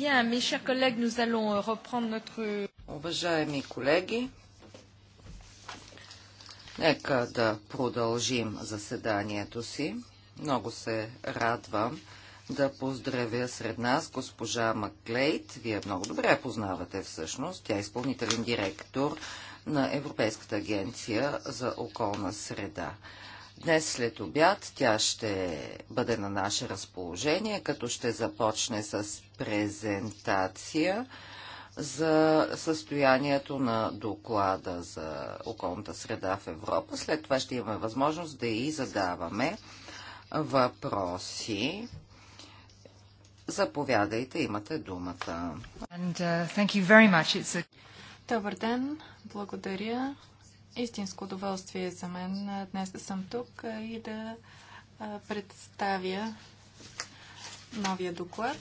Bien, mes chers collègues, nous allons euh, reprendre notre... Уважаеми колеги, нека да продължим заседанието си. Много се радвам да поздравя сред нас госпожа Маклейт. Вие много добре познавате всъщност. Тя е изпълнителен директор на Европейската агенция за околна среда. Днес след обяд тя ще бъде на наше разположение, като ще започне с презентация за състоянието на доклада за околната среда в Европа. След това ще имаме възможност да и задаваме въпроси. Заповядайте, имате думата. And, uh, a... Добър ден, благодаря истинско удоволствие за мен днес да съм тук и да представя новия доклад,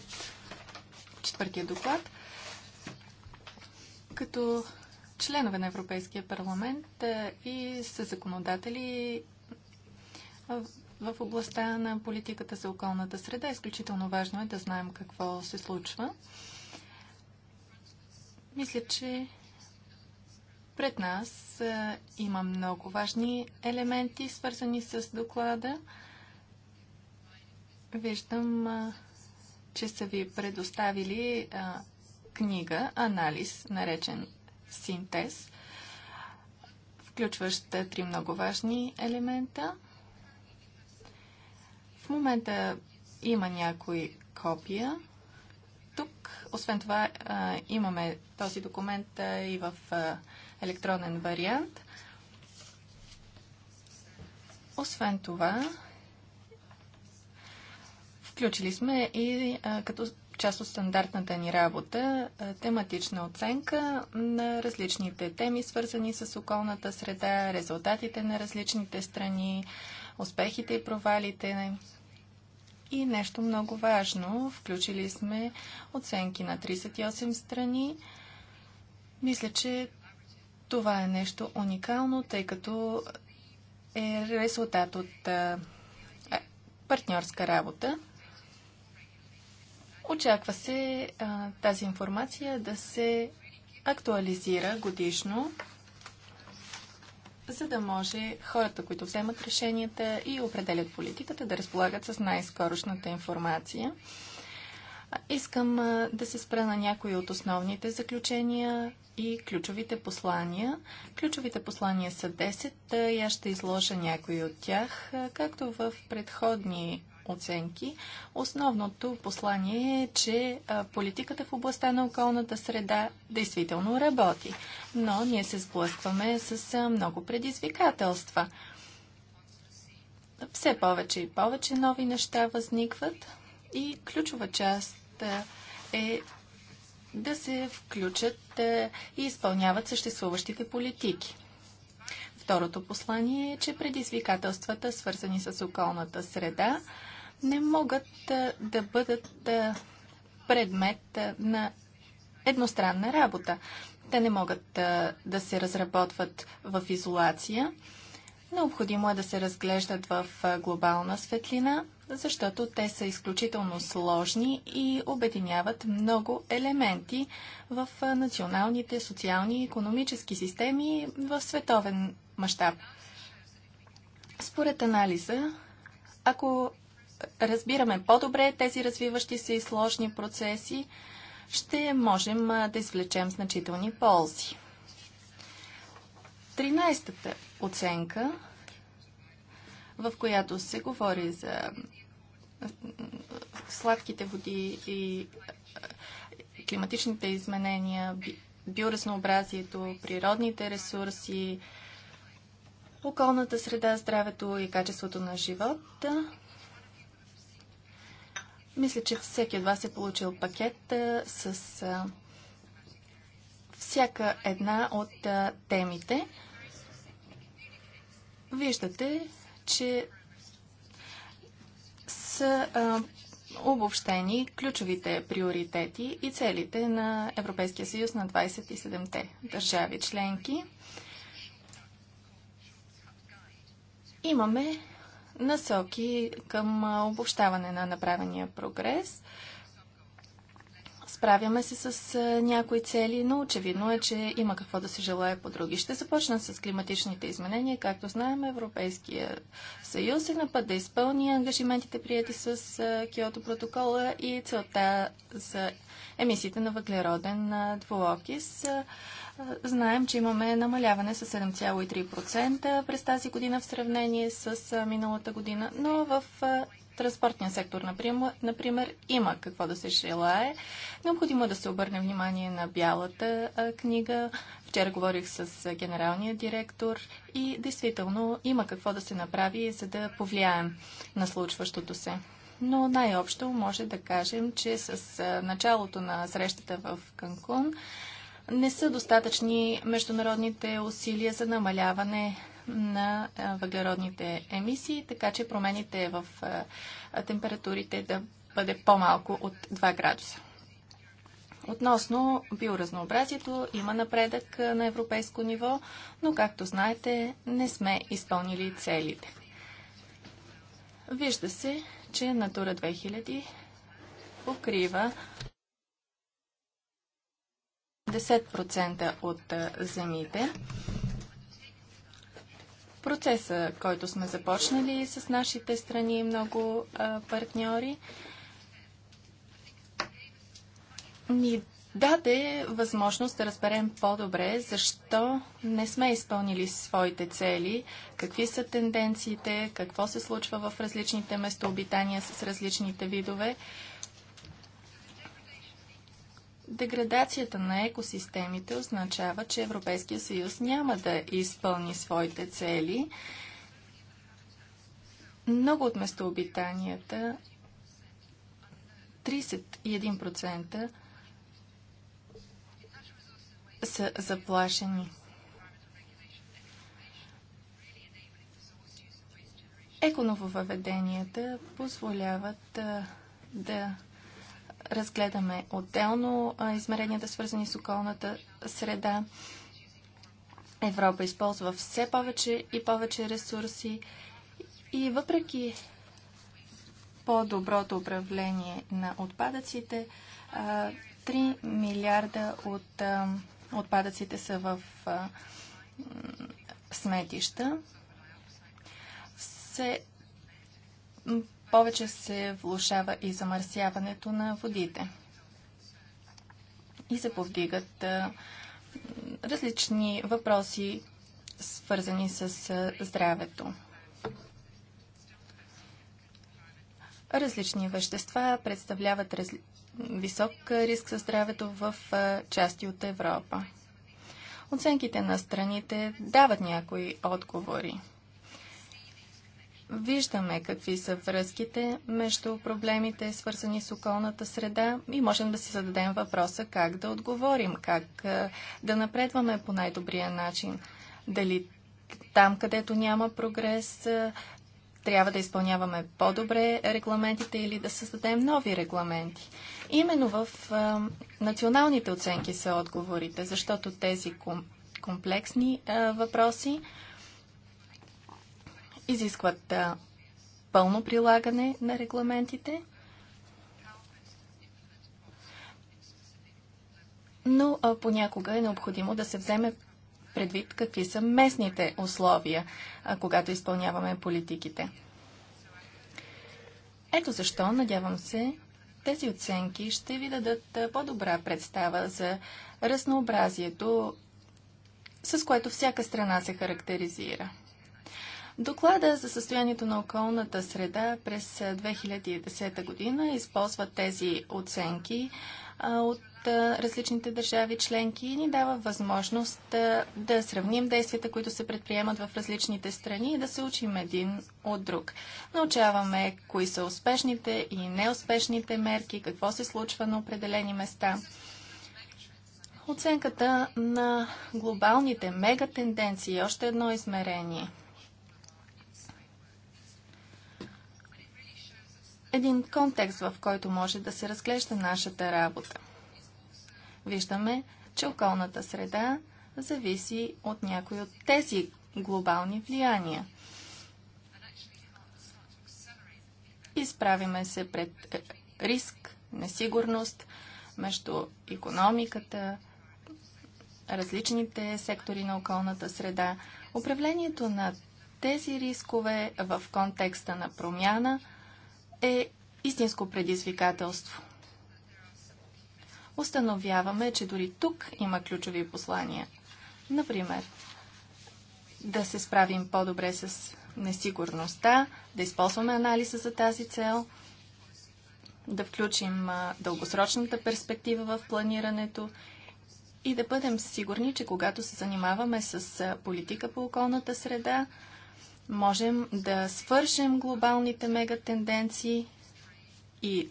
четвъртия доклад. Като членове на Европейския парламент и са законодатели в областта на политиката за околната среда. Изключително важно е да знаем какво се случва. Мисля, че пред нас има много важни елементи, свързани с доклада. Виждам, че са ви предоставили книга, анализ, наречен синтез, включващ три много важни елемента. В момента има някои копия. Тук, освен това, имаме този документ и в електронен вариант. Освен това, включили сме и като част от стандартната ни работа тематична оценка на различните теми, свързани с околната среда, резултатите на различните страни, успехите и провалите. И нещо много важно, включили сме оценки на 38 страни. Мисля, че това е нещо уникално, тъй като е резултат от а, партньорска работа. Очаква се а, тази информация да се актуализира годишно, за да може хората, които вземат решенията и определят политиката, да разполагат с най-скорошната информация. Искам да се спра на някои от основните заключения и ключовите послания. Ключовите послания са 10 и аз ще изложа някои от тях. Както в предходни оценки, основното послание е, че политиката в областта на околната среда действително работи, но ние се сблъскваме с много предизвикателства. Все повече и повече нови неща възникват, и ключова част е да се включат е, и изпълняват съществуващите политики. Второто послание е, че предизвикателствата, свързани с околната среда, не могат е, да бъдат е, предмет на едностранна работа. Те не могат да се разработват в изолация. Необходимо е да се разглеждат в глобална светлина – защото те са изключително сложни и обединяват много елементи в националните социални и економически системи в световен мащаб. Според анализа, ако разбираме по-добре тези развиващи се и сложни процеси, ще можем да извлечем значителни ползи. Тринайстата оценка, в която се говори за сладките води и е, климатичните изменения, биоразнообразието, природните ресурси, околната среда, здравето и качеството на живота. Мисля, че всеки от вас е получил пакет е, с е, всяка една от темите. Виждате, че са а, обобщени ключовите приоритети и целите на Европейския съюз на 27-те държави членки. Имаме насоки към обобщаване на направения прогрес – Справяме се с някои цели, но очевидно е, че има какво да се желая по други. Ще започна с климатичните изменения. Както знаем, Европейския съюз е на път да изпълни ангажиментите прияти с Киото протокола и целта за емисиите на въглероден двуокис. Знаем, че имаме намаляване с 7,3% през тази година в сравнение с миналата година, но в транспортния сектор, например, например, има какво да се желае. Необходимо е да се обърне внимание на бялата а, книга. Вчера говорих с генералния директор и действително има какво да се направи, за да повлияем на случващото се. Но най-общо може да кажем, че с началото на срещата в Канкун не са достатъчни международните усилия за намаляване на въглеродните емисии, така че промените в температурите да бъде по-малко от 2 градуса. Относно биоразнообразието има напредък на европейско ниво, но както знаете не сме изпълнили целите. Вижда се, че Натура 2000 покрива 10% от земите процеса, който сме започнали с нашите страни и много а, партньори, ни даде възможност да разберем по-добре защо не сме изпълнили своите цели, какви са тенденциите, какво се случва в различните местообитания с различните видове Деградацията на екосистемите означава, че Европейския съюз няма да изпълни своите цели. Много от местообитанията, 31% са заплашени. Еконововъведенията позволяват да, да разгледаме отделно измеренията, свързани с околната среда. Европа използва все повече и повече ресурси и въпреки по-доброто управление на отпадъците, 3 милиарда от отпадъците са в сметища. Все повече се влушава и замърсяването на водите. И се повдигат различни въпроси, свързани с здравето. Различни вещества представляват разли... висок риск за здравето в части от Европа. Оценките на страните дават някои отговори виждаме какви са връзките между проблемите, свързани с околната среда и можем да си зададем въпроса как да отговорим, как да напредваме по най-добрия начин. Дали там, където няма прогрес, трябва да изпълняваме по-добре регламентите или да създадем нови регламенти. Именно в националните оценки са отговорите, защото тези комплексни въпроси изискват пълно прилагане на регламентите, но понякога е необходимо да се вземе предвид какви са местните условия, когато изпълняваме политиките. Ето защо, надявам се, тези оценки ще ви дадат по-добра представа за разнообразието, с което всяка страна се характеризира. Доклада за състоянието на околната среда през 2010 година използва тези оценки от различните държави членки и ни дава възможност да сравним действията, които се предприемат в различните страни и да се учим един от друг. Научаваме кои са успешните и неуспешните мерки, какво се случва на определени места. Оценката на глобалните мегатенденции е още едно измерение – един контекст, в който може да се разглежда нашата работа. Виждаме, че околната среда зависи от някои от тези глобални влияния. Изправиме се пред риск, несигурност между економиката, различните сектори на околната среда. Управлението на тези рискове в контекста на промяна – е истинско предизвикателство. Установяваме, че дори тук има ключови послания. Например, да се справим по-добре с несигурността, да използваме анализа за тази цел, да включим дългосрочната перспектива в планирането и да бъдем сигурни, че когато се занимаваме с политика по околната среда, можем да свършим глобалните мегатенденции и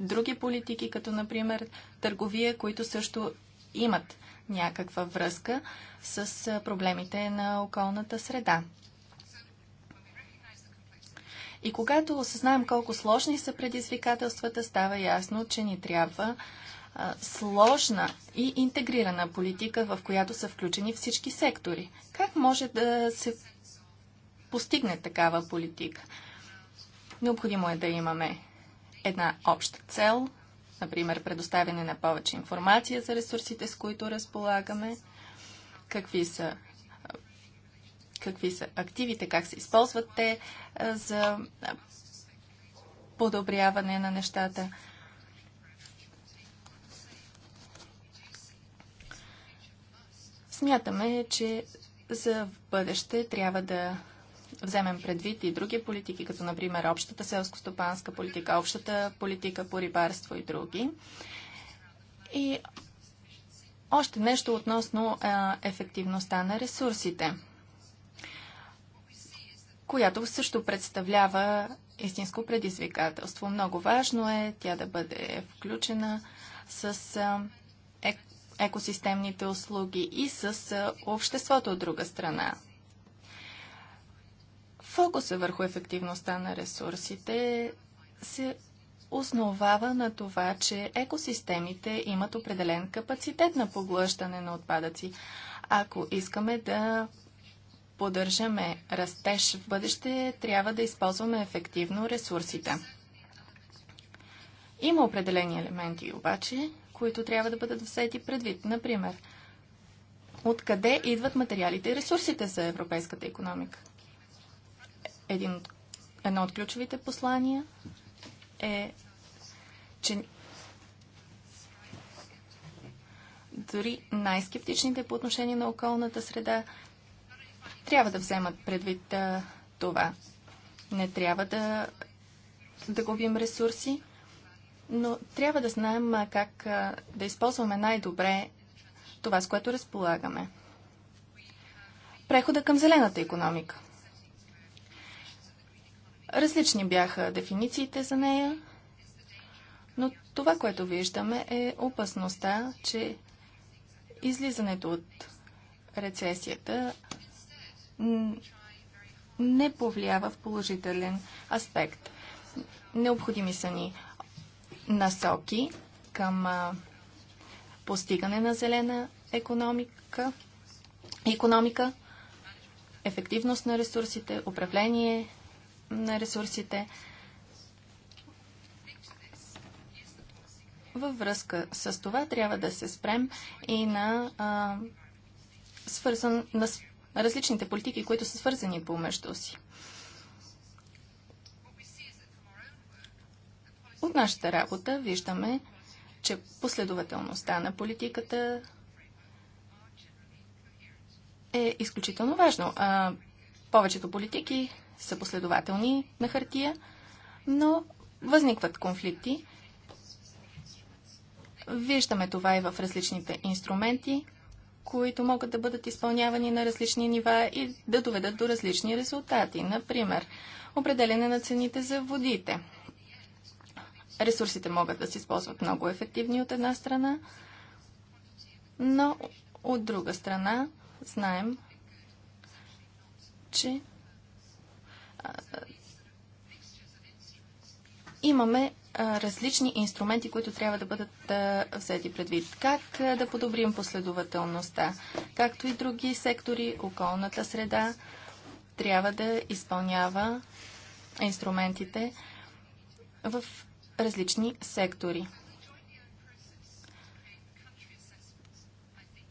други политики, като например търговия, които също имат някаква връзка с проблемите на околната среда. И когато осъзнаем колко сложни са предизвикателствата, става ясно, че ни трябва сложна и интегрирана политика, в която са включени всички сектори. Как може да се постигне такава политика. Необходимо е да имаме една обща цел, например предоставяне на повече информация за ресурсите, с които разполагаме, какви са, какви са активите, как се използват те за подобряване на нещата. Смятаме, че за бъдеще трябва да вземем предвид и други политики, като например общата селско-стопанска политика, общата политика по рибарство и други. И още нещо относно а, ефективността на ресурсите, която също представлява истинско предизвикателство. Много важно е тя да бъде включена с а, е, екосистемните услуги и с а, обществото от друга страна. Фокуса върху ефективността на ресурсите се основава на това, че екосистемите имат определен капацитет на поглъщане на отпадъци. Ако искаме да поддържаме растеж в бъдеще, трябва да използваме ефективно ресурсите. Има определени елементи обаче, които трябва да бъдат взети предвид. Например, откъде идват материалите и ресурсите за европейската економика? един, едно от ключовите послания е, че дори най-скептичните по отношение на околната среда трябва да вземат предвид а, това. Не трябва да, да губим ресурси, но трябва да знаем а, как а, да използваме най-добре това, с което разполагаме. Прехода към зелената економика. Различни бяха дефинициите за нея, но това, което виждаме е опасността, че излизането от рецесията не повлиява в положителен аспект. Необходими са ни насоки към постигане на зелена економика, економика, ефективност на ресурсите, управление на ресурсите. Във връзка с това трябва да се спрем и на, а, свързан, на различните политики, които са свързани помежду си. От нашата работа виждаме, че последователността на политиката е изключително важно. А, повечето политики са последователни на хартия, но възникват конфликти. Виждаме това и в различните инструменти, които могат да бъдат изпълнявани на различни нива и да доведат до различни резултати. Например, определене на цените за водите. Ресурсите могат да се използват много ефективни от една страна, но от друга страна знаем, че имаме различни инструменти, които трябва да бъдат взети предвид. Как да подобрим последователността? Както и други сектори, околната среда трябва да изпълнява инструментите в различни сектори.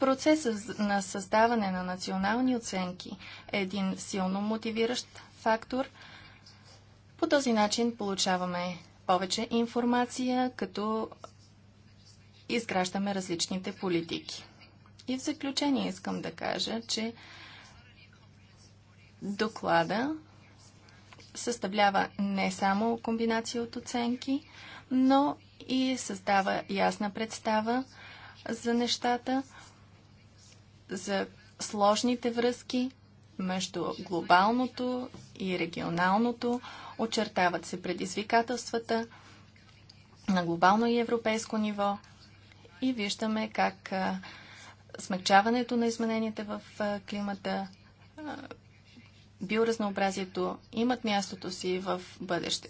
Процесът на създаване на национални оценки е един силно мотивиращ фактор. По този начин получаваме повече информация, като изграждаме различните политики. И в заключение искам да кажа, че доклада съставлява не само комбинация от оценки, но и създава ясна представа за нещата, за сложните връзки между глобалното и регионалното, очертават се предизвикателствата на глобално и европейско ниво и виждаме как смягчаването на измененията в климата, биоразнообразието имат мястото си в бъдеще.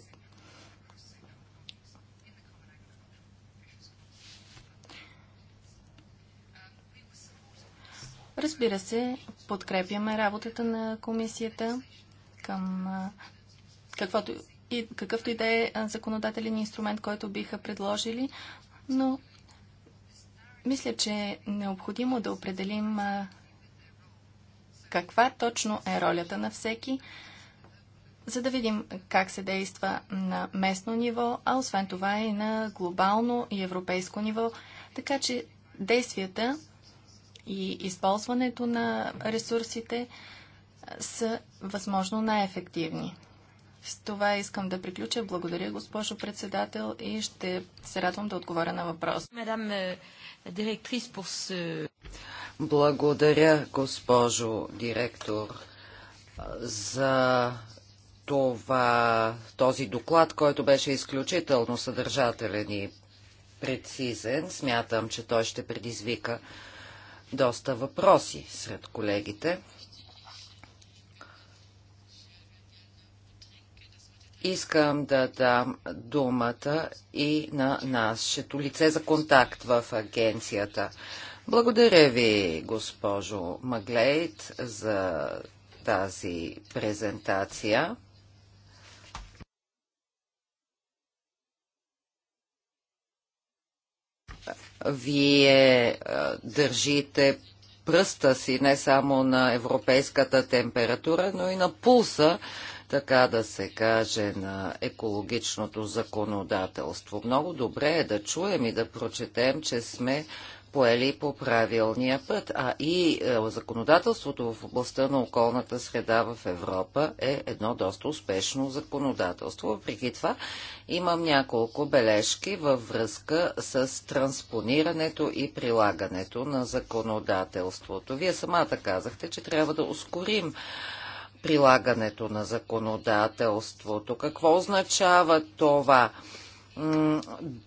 Разбира се, подкрепяме работата на комисията към каквото и какъвто и да е законодателен инструмент, който биха предложили, но мисля, че е необходимо да определим каква точно е ролята на всеки, за да видим как се действа на местно ниво, а освен това и на глобално и европейско ниво. Така че действията и използването на ресурсите са възможно най-ефективни. С това искам да приключа. Благодаря, госпожо председател, и ще се радвам да отговоря на въпрос. Е, Благодаря, госпожо директор, за това, този доклад, който беше изключително съдържателен и прецизен. Смятам, че той ще предизвика доста въпроси сред колегите. Искам да дам думата и на нашето лице за контакт в агенцията. Благодаря ви, госпожо Маглейт, за тази презентация. Вие е, държите пръста си не само на европейската температура, но и на пулса така да се каже, на екологичното законодателство. Много добре е да чуем и да прочетем, че сме поели по правилния път, а и е, законодателството в областта на околната среда в Европа е едно доста успешно законодателство. Въпреки това имам няколко бележки във връзка с транспонирането и прилагането на законодателството. Вие самата казахте, че трябва да ускорим прилагането на законодателството. Какво означава това?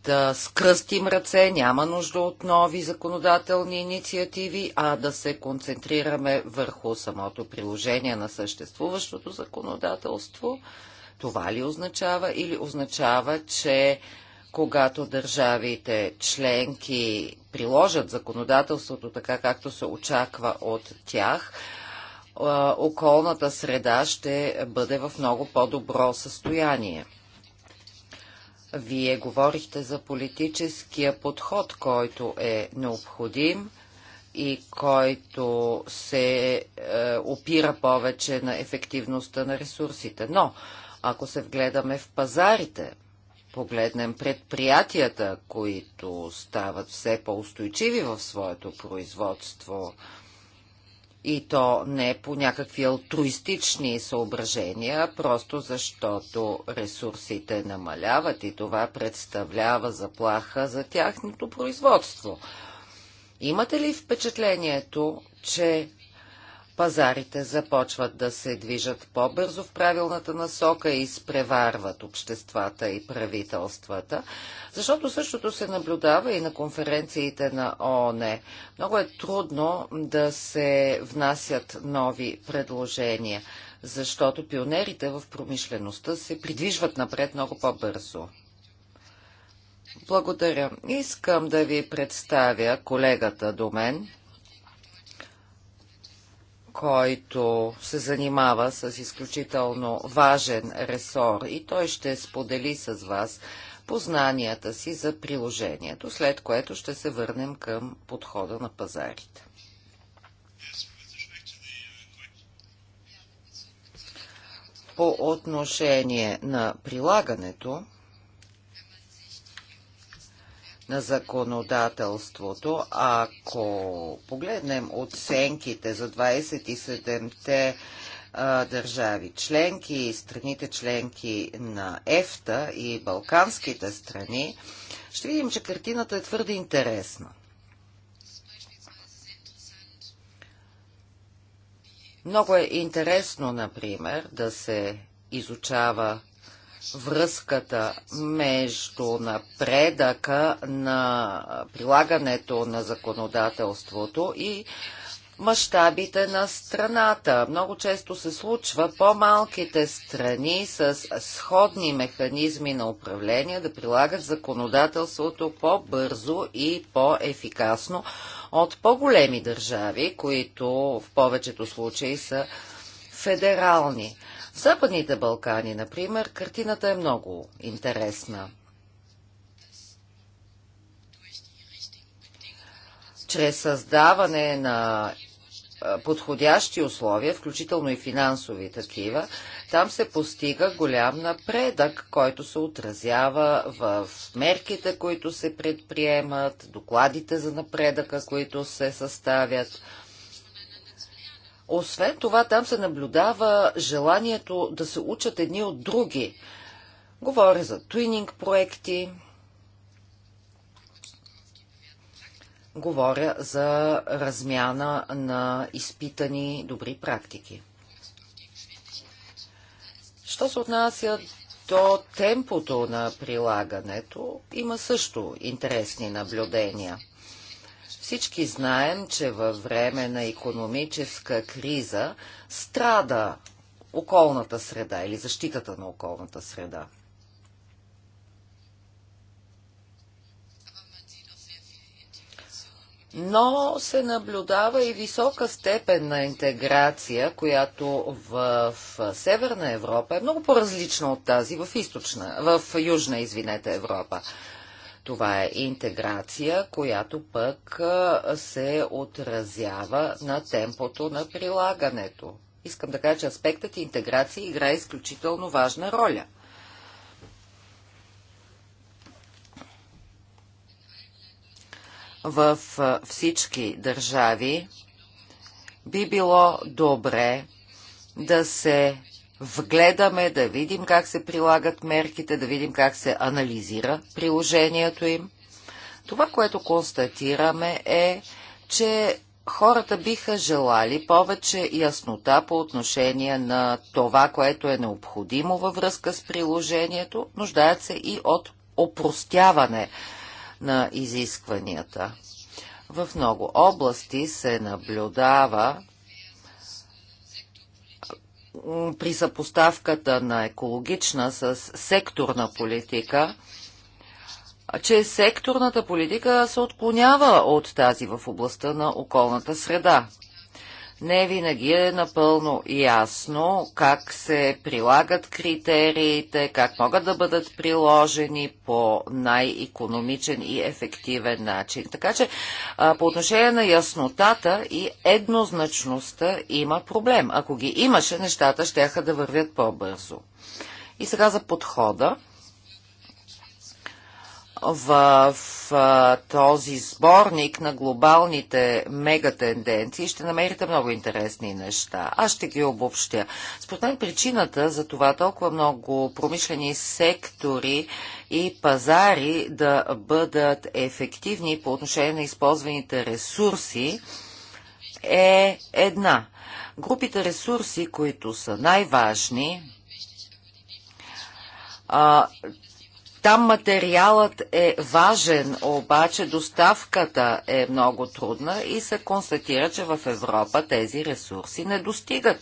да скръстим ръце, няма нужда от нови законодателни инициативи, а да се концентрираме върху самото приложение на съществуващото законодателство. Това ли означава или означава, че когато държавите членки приложат законодателството така, както се очаква от тях, околната среда ще бъде в много по-добро състояние. Вие говорихте за политическия подход, който е необходим и който се е, опира повече на ефективността на ресурсите. Но, ако се вгледаме в пазарите, погледнем предприятията, които стават все по-устойчиви в своето производство, и то не по някакви алтруистични съображения, просто защото ресурсите намаляват и това представлява заплаха за тяхното производство. Имате ли впечатлението, че пазарите започват да се движат по-бързо в правилната насока и изпреварват обществата и правителствата, защото същото се наблюдава и на конференциите на ООН. Много е трудно да се внасят нови предложения, защото пионерите в промишлеността се придвижват напред много по-бързо. Благодаря. Искам да ви представя колегата до мен – който се занимава с изключително важен ресор и той ще сподели с вас познанията си за приложението, след което ще се върнем към подхода на пазарите. По отношение на прилагането, на законодателството. Ако погледнем оценките за 27-те държави членки, страните членки на ЕФТА и балканските страни, ще видим, че картината е твърде интересна. Много е интересно, например, да се изучава връзката между напредъка на прилагането на законодателството и мащабите на страната. Много често се случва по-малките страни с сходни механизми на управление да прилагат законодателството по-бързо и по-ефикасно от по-големи държави, които в повечето случаи са федерални. Западните Балкани, например, картината е много интересна. Чрез създаване на подходящи условия, включително и финансови такива, там се постига голям напредък, който се отразява в мерките, които се предприемат, докладите за напредъка, които се съставят. Освен това, там се наблюдава желанието да се учат едни от други. Говоря за туининг проекти, говоря за размяна на изпитани добри практики. Що се отнася до темпото на прилагането, има също интересни наблюдения – всички знаем, че във време на економическа криза страда околната среда или защитата на околната среда. но се наблюдава и висока степен на интеграция, която в, Северна Европа е много по-различна от тази в, източна, в Южна извинете, Европа. Това е интеграция, която пък се отразява на темпото на прилагането. Искам да кажа, че аспектът интеграция играе изключително важна роля. В всички държави би било добре да се вгледаме, да видим как се прилагат мерките, да видим как се анализира приложението им. Това, което констатираме е, че хората биха желали повече яснота по отношение на това, което е необходимо във връзка с приложението, нуждаят се и от опростяване на изискванията. В много области се наблюдава при съпоставката на екологична с секторна политика, че секторната политика се отклонява от тази в областта на околната среда не винаги е напълно ясно как се прилагат критериите, как могат да бъдат приложени по най-економичен и ефективен начин. Така че по отношение на яснотата и еднозначността има проблем. Ако ги имаше, нещата ще да вървят по-бързо. И сега за подхода в този сборник на глобалните мегатенденции ще намерите много интересни неща. Аз ще ги обобщя. Според мен причината за това толкова много промишлени сектори и пазари да бъдат ефективни по отношение на използваните ресурси е една. Групите ресурси, които са най-важни, там материалът е важен, обаче доставката е много трудна и се констатира, че в Европа тези ресурси не достигат.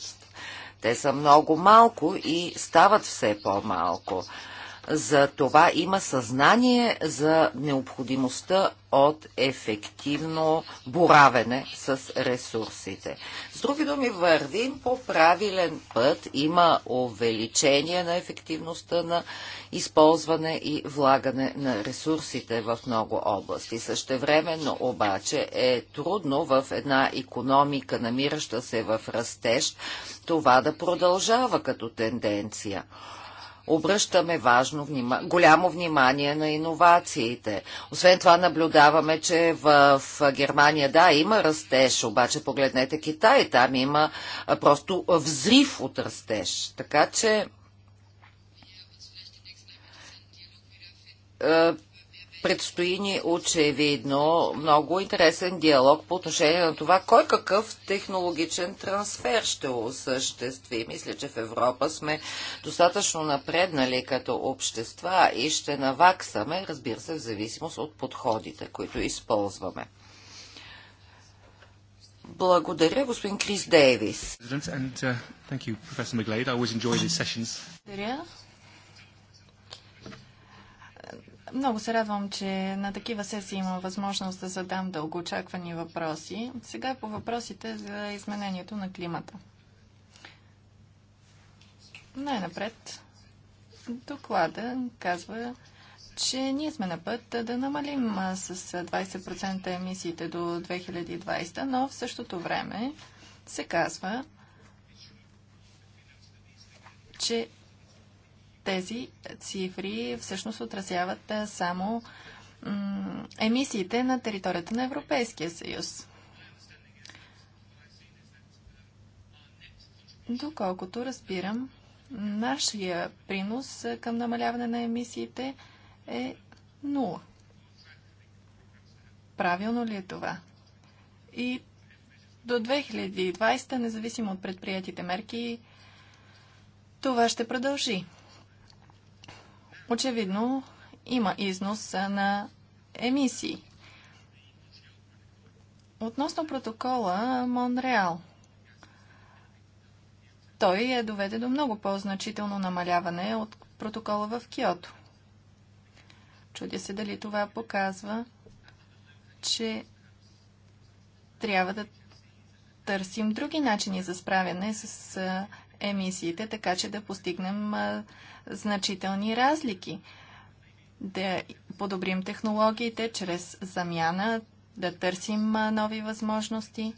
Те са много малко и стават все по-малко. За това има съзнание за необходимостта от ефективно боравене с ресурсите. С други думи, вървим по правилен път. Има увеличение на ефективността на използване и влагане на ресурсите в много области. Същевременно обаче е трудно в една економика, намираща се в растеж, това да продължава като тенденция обръщаме важно, внима... голямо внимание на иновациите. Освен това наблюдаваме, че в Германия, да, има растеж, обаче погледнете Китай, там има просто взрив от растеж. Така че Предстои ни очевидно много интересен диалог по отношение на това кой какъв технологичен трансфер ще осъществи. Мисля, че в Европа сме достатъчно напреднали като общества и ще наваксаме, разбира се, в зависимост от подходите, които използваме. Благодаря, господин Крис Дейвис. Uh, Благодаря, много се радвам, че на такива сесии има възможност да задам дългоочаквани въпроси. Сега по въпросите за изменението на климата. Най-напред доклада казва, че ние сме на път да намалим с 20% емисиите до 2020, но в същото време се казва, че тези цифри всъщност отразяват само емисиите на територията на Европейския съюз. Доколкото разбирам, нашия принос към намаляване на емисиите е нула. Правилно ли е това? И до 2020, независимо от предприятите мерки, това ще продължи. Очевидно има износ на емисии. Относно протокола Монреал. Той е доведе до много по-значително намаляване от протокола в Киото. Чудя се дали това показва, че трябва да търсим други начини за справяне с емисиите, така че да постигнем а, значителни разлики. Да подобрим технологиите чрез замяна, да търсим а, нови възможности.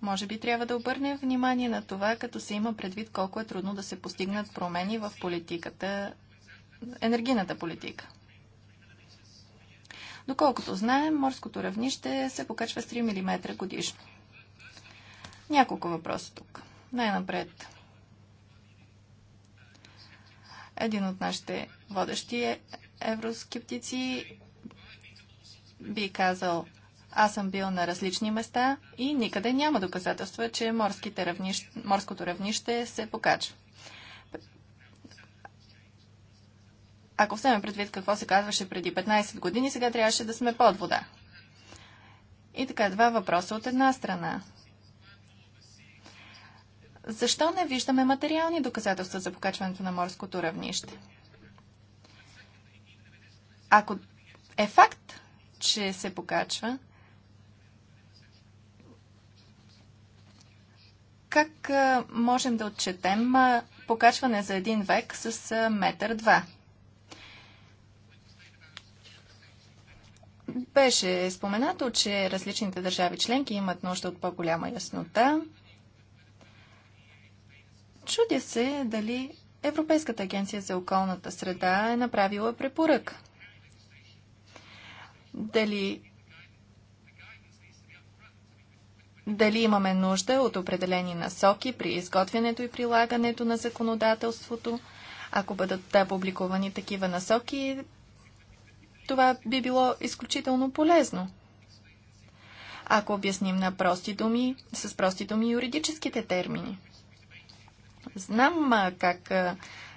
Може би трябва да обърнем внимание на това, като се има предвид колко е трудно да се постигнат промени в политиката, енергийната политика. Доколкото знаем, морското равнище се покачва с 3 мм годишно. Няколко въпроса тук. Най-напред. Един от нашите водещи е евроскептици би казал, аз съм бил на различни места и никъде няма доказателства, че равнищ... морското равнище се покачва. Ако вземем предвид какво се казваше преди 15 години, сега трябваше да сме под вода. И така, два въпроса от една страна. Защо не виждаме материални доказателства за покачването на морското равнище? Ако е факт, че се покачва, как можем да отчетем покачване за един век с метър два? Беше споменато, че различните държави членки имат нужда от по-голяма яснота Чудя се дали Европейската агенция за околната среда е направила препоръка. Дали дали имаме нужда от определени насоки при изготвянето и прилагането на законодателството. Ако бъдат публикувани такива насоки, това би било изключително полезно. Ако обясним на прости думи, с прости думи юридическите термини – Знам как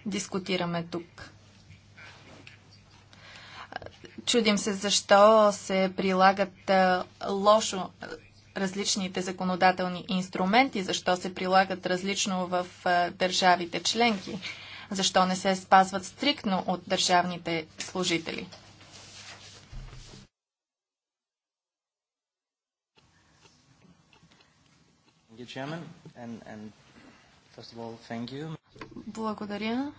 дискутираме тук. Чудим се защо се прилагат лошо различните законодателни инструменти, защо се прилагат различно в държавите членки, защо не се спазват стриктно от държавните служители. and, and благодаря.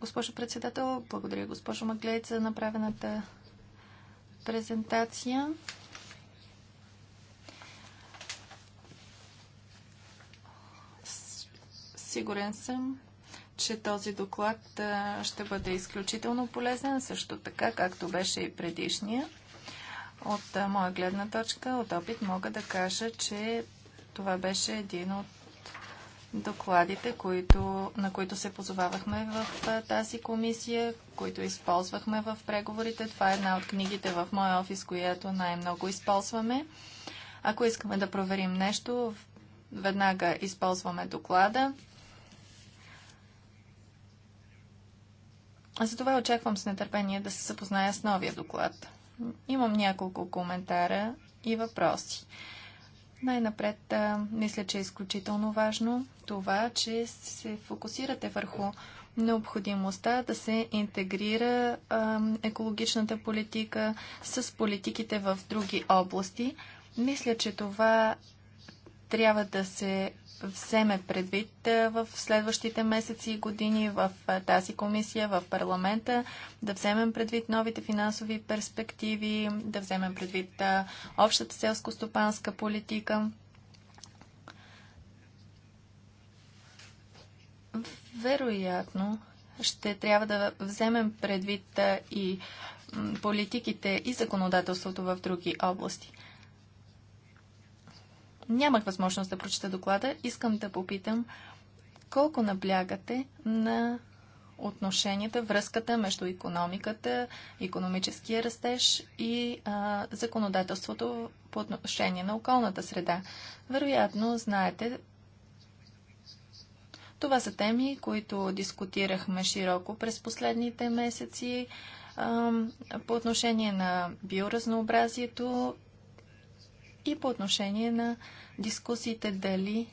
Госпожо председател, благодаря госпожо Маглейт за направената презентация. Сигурен съм, че този доклад ще бъде изключително полезен, също така, както беше и предишния. От моя гледна точка, от опит, мога да кажа, че това беше един от докладите, които, на които се позовавахме в тази комисия, които използвахме в преговорите. Това е една от книгите в моя офис, която най-много използваме. Ако искаме да проверим нещо, веднага използваме доклада. А за това очаквам с нетърпение да се съпозная с новия доклад. Имам няколко коментара и въпроси. Най-напред, мисля, че е изключително важно това, че се фокусирате върху необходимостта да се интегрира а, екологичната политика с политиките в други области. Мисля, че това трябва да се вземе предвид в следващите месеци и години в тази комисия, в парламента, да вземем предвид новите финансови перспективи, да вземем предвид общата селско-стопанска политика. Вероятно, ще трябва да вземем предвид и политиките и законодателството в други области. Нямах възможност да прочета доклада. Искам да попитам колко наблягате на отношенията, връзката между економиката, економическия растеж и а, законодателството по отношение на околната среда. Вероятно, знаете, това са теми, които дискутирахме широко през последните месеци а, по отношение на биоразнообразието и по отношение на дискусиите дали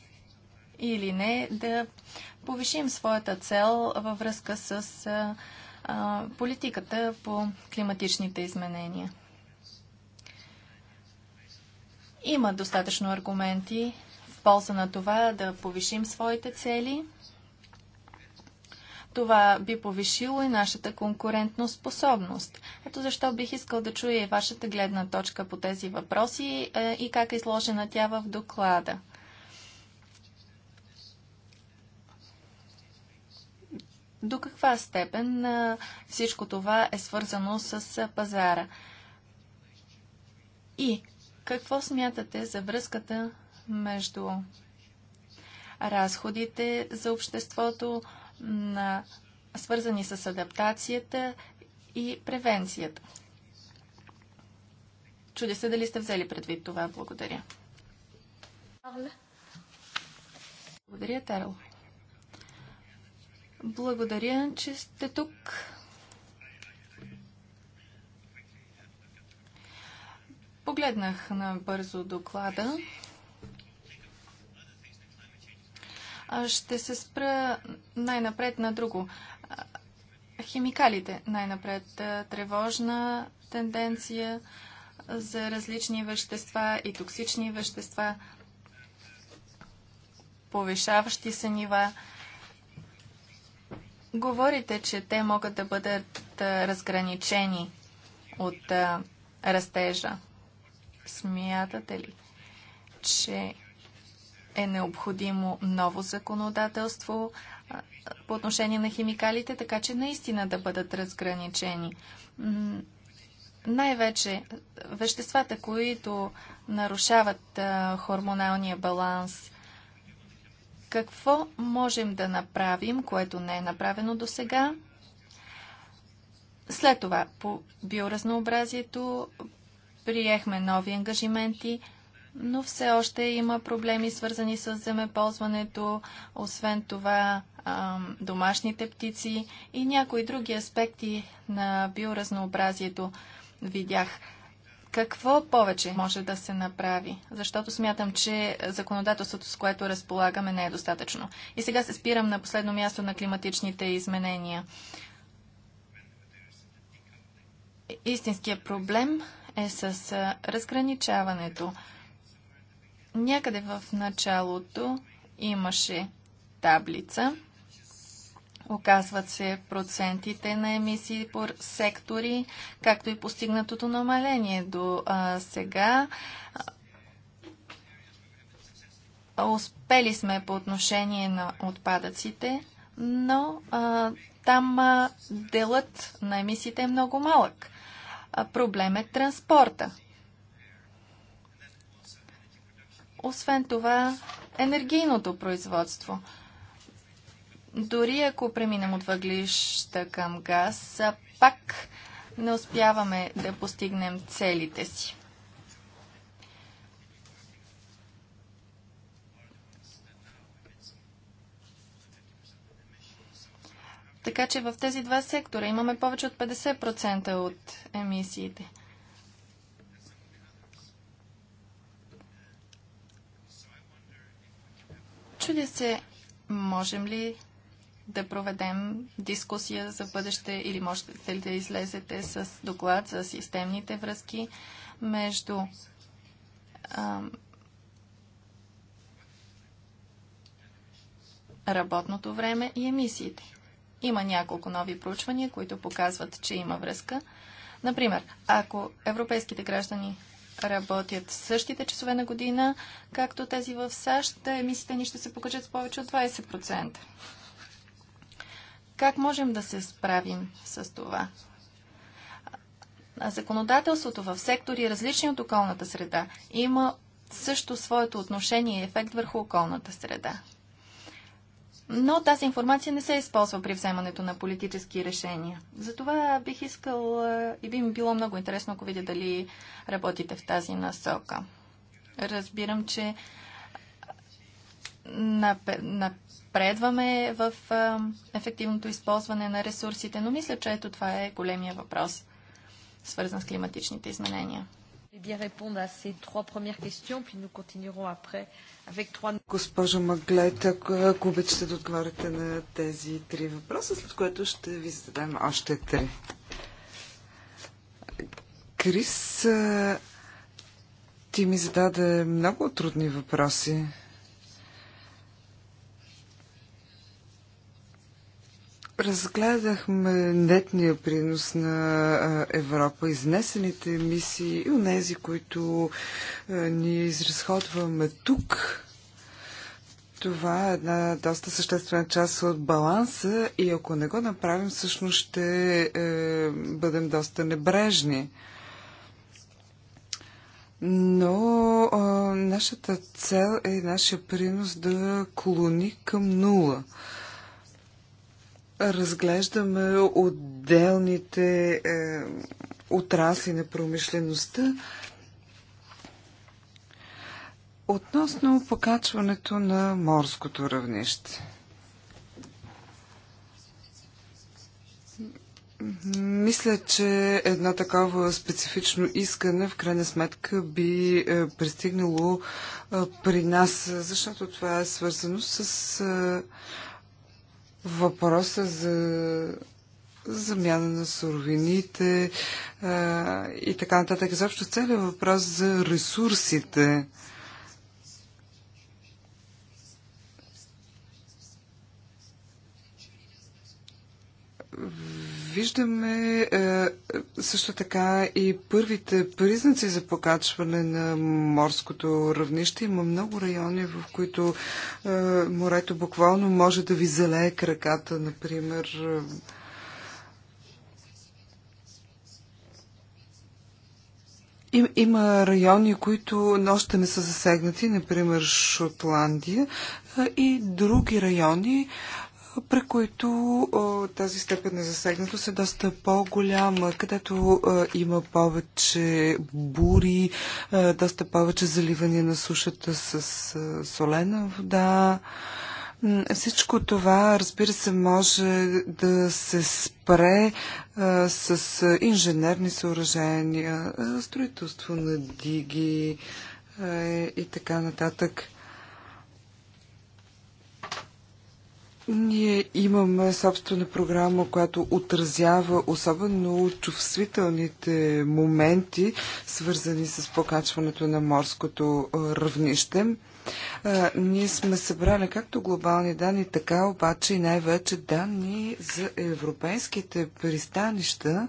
или не да повишим своята цел във връзка с а, политиката по климатичните изменения. Има достатъчно аргументи в полза на това да повишим своите цели – това би повишило и нашата конкурентноспособност. способност. Ето защо бих искал да чуя и вашата гледна точка по тези въпроси е, и как е изложена тя в доклада. До каква степен е, всичко това е свързано с е, пазара? И какво смятате за връзката между разходите за обществото, на, свързани с адаптацията и превенцията. Чудя се дали сте взели предвид това. Благодаря. Благодаря, Терл. Благодаря, че сте тук. Погледнах на бързо доклада. Ще се спра най-напред на друго. Химикалите най-напред. Тревожна тенденция за различни вещества и токсични вещества, повишаващи се нива. Говорите, че те могат да бъдат разграничени от растежа. Смятате ли, че е необходимо ново законодателство по отношение на химикалите, така че наистина да бъдат разграничени. Най-вече веществата, които нарушават хормоналния баланс. Какво можем да направим, което не е направено до сега? След това по биоразнообразието приехме нови ангажименти – но все още има проблеми свързани с земеползването, освен това домашните птици и някои други аспекти на биоразнообразието видях. Какво повече може да се направи? Защото смятам, че законодателството, с което разполагаме, не е достатъчно. И сега се спирам на последно място на климатичните изменения. Истинският проблем е с разграничаването. Някъде в началото имаше таблица. Оказват се процентите на емисии по сектори, както и постигнатото намаление до а, сега. Успели сме по отношение на отпадъците, но а, там а, делът на емисиите е много малък. А, проблем е транспорта. Освен това, енергийното производство. Дори ако преминем от въглища към газ, пак не успяваме да постигнем целите си. Така че в тези два сектора имаме повече от 50% от емисиите. Чудя се, можем ли да проведем дискусия за бъдеще или можете ли да излезете с доклад за системните връзки между а, работното време и емисиите. Има няколко нови проучвания, които показват, че има връзка. Например, ако европейските граждани работят същите часове на година, както тези в САЩ, да емисиите ни ще се покачат с повече от 20%. Как можем да се справим с това? Законодателството в сектори, е различни от околната среда, има също своето отношение и ефект върху околната среда но тази информация не се използва при вземането на политически решения. Затова бих искал е, и би ми било много интересно, ако видя дали работите в тази насока. Разбирам, че напредваме в е, ефективното използване на ресурсите, но мисля, че ето това е големия въпрос, свързан с климатичните изменения. Госпожо Маглет, ако обичате да отговаряте на тези три въпроса, след което ще ви зададем още три. Крис, ти ми зададе много трудни въпроси. Разгледахме нетния принос на Европа, изнесените емисии и онези, които ни изразходваме тук. Това е една доста съществена част от баланса и ако не го направим, всъщност ще е, бъдем доста небрежни. Но нашата цел е нашия принос да клони към нула разглеждаме отделните е, отрасли на промишлеността. Относно покачването на морското равнище. Мисля, че едно такова специфично искане в крайна сметка би е, пристигнало е, при нас, защото това е свързано с е, въпроса за замяна на суровините а, и така нататък. Защо целият въпрос за ресурсите виждаме е, също така и първите признаци за покачване на морското равнище. Има много райони, в които е, морето буквално може да ви залее краката, например. Е, има райони, които още не са засегнати, например Шотландия и други райони, при които тази степен на засегнатост е доста по-голяма, където има повече бури, доста повече заливане на сушата с солена вода. Всичко това, разбира се, може да се спре а, с инженерни съоръжения, строителство на диги а, и така нататък. Ние имаме собствена програма, която отразява особено чувствителните моменти, свързани с покачването на морското равнище. Ние сме събрали както глобални данни, така обаче и най-вече данни за европейските пристанища,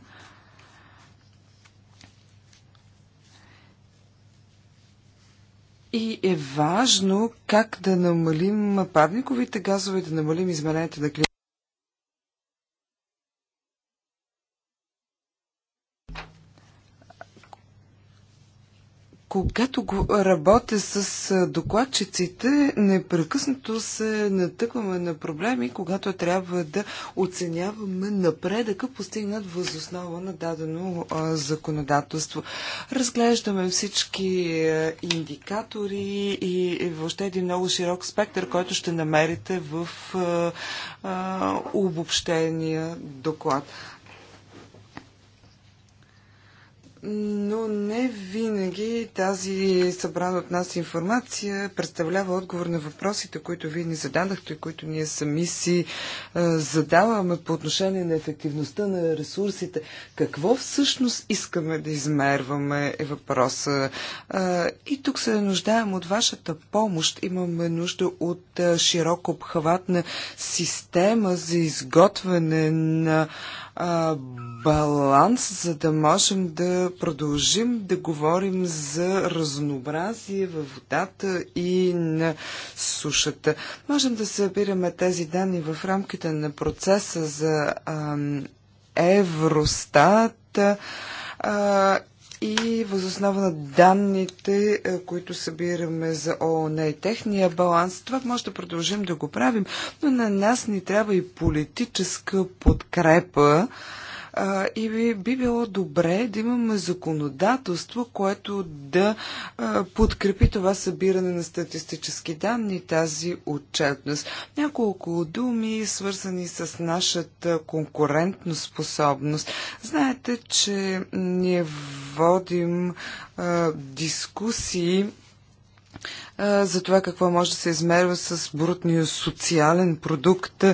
И е важно как да намалим парниковите газове, да намалим измененията на климата. Когато го работя с докладчиците, непрекъснато се натъкваме на проблеми, когато трябва да оценяваме напредъка, постигнат възоснова на дадено законодателство. Разглеждаме всички индикатори и въобще един много широк спектър, който ще намерите в обобщения доклад но не винаги тази събрана от нас информация представлява отговор на въпросите, които вие ни зададахте които ние сами си е, задаваме по отношение на ефективността на ресурсите. Какво всъщност искаме да измерваме е въпроса. Е, и тук се нуждаем от вашата помощ. Имаме нужда от е, широко обхватна система за изготвяне на а, баланс, за да можем да продължим да говорим за разнообразие във водата и на сушата. Можем да събираме тези данни в рамките на процеса за а, Евростат и възоснова на данните, е, които събираме за ООН и техния баланс. Това може да продължим да го правим, но на нас ни трябва и политическа подкрепа, а, и би било добре да имаме законодателство, което да а, подкрепи това събиране на статистически данни, тази отчетност. Няколко думи, свързани с нашата конкурентно способност. Знаете, че ние водим а, дискусии за това какво може да се измерва с брутния социален продукт.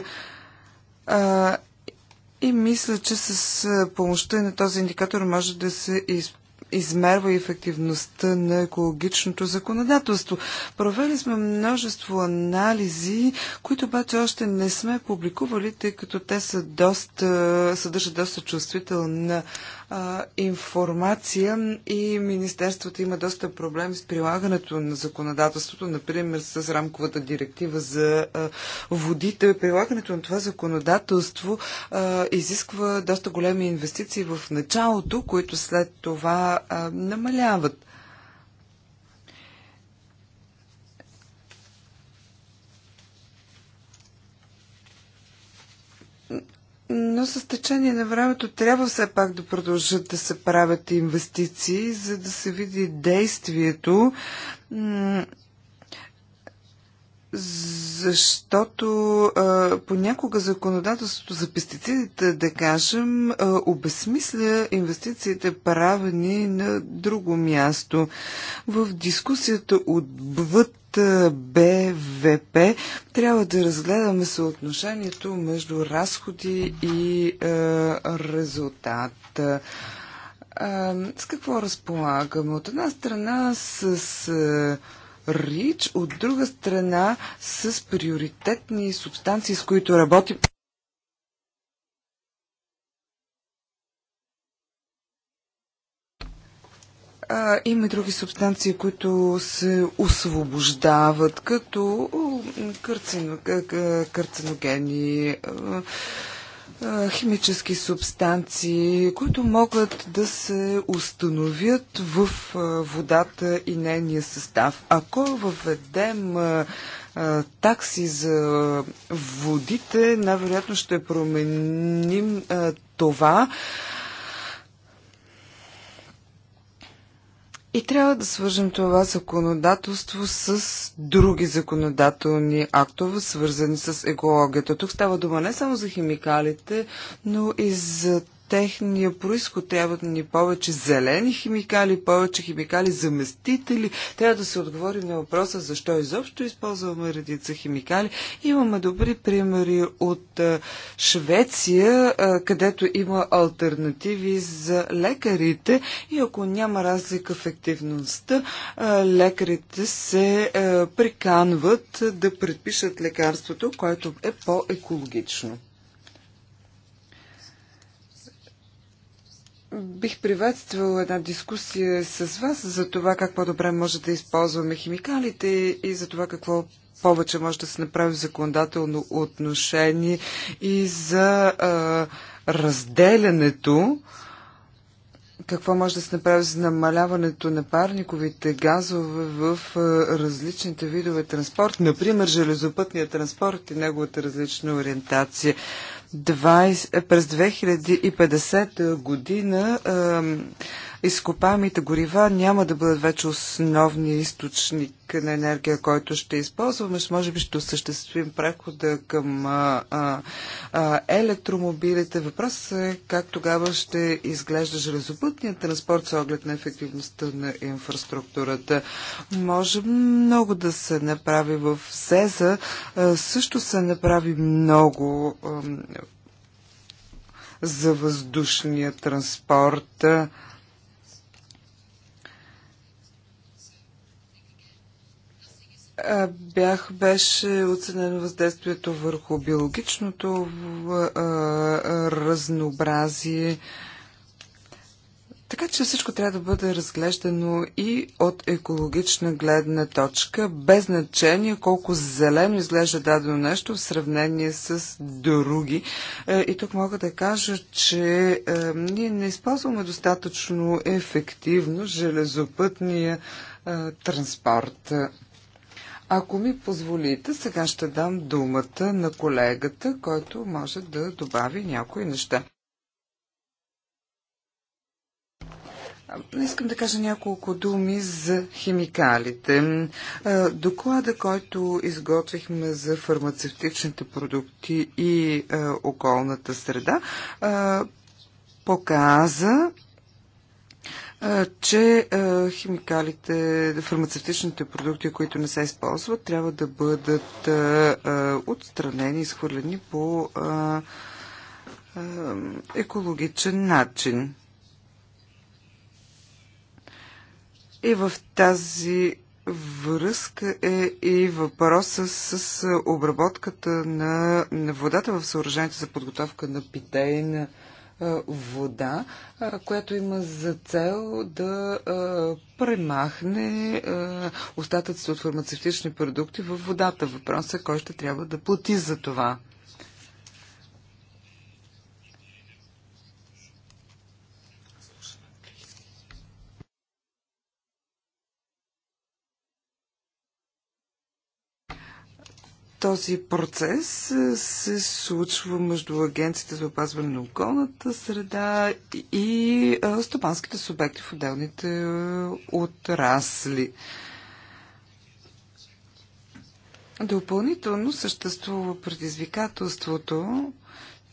И мисля, че с помощта на този индикатор може да се използва измерва ефективността на екологичното законодателство. Провели сме множество анализи, които обаче още не сме публикували, тъй като те са доста, съдържат доста чувствителна а, информация и Министерството има доста проблем с прилагането на законодателството, например с рамковата директива за а, водите. Прилагането на това законодателство а, изисква доста големи инвестиции в началото, които след това а, намаляват. но с течение на времето трябва все пак да продължат да се правят инвестиции, за да се види действието, защото а, понякога законодателството за пестицидите, да кажем, а, обесмисля инвестициите правени на друго място. В дискусията отвъд БВП, трябва да разгледаме съотношението между разходи и е, резултат. Е, е, с какво разполагаме? От една страна с е, РИЧ, от друга страна с приоритетни субстанции, с които работим. А, има и други субстанции, които се освобождават, като карциногени, химически субстанции, които могат да се установят в водата и нейния състав. Ако въведем такси за водите, най-вероятно ще променим това. И трябва да свържем това законодателство с други законодателни актове, свързани с екологията. Тук става дума не само за химикалите, но и за техния происход. Трябва да ни е повече зелени химикали, повече химикали заместители. Трябва да се отговори на въпроса защо изобщо използваме редица химикали. Имаме добри примери от Швеция, където има альтернативи за лекарите и ако няма разлика в ефективността, лекарите се приканват да предпишат лекарството, което е по-екологично. бих приветствал една дискусия с вас за това как по-добре може да използваме химикалите и за това какво повече може да се направи в законодателно отношение и за а, разделянето какво може да се направи за намаляването на парниковите газове в различните видове транспорт, например железопътния транспорт и неговата различна ориентация. 20, през 2050 година изкопаемите горива няма да бъдат вече основния източник на енергия, който ще използваме. Може би ще осъществим прехода към а, а, електромобилите. Въпросът е как тогава ще изглежда железопътният транспорт с оглед на ефективността на инфраструктурата. Може много да се направи в СЕЗА. А, също се направи много а, за въздушния транспорт. А, бях, беше оценено въздействието върху биологичното разнообразие. Така че всичко трябва да бъде разглеждано и от екологична гледна точка, без значение колко зелено изглежда дадено нещо в сравнение с други. Е, и тук мога да кажа, че е, ние не използваме достатъчно ефективно железопътния е, транспорт. Ако ми позволите, сега ще дам думата на колегата, който може да добави някои неща. Искам да кажа няколко думи за химикалите. Е, доклада, който изготвихме за фармацевтичните продукти и е, околната среда, е, показа, че химикалите, фармацевтичните продукти, които не се използват, трябва да бъдат отстранени, изхвърлени по екологичен начин. И в тази връзка е и въпроса с обработката на водата в съоръжението за подготовка на питейна е, вода, е, която има за цел да е, премахне остатъците от фармацевтични продукти във водата. Въпросът е кой ще трябва да плати за това. Този процес е, се случва между агенцията за опазване на околната среда и е, стопанските субекти в отделните е, отрасли. Допълнително съществува предизвикателството,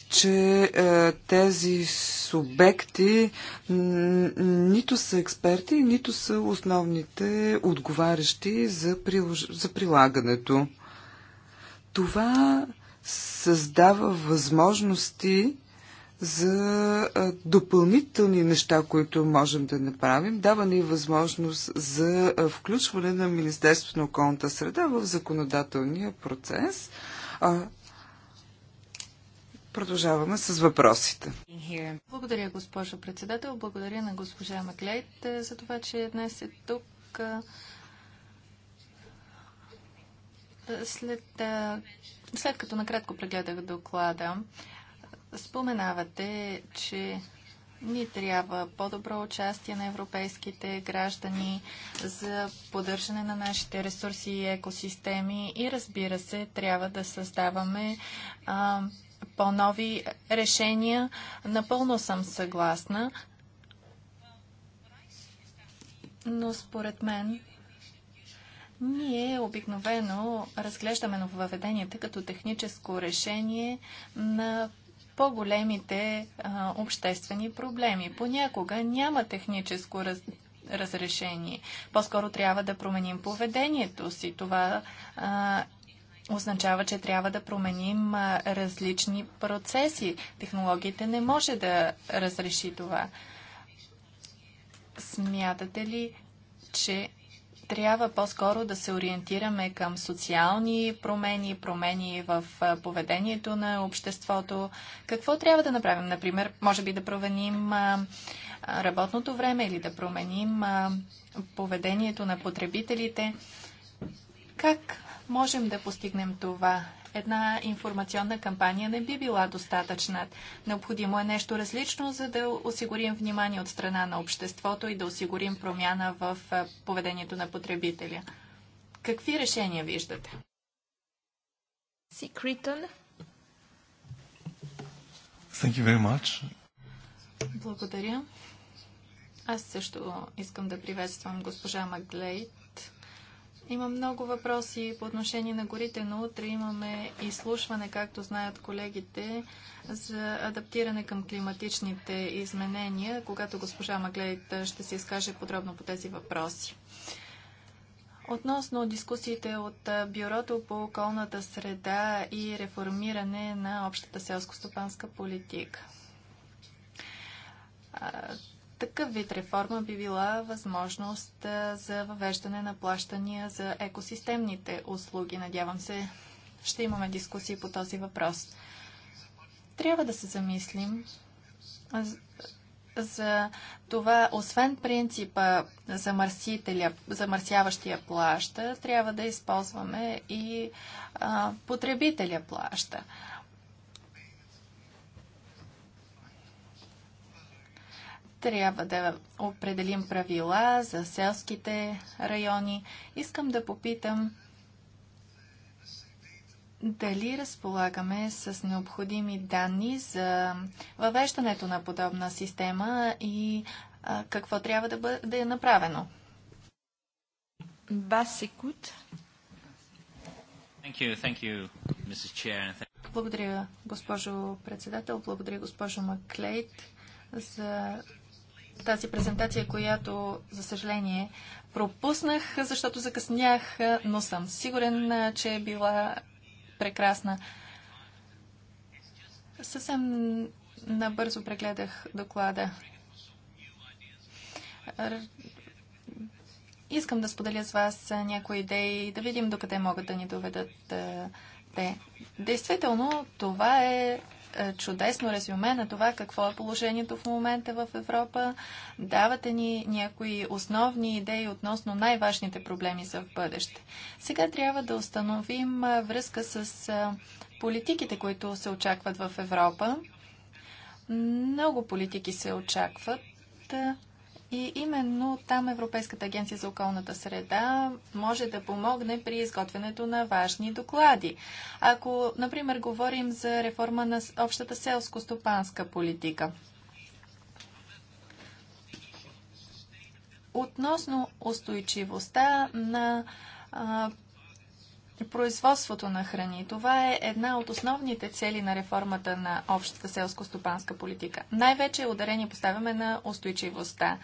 че е, тези субекти нито са експерти, нито са основните отговарящи за, прилож... за прилагането. Това създава възможности за допълнителни неща, които можем да направим. Дава ни възможност за включване на Министерството на околната среда в законодателния процес. Продължаваме с въпросите. Благодаря, госпожо председател. Благодаря на госпожа Маклейт за това, че днес е тук. След, след като накратко прегледах доклада, споменавате, че ни трябва по-добро участие на европейските граждани за поддържане на нашите ресурси и екосистеми и разбира се, трябва да създаваме по-нови решения. Напълно съм съгласна, но според мен ние обикновено разглеждаме нововъведенията като техническо решение на по-големите обществени проблеми. Понякога няма техническо раз, разрешение. По-скоро трябва да променим поведението си. Това а, означава, че трябва да променим а, различни процеси. Технологиите не може да разреши това. Смятате ли, че трябва по-скоро да се ориентираме към социални промени, промени в поведението на обществото. Какво трябва да направим? Например, може би да променим работното време или да променим поведението на потребителите. Как можем да постигнем това? една информационна кампания не би била достатъчна. Необходимо е нещо различно, за да осигурим внимание от страна на обществото и да осигурим промяна в поведението на потребителя. Какви решения виждате? Thank you very much. Благодаря. Аз също искам да приветствам госпожа Маглейт има много въпроси по отношение на горите, но утре имаме изслушване, както знаят колегите, за адаптиране към климатичните изменения, когато госпожа Маглейт ще се изкаже подробно по тези въпроси. Относно дискусиите от Бюрото по околната среда и реформиране на общата селско-стопанска политика. Такъв вид реформа би била възможност за въвеждане на плащания за екосистемните услуги. Надявам се, ще имаме дискусии по този въпрос. Трябва да се замислим за това, освен принципа замърсителя, замърсяващия плаща, трябва да използваме и а, потребителя плаща. Трябва да определим правила за селските райони. Искам да попитам дали разполагаме с необходими данни за въвеждането на подобна система и какво трябва да бъде да е направено. Басикут. Благодаря, госпожо председател. Благодаря, госпожо Маклейт, за тази презентация, която, за съжаление, пропуснах, защото закъснях, но съм сигурен, че е била прекрасна. Съвсем набързо прегледах доклада. Искам да споделя с вас някои идеи и да видим докъде могат да ни доведат те. Действително, това е е, чудесно резюме на това какво е положението в момента в Европа. Давате ни някои основни идеи относно най-важните проблеми за в бъдеще. Сега трябва да установим е, връзка с е, политиките, които се очакват в Европа. Много политики се очакват и именно там Европейската агенция за околната среда може да помогне при изготвянето на важни доклади. Ако, например, говорим за реформа на общата селско-стопанска политика. Относно устойчивостта на производството на храни. Това е една от основните цели на реформата на общата селско-стопанска политика. Най-вече ударение поставяме на устойчивостта.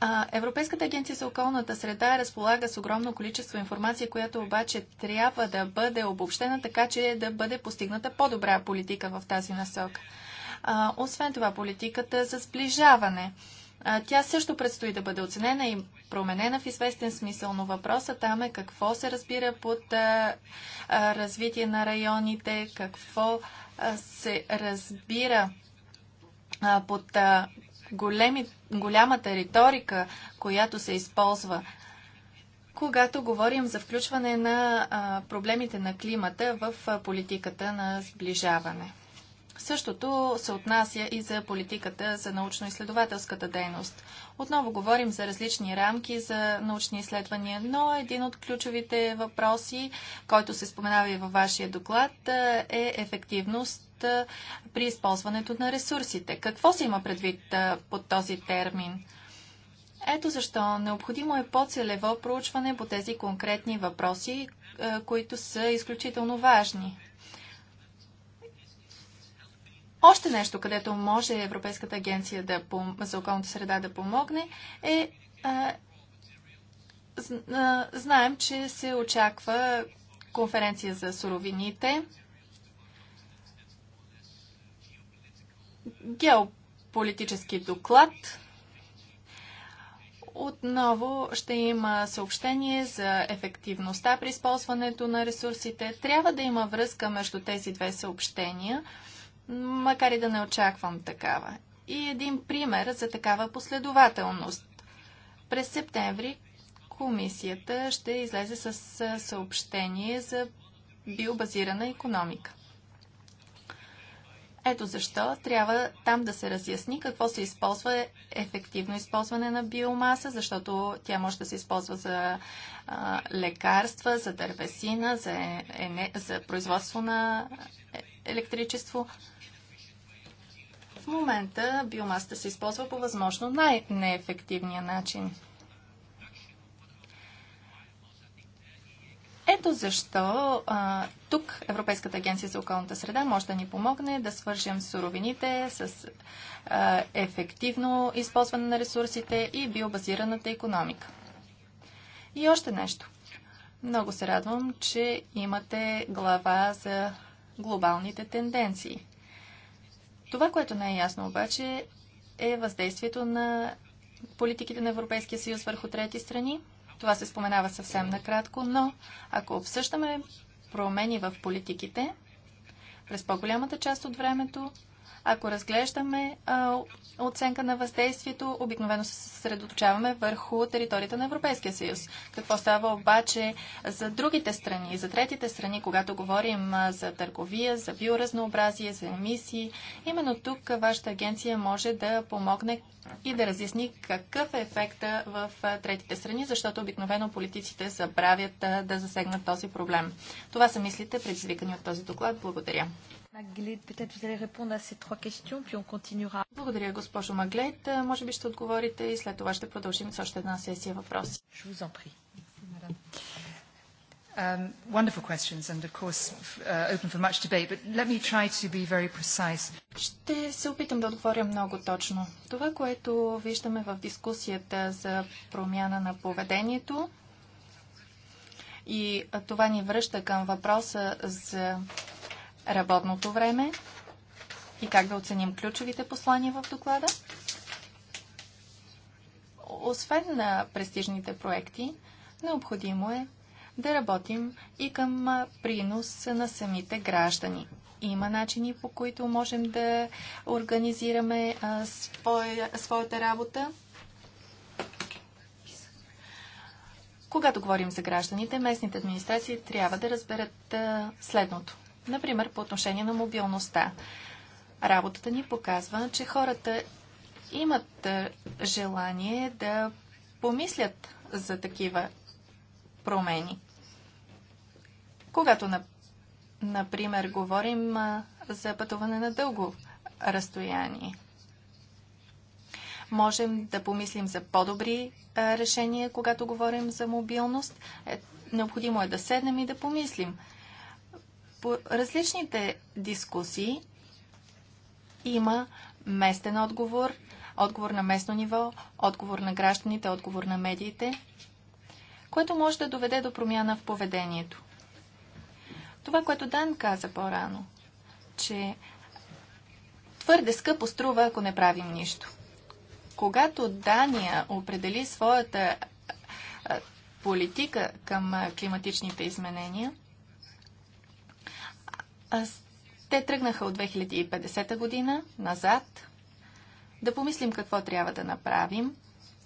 А, Европейската агенция за околната среда разполага с огромно количество информация, която обаче трябва да бъде обобщена така, че да бъде постигната по-добра политика в тази насок. освен това, политиката за сближаване. Тя също предстои да бъде оценена и променена в известен смисъл, но въпросът там е какво се разбира под развитие на районите, какво се разбира под големи, голямата риторика, която се използва когато говорим за включване на проблемите на климата в политиката на сближаване. Същото се отнася и за политиката за научно-изследователската дейност. Отново говорим за различни рамки за научни изследвания, но един от ключовите въпроси, който се споменава и във вашия доклад, е ефективност при използването на ресурсите. Какво се има предвид под този термин? Ето защо необходимо е по-целево проучване по тези конкретни въпроси, които са изключително важни. Още нещо, където може Европейската агенция да, за околната среда да помогне е а, знаем, че се очаква конференция за суровините. Геополитически доклад. Отново ще има съобщение за ефективността при използването на ресурсите. Трябва да има връзка между тези две съобщения – макар и да не очаквам такава. И един пример за такава последователност. През септември комисията ще излезе с съобщение за биобазирана економика. Ето защо трябва там да се разясни какво се използва ефективно използване на биомаса, защото тя може да се използва за а, лекарства, за дървесина, за, е, за производство на е, електричество момента биомасата се използва по възможно най-неефективния начин. Ето защо а, тук Европейската агенция за околната среда може да ни помогне да свържем суровините с а, ефективно използване на ресурсите и биобазираната економика. И още нещо. Много се радвам, че имате глава за глобалните тенденции – това, което не е ясно обаче, е въздействието на политиките на Европейския съюз върху трети страни. Това се споменава съвсем накратко, но ако обсъждаме промени в политиките, през по-голямата част от времето ако разглеждаме а, оценка на въздействието, обикновено се съсредоточаваме върху територията на Европейския съюз. Какво става обаче за другите страни, за третите страни, когато говорим за търговия, за биоразнообразие, за емисии? Именно тук вашата агенция може да помогне и да разясни какъв е ефекта в третите страни, защото обикновено политиците забравят да засегнат този проблем. Това са мислите, предизвикани от този доклад. Благодаря. Благодаря, госпожо Маглет. Може би ще отговорите и след това ще продължим с още една сесия въпроси. Um, uh, ще се опитам да отговоря много точно. Това, което виждаме в дискусията за промяна на поведението и това ни връща към въпроса за работното време и как да оценим ключовите послания в доклада. Освен на престижните проекти, необходимо е да работим и към принос на самите граждани. Има начини по които можем да организираме а, своя, своята работа. Когато говорим за гражданите, местните администрации трябва да разберат а, следното. Например, по отношение на мобилността. Работата ни показва, че хората имат е, желание да помислят за такива промени. Когато, например, говорим е, за пътуване на дълго разстояние, можем да помислим за по-добри е, решения, когато говорим за мобилност. необходимо е да седнем и да помислим по различните дискусии има местен отговор, отговор на местно ниво, отговор на гражданите, отговор на медиите, което може да доведе до промяна в поведението. Това, което Дан каза по-рано, че твърде скъпо струва, ако не правим нищо. Когато Дания определи своята политика към климатичните изменения – аз, те тръгнаха от 2050 година назад да помислим какво трябва да направим,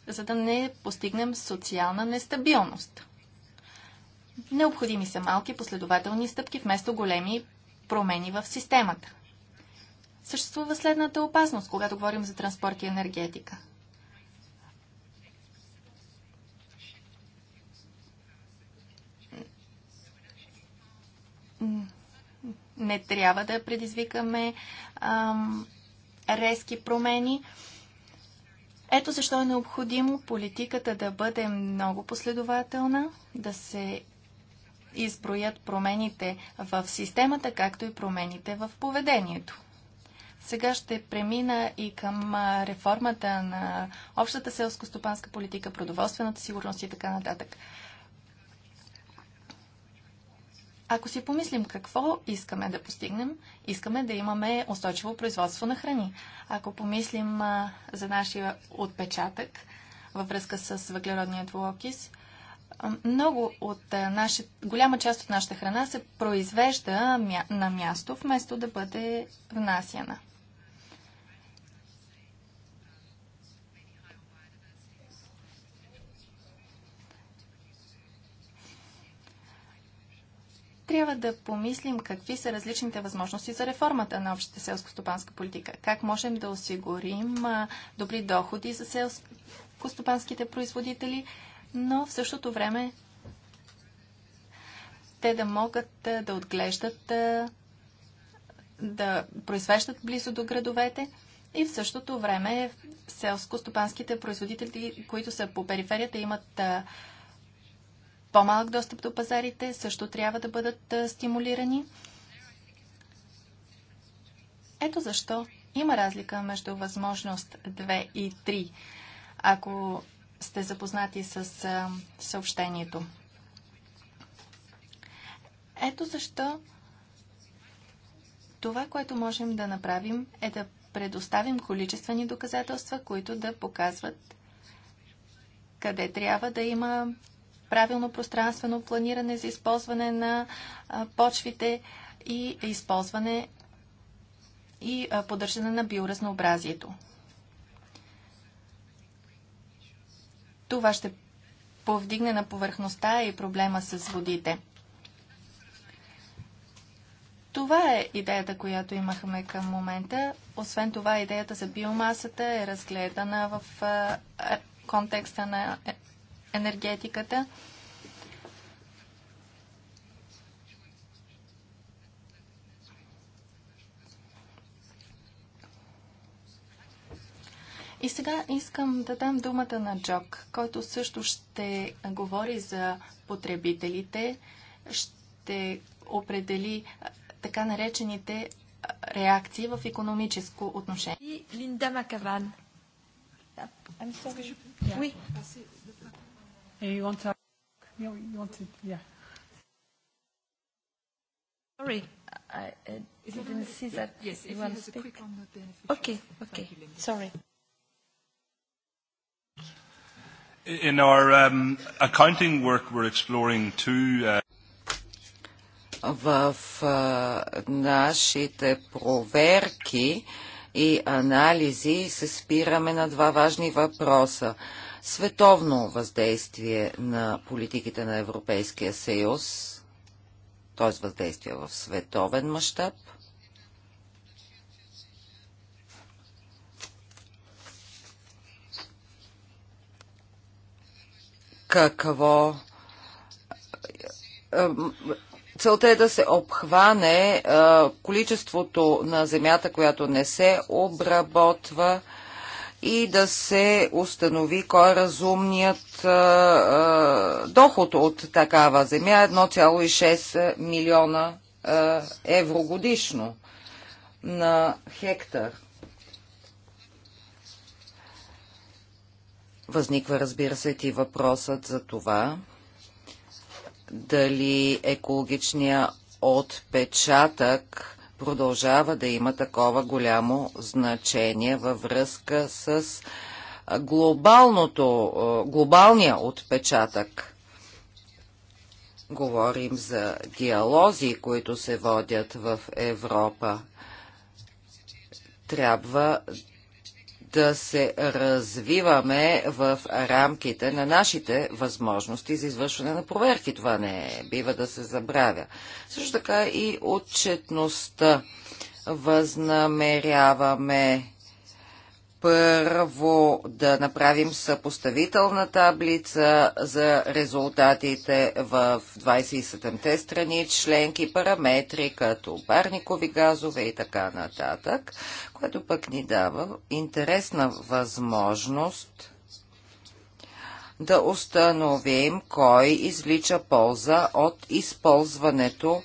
за да не постигнем социална нестабилност. Необходими са малки последователни стъпки вместо големи промени в системата. Съществува следната опасност, когато говорим за транспорт и енергетика. Mm не трябва да предизвикаме ам, резки промени. Ето защо е необходимо политиката да бъде много последователна, да се изброят промените в системата, както и промените в поведението. Сега ще премина и към реформата на общата селско-стопанска политика, продоволствената сигурност и така нататък. Ако си помислим какво искаме да постигнем, искаме да имаме устойчиво производство на храни. Ако помислим а, за нашия отпечатък във връзка с въглеродният двуокис, много от а, наши, голяма част от нашата храна се произвежда мя, на място, вместо да бъде внасяна. трябва да помислим какви са различните възможности за реформата на общата селско-стопанска политика. Как можем да осигурим добри доходи за селско-стопанските производители, но в същото време те да могат да отглеждат, да произвеждат близо до градовете и в същото време селско-стопанските производители, които са по периферията, имат по-малък достъп до пазарите също трябва да бъдат стимулирани. Ето защо има разлика между възможност 2 и 3, ако сте запознати с съобщението. Ето защо това, което можем да направим, е да предоставим количествени доказателства, които да показват къде трябва да има правилно пространствено планиране за използване на почвите и използване и поддържане на биоразнообразието. Това ще повдигне на повърхността и проблема с водите. Това е идеята, която имахме към момента. Освен това, идеята за биомасата е разгледана в контекста на е, енергетиката. И сега искам да дам думата на Джок, който също ще говори за потребителите, ще определи така наречените реакции в економическо отношение. Линда Макаван. Yeah. You want to? You wanted? Yeah. Sorry, I didn't see that. Yes, if you has a quick on the benefit. Okay. Okay. Sorry. In our um, accounting work, we're exploring two. Uh... В uh, нашите проверки и анализи се спираме на два важни въпроса. Uh, световно въздействие на политиките на Европейския съюз, т.е. въздействие в световен мащаб. Какво Целта е да се обхване количеството на земята, която не се обработва, и да се установи кой е разумният а, а, доход от такава земя 1,6 милиона а, евро годишно на хектар. Възниква, разбира се, и въпросът за това дали екологичният отпечатък продължава да има такова голямо значение във връзка с глобалното, глобалния отпечатък. Говорим за диалози, които се водят в Европа. Трябва да се развиваме в рамките на нашите възможности за извършване на проверки. Това не е, бива да се забравя. Също така и отчетността. Възнамеряваме първо да направим съпоставителна таблица за резултатите в 27-те страни, членки, параметри като парникови газове и така нататък, което пък ни дава интересна възможност да установим кой излича полза от използването на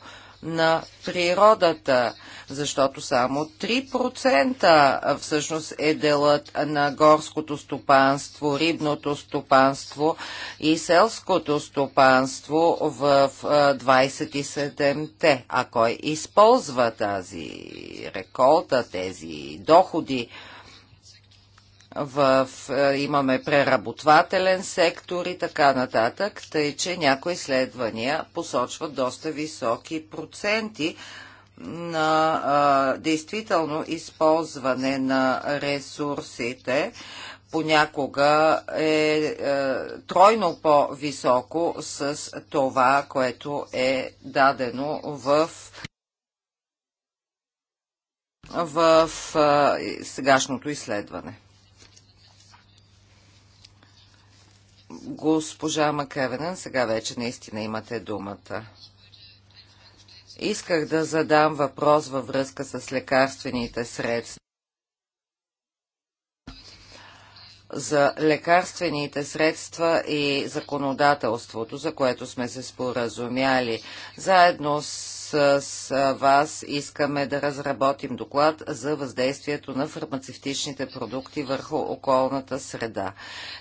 на природата, защото само 3% всъщност е делът на горското стопанство, рибното стопанство и селското стопанство в 27-те. А кой използва тази реколта, тези доходи? в, е, имаме преработвателен сектор и така нататък, тъй че някои изследвания посочват доста високи проценти на а, действително използване на ресурсите. Понякога е, е тройно по-високо с това, което е дадено в в а, е, сегашното изследване. Госпожа Макевенен, сега вече наистина имате думата. Исках да задам въпрос във връзка с лекарствените средства. за лекарствените средства и законодателството, за което сме се споразумяли. Заедно с с вас искаме да разработим доклад за въздействието на фармацевтичните продукти върху околната среда.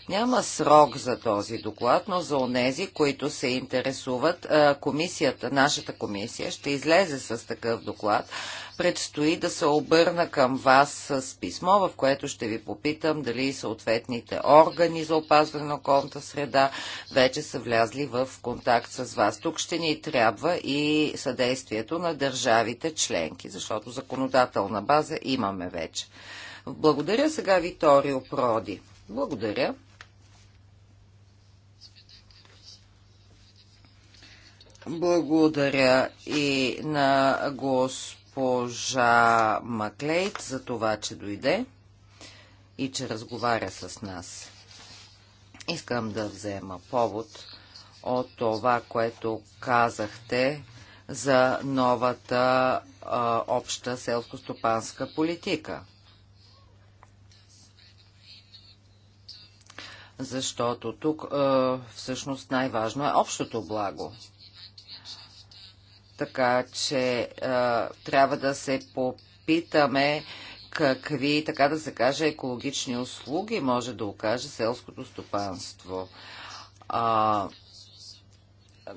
Няма срок за този доклад, но за онези, които се интересуват, комисията, нашата комисия ще излезе с такъв доклад предстои да се обърна към вас с писмо, в което ще ви попитам дали съответните органи за опазване на околната среда вече са влязли в контакт с вас. Тук ще ни трябва и съдействието на държавите членки, защото законодателна база имаме вече. Благодаря сега Виторио Проди. Благодаря. Благодаря и на господин госпожа Маклейт за това, че дойде и че разговаря с нас. Искам да взема повод от това, което казахте за новата а, обща селско-стопанска политика. Защото тук а, всъщност най-важно е общото благо. Така че а, трябва да се попитаме какви, така да се каже, екологични услуги може да окаже селското стопанство. А,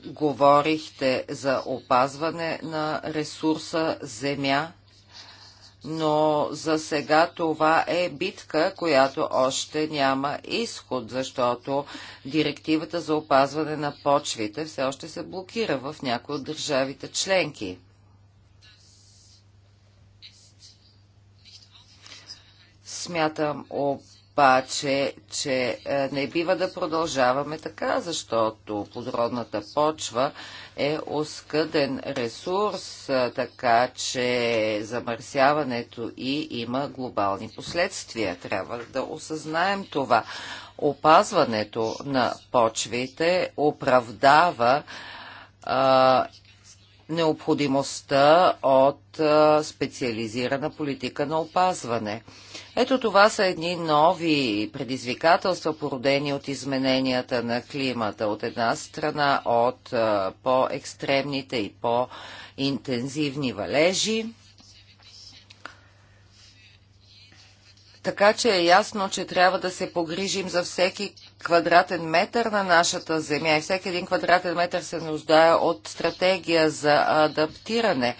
говорихте за опазване на ресурса земя но за сега това е битка, която още няма изход, защото директивата за опазване на почвите все още се блокира в някои от държавите членки. Смятам, об обаче, че е, не бива да продължаваме така, защото плодородната почва е оскъден ресурс, е, така че замърсяването и има глобални последствия. Трябва да осъзнаем това. Опазването на почвите оправдава е, необходимостта от специализирана политика на опазване. Ето това са едни нови предизвикателства, породени от измененията на климата. От една страна от по-екстремните и по-интензивни валежи, Така че е ясно, че трябва да се погрижим за всеки квадратен метър на нашата земя и всеки един квадратен метър се нуждае от стратегия за адаптиране.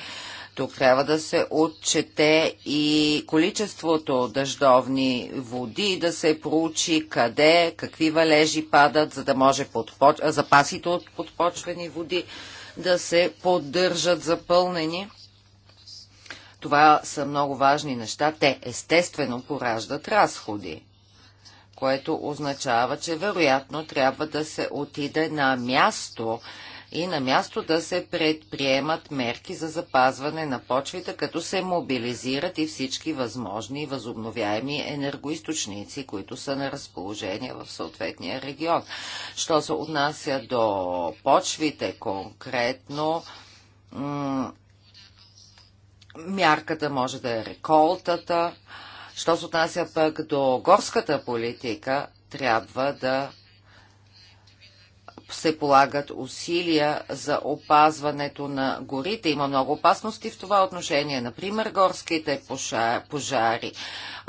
Тук трябва да се отчете и количеството дъждовни води, да се проучи къде, какви валежи падат, за да може подпоч... запасите от подпочвени води да се поддържат запълнени това са много важни неща. Те естествено пораждат разходи, което означава, че вероятно трябва да се отиде на място и на място да се предприемат мерки за запазване на почвите, като се мобилизират и всички възможни възобновяеми енергоисточници, които са на разположение в съответния регион. Що се отнася до почвите конкретно, Мярката може да е реколтата. Що се отнася пък до горската политика, трябва да се полагат усилия за опазването на горите. Има много опасности в това отношение, например горските пожари.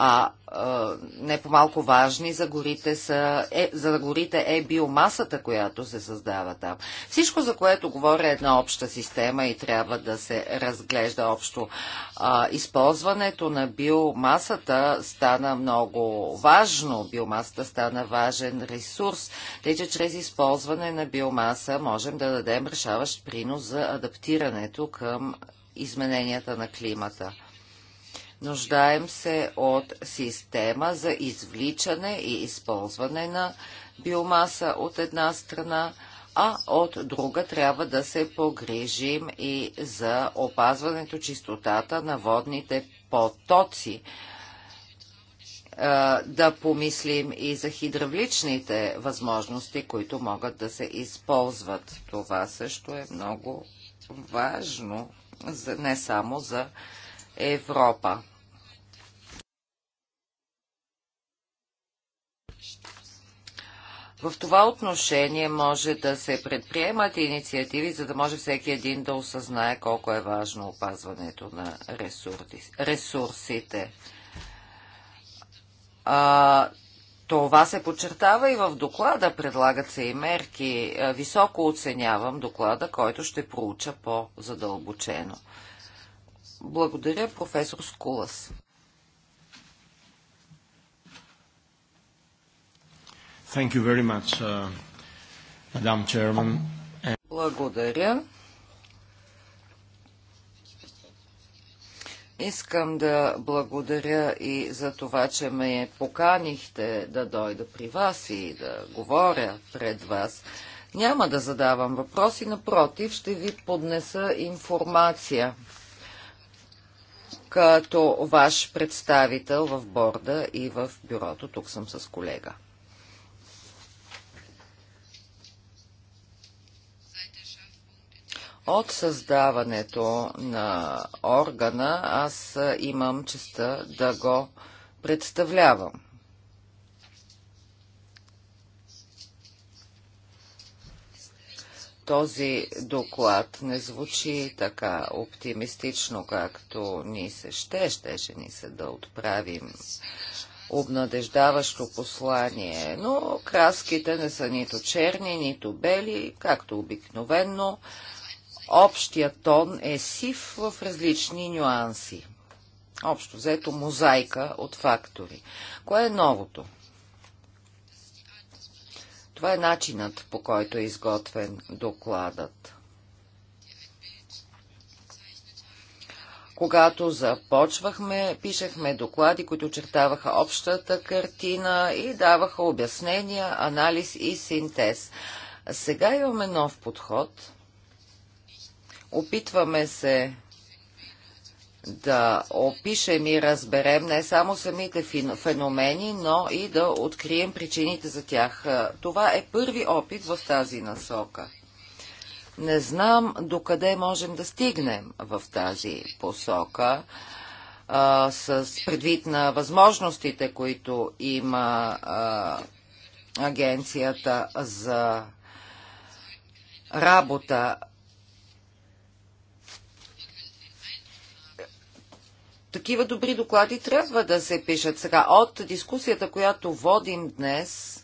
А, а не по-малко важни за горите, са, е, за горите е биомасата, която се създава там. Всичко, за което говоря, е една обща система и трябва да се разглежда общо. А, използването на биомасата стана много важно. Биомасата стана важен ресурс, тъй че чрез използване на биомаса можем да дадем решаващ принос за адаптирането към измененията на климата. Нуждаем се от система за извличане и използване на биомаса от една страна, а от друга трябва да се погрижим и за опазването чистотата на водните потоци, е, да помислим и за хидравличните възможности, които могат да се използват. Това също е много важно, не само за Европа. В това отношение може да се предприемат инициативи, за да може всеки един да осъзнае колко е важно опазването на ресурсите. А, това се подчертава и в доклада. Предлагат се и мерки. Високо оценявам доклада, който ще проуча по-задълбочено. Благодаря, професор Скулас. Thank you very much, uh, Madam Chairman. Благодаря. Искам да благодаря и за това, че ме поканихте да дойда при вас и да говоря пред вас. Няма да задавам въпроси, напротив, ще ви поднеса информация като ваш представител в борда и в бюрото. Тук съм с колега. От създаването на органа аз имам честа да го представлявам. този доклад не звучи така оптимистично, както ни се ще, щеше ни се да отправим обнадеждаващо послание, но краските не са нито черни, нито бели, както обикновенно. Общия тон е сив в различни нюанси. Общо взето мозайка от фактори. Кое е новото? Това е начинът, по който е изготвен докладът. Когато започвахме, пишехме доклади, които очертаваха общата картина и даваха обяснения, анализ и синтез. Сега имаме нов подход – Опитваме се да опишем и разберем не само самите феномени, но и да открием причините за тях. Това е първи опит в тази насока. Не знам докъде можем да стигнем в тази посока а, с предвид на възможностите, които има а, агенцията за работа такива добри доклади трябва да се пишат. Сега, от дискусията, която водим днес,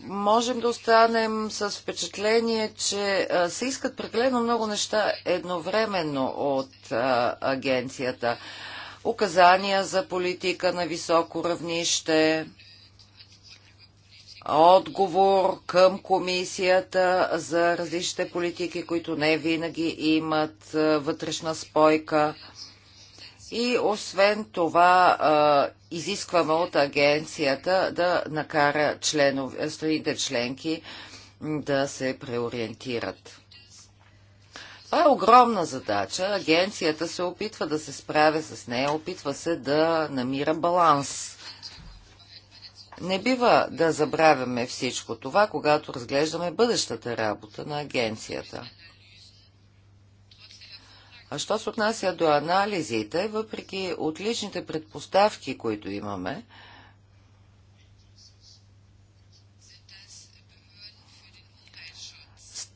можем да останем с впечатление, че се искат прекалено много неща едновременно от агенцията. Указания за политика на високо равнище, отговор към комисията за различните политики, които не винаги имат вътрешна спойка. И освен това изискваме от агенцията да накара членов, страните членки да се преориентират. Това е огромна задача. Агенцията се опитва да се справя с нея, опитва се да намира баланс. Не бива да забравяме всичко това, когато разглеждаме бъдещата работа на агенцията. А що се отнася до анализите, въпреки отличните предпоставки, които имаме,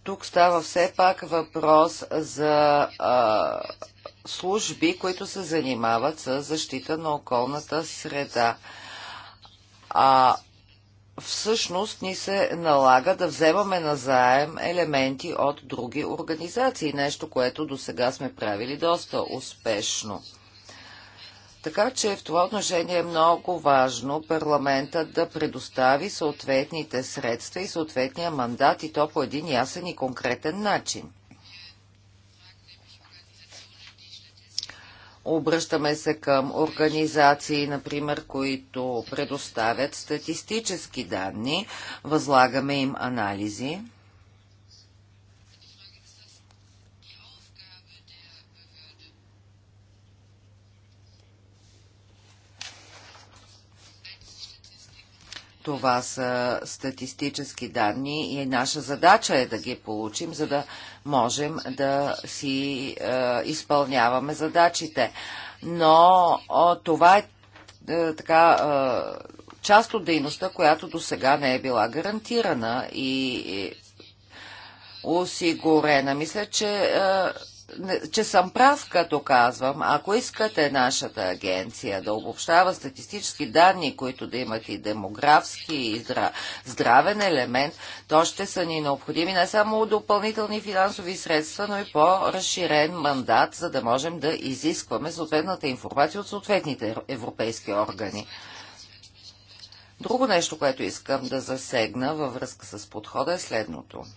тук става все пак въпрос за а, служби, които се занимават с защита на околната среда а всъщност ни се налага да вземаме назаем елементи от други организации, нещо, което до сега сме правили доста успешно. Така че в това отношение е много важно парламента да предостави съответните средства и съответния мандат и то по един ясен и конкретен начин. Обръщаме се към организации, например, които предоставят статистически данни, възлагаме им анализи. Това са статистически данни и наша задача е да ги получим, за да можем да си е, изпълняваме задачите. Но о, това е, е така. Е, част от дейността, която до сега не е била гарантирана и осигурена. Мисля, че е, че съм прав, като казвам, ако искате нашата агенция да обобщава статистически данни, които да имат и демографски, и здравен елемент, то ще са ни необходими не само допълнителни финансови средства, но и по-разширен мандат, за да можем да изискваме съответната информация от съответните европейски органи. Друго нещо, което искам да засегна във връзка с подхода е следното –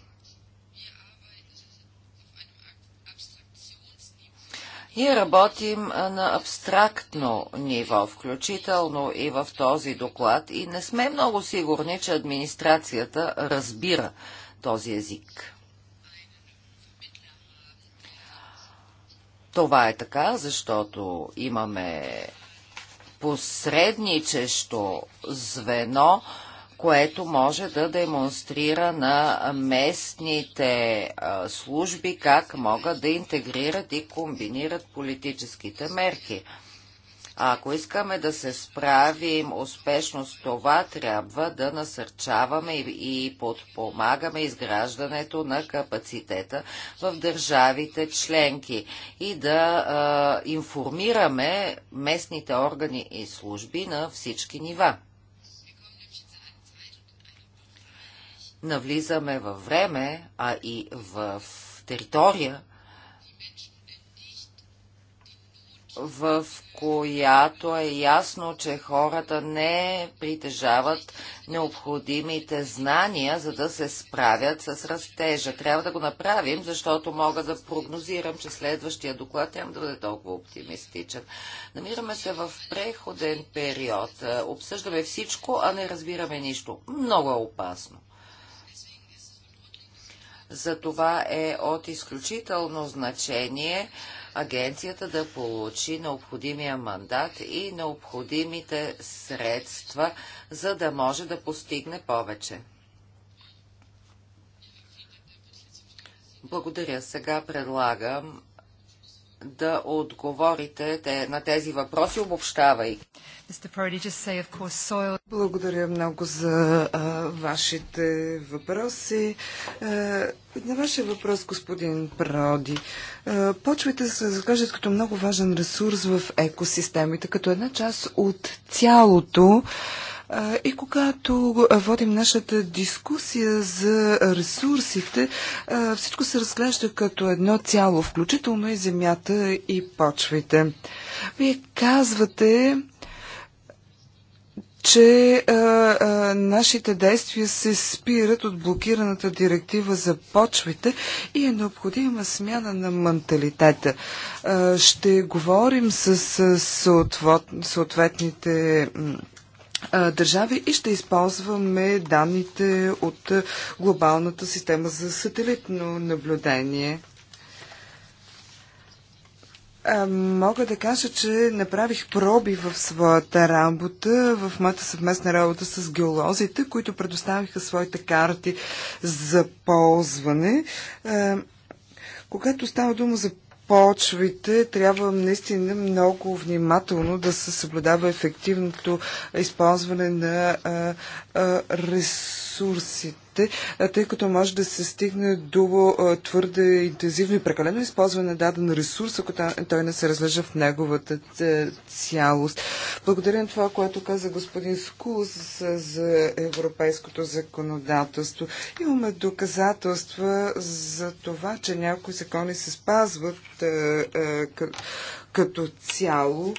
Ние работим на абстрактно ниво, включително и в този доклад, и не сме много сигурни, че администрацията разбира този език. Това е така, защото имаме посредничещо звено, което може да демонстрира на местните служби как могат да интегрират и комбинират политическите мерки. А ако искаме да се справим успешно с това, трябва да насърчаваме и подпомагаме изграждането на капацитета в държавите членки и да а, информираме местните органи и служби на всички нива. навлизаме във време, а и в територия, в която е ясно, че хората не притежават необходимите знания, за да се справят с растежа. Трябва да го направим, защото мога да прогнозирам, че следващия доклад няма да бъде толкова оптимистичен. Намираме се в преходен период. Е, обсъждаме всичко, а не разбираме нищо. Много е опасно. За това е от изключително значение агенцията да получи необходимия мандат и необходимите средства, за да може да постигне повече. Благодаря. Сега предлагам да отговорите на тези въпроси, обобщавай. Благодаря много за а, вашите въпроси. А, на вашия въпрос, господин Проди, почвайте да се разглеждат като много важен ресурс в екосистемите, като една част от цялото. А, и когато водим нашата дискусия за ресурсите, всичко се разглежда като едно цяло, включително и земята и почвите. Вие казвате, че а, а, нашите действия се спират от блокираната директива за почвите и е необходима смяна на менталитета. А, ще говорим с, с съответните държави и ще използваме данните от глобалната система за сателитно наблюдение. Мога да кажа, че направих проби в своята работа, в моята съвместна работа с геолозите, които предоставиха своите карти за ползване. Когато става дума за почвите трябва наистина много внимателно да се съблюдава ефективното използване на ресурсите казахте, тъй като може да се стигне до е, твърде интензивно и прекалено използване на даден ресурс, ако той не се разлежа в неговата е, цялост. Благодаря на това, което каза господин Скулс за европейското законодателство. Имаме доказателства за това, че някои закони се спазват е, като цяло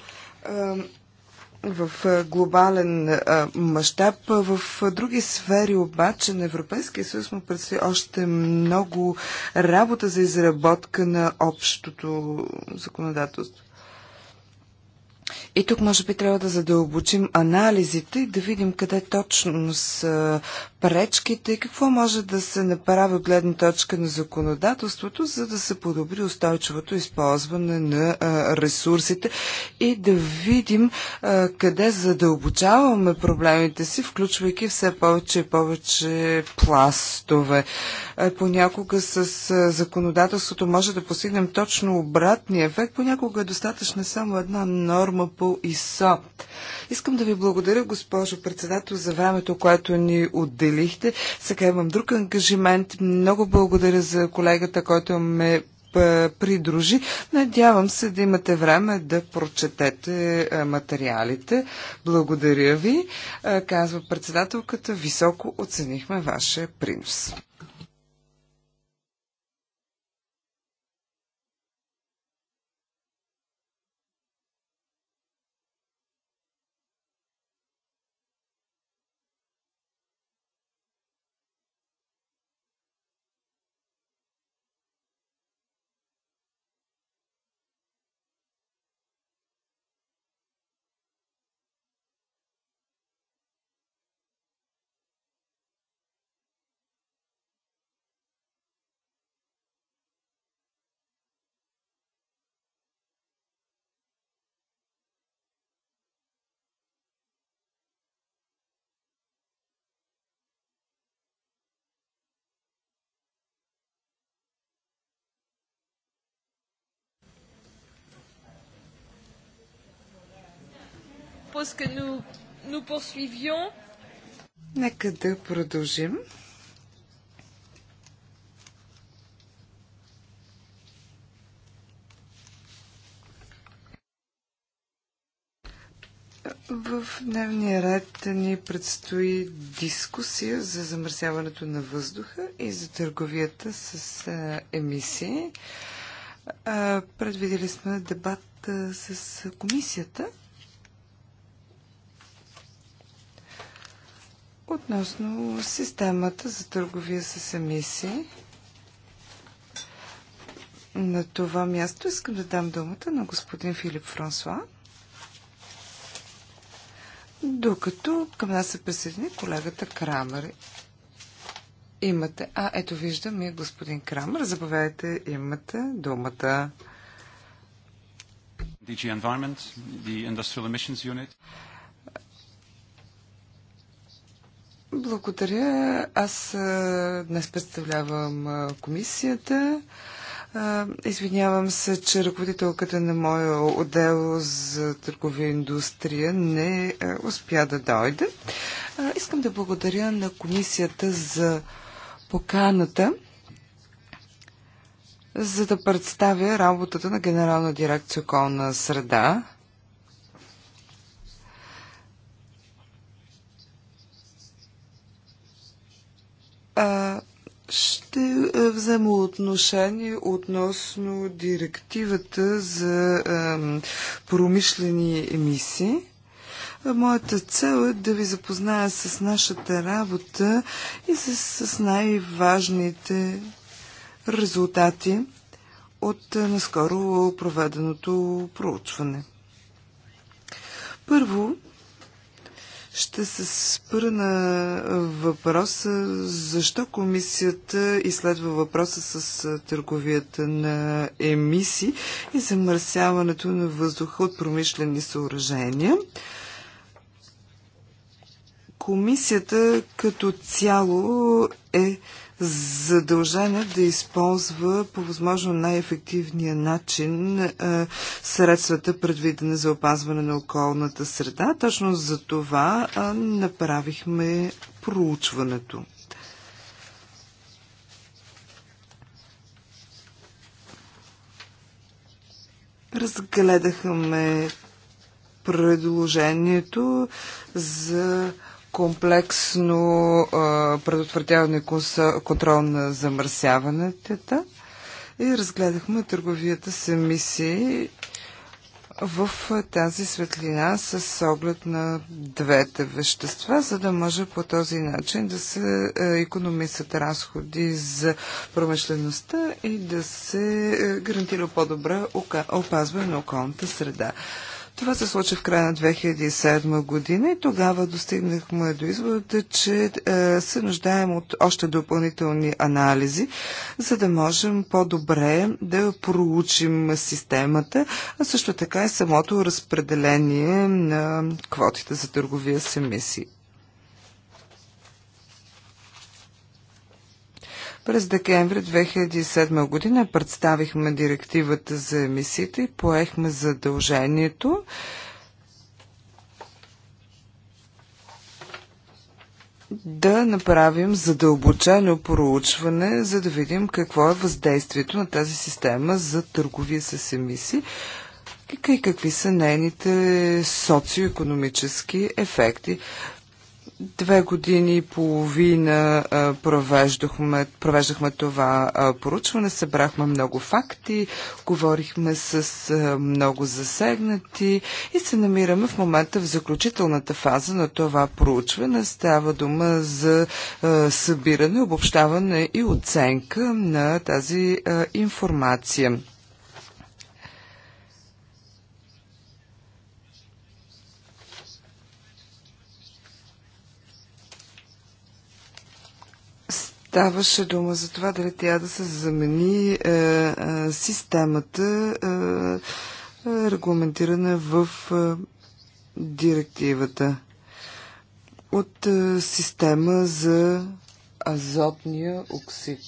в глобален мащаб. В други сфери обаче на Европейския съюз му предстои още много работа за изработка на общото законодателство. И тук може би трябва да задълбочим анализите и да видим къде точно са пречките и какво може да се направи от гледна точка на законодателството, за да се подобри устойчивото използване на ресурсите и да видим къде задълбочаваме проблемите си, включвайки все повече и повече пластове. Понякога с законодателството може да постигнем точно обратния ефект, понякога е достатъчна само една норма по ИСО. Искам да ви благодаря, госпожо председател, за времето, което ни отделихте. Сега имам друг ангажимент. Много благодаря за колегата, който ме придружи. Надявам се да имате време да прочетете е, материалите. Благодаря ви, е, казва председателката. Високо оценихме вашия принос. propose que nous, nous poursuivions. Нека да продължим. В дневния ред ни предстои дискусия за замърсяването на въздуха и за търговията с емисии. Предвидели сме дебат с комисията. Относно системата за търговия с емисии, на това място искам да дам думата на господин Филип Франсуа, докато към нас се присъедини колегата Крамер. Имате. А, ето виждам и господин Крамер. Заповядайте, имате думата. DG Environment, the Industrial Emissions Unit. Благодаря. Аз днес представлявам комисията. Извинявам се, че ръководителката на моя отдел за търговия индустрия не успя да дойде. Искам да благодаря на комисията за поканата, за да представя работата на Генерална дирекция околна среда А, ще взема отношение относно директивата за промишлени емисии. Моята цел е да ви запозная с нашата работа и с, с най-важните резултати от наскоро проведеното проучване. Първо, ще се спра на въпроса защо комисията изследва въпроса с търговията на емисии и замърсяването на въздуха от промишлени съоръжения. Комисията като цяло е задължена да използва по възможно най-ефективния начин е, средствата, предвидени за опазване на околната среда. Точно за това е, направихме проучването. Разгледахме предложението за комплексно предотвратяване и контрол на замърсяването и разгледахме търговията с емисии в тази светлина с оглед на двете вещества, за да може по този начин да се економисат разходи за промишлеността и да се гарантира по добра опазване на околната среда. Това се случи в края на 2007 година и тогава достигнахме до извода, че е, се нуждаем от още допълнителни анализи, за да можем по-добре да проучим системата, а също така и самото разпределение на квотите за търговия с емисии. През декември 2007 година представихме директивата за емисиите и поехме задължението да направим задълбочено проучване, за да видим какво е въздействието на тази система за търговия с емисии и какви са нейните социоекономически ефекти. Две години и половина провеждахме, провеждахме това поручване, събрахме много факти, говорихме с много засегнати и се намираме в момента в заключителната фаза на това проучване. Става дума за събиране, обобщаване и оценка на тази информация. Ставаше дума за това дали тя да се замени е, е, системата, е, е, регламентирана в е, директивата от е, система за азотния оксид.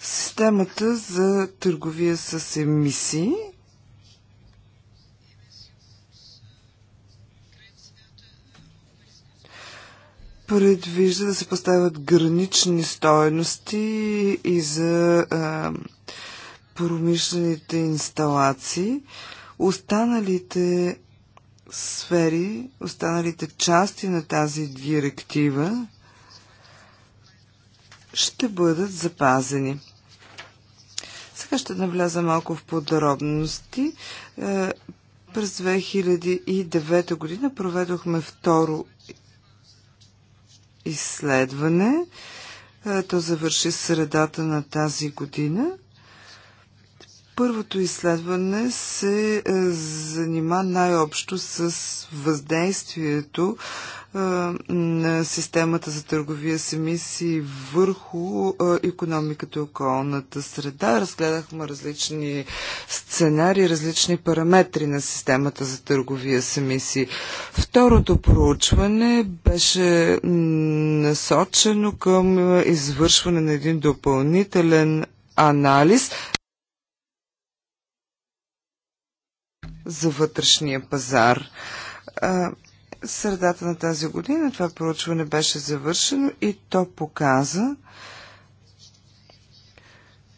Системата за търговия с емисии предвижда да се поставят гранични стоености и за а, промишлените инсталации. Останалите сфери, останалите части на тази директива ще бъдат запазени. Сега ще навляза малко в подробности. Е, през 2009 година проведохме второ изследване. Е, то завърши средата на тази година. Първото изследване се е, занима най-общо с въздействието на системата за търговия с емисии върху економиката и околната среда. Разгледахме различни сценари, различни параметри на системата за търговия с емисии. Второто проучване беше насочено към извършване на един допълнителен анализ за вътрешния пазар средата на тази година това проучване беше завършено и то показа,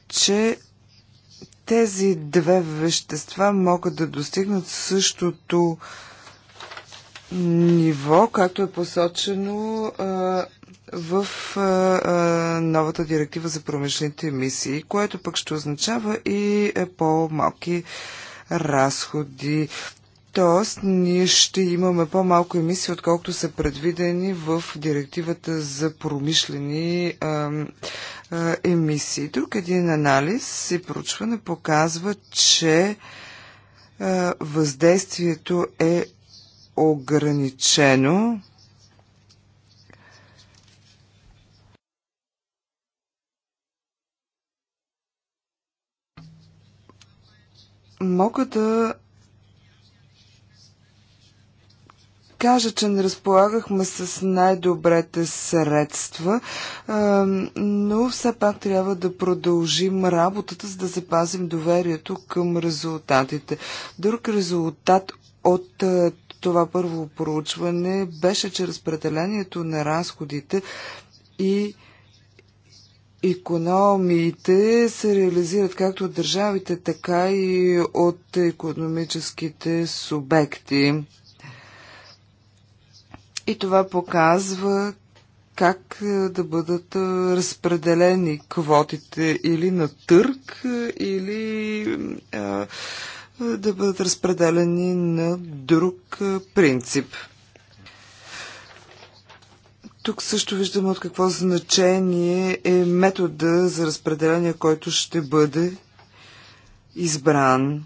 че тези две вещества могат да достигнат същото ниво, както е посочено а, в а, а, новата директива за промишлените емисии, което пък ще означава и е, по-малки разходи. Тоест, ние ще имаме по-малко емисии, отколкото са предвидени в директивата за промишлени емисии. Друг един анализ и проучване показва, че въздействието е ограничено. Мога да кажа, че не разполагахме с най-добрете средства, но все пак трябва да продължим работата, за да запазим доверието към резултатите. Друг резултат от това първо проучване беше, че разпределението на разходите и Економиите се реализират както от държавите, така и от економическите субекти. И това показва как е, да бъдат е, разпределени квотите или на търг, е, или а, да бъдат разпределени на друг принцип. Тук също виждаме от какво значение е метода за разпределение, който ще бъде избран.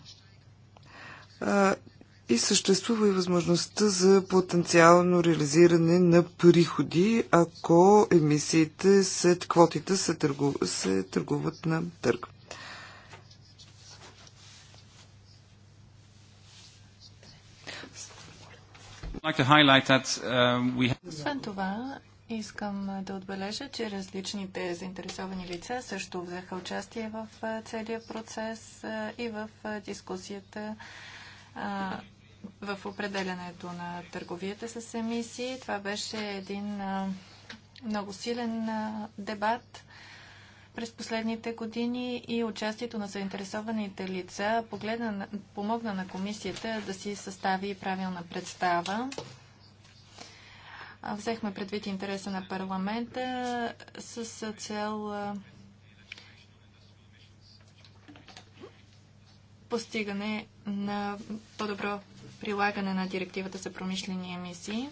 И съществува и възможността за потенциално реализиране на приходи, ако емисиите след квотите се, търгу, се търгуват на търг. Um, Освен това, искам да отбележа, че различните заинтересовани лица също взеха участие в целия процес и в дискусията в определенето на търговията с емисии. Това беше един много силен дебат през последните години и участието на заинтересованите лица погледна, помогна на комисията да си състави правилна представа. Взехме предвид интереса на парламента с цел постигане на по-добро прилагане на директивата за промишлени емисии.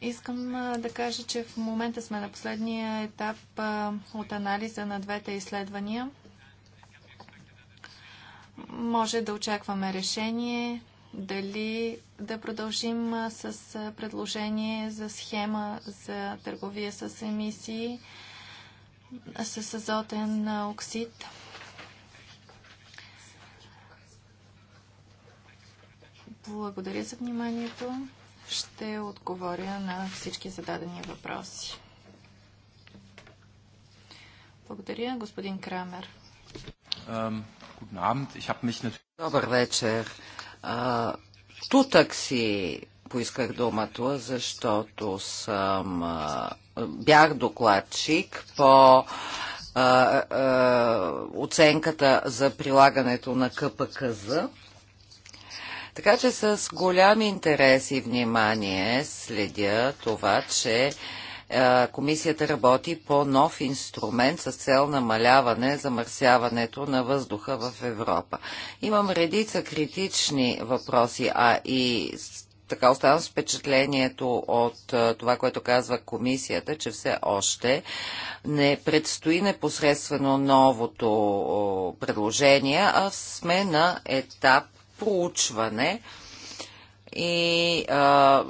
Искам да кажа, че в момента сме на последния етап от анализа на двете изследвания. Може да очакваме решение дали да продължим с предложение за схема за търговия с емисии с азотен оксид. Благодаря за вниманието. Ще отговоря на всички зададени въпроси. Благодаря, господин Крамер. Добър вечер. Тутък си поисках думата, защото съм, бях докладчик по оценката за прилагането на КПКЗ така че с голям интерес и внимание следя това, че е, комисията работи по нов инструмент с цел намаляване замърсяването на въздуха в Европа. Имам редица критични въпроси, а и така оставам с впечатлението от е, това, което казва комисията, че все още не предстои непосредствено новото предложение, а сме на етап проучване и а,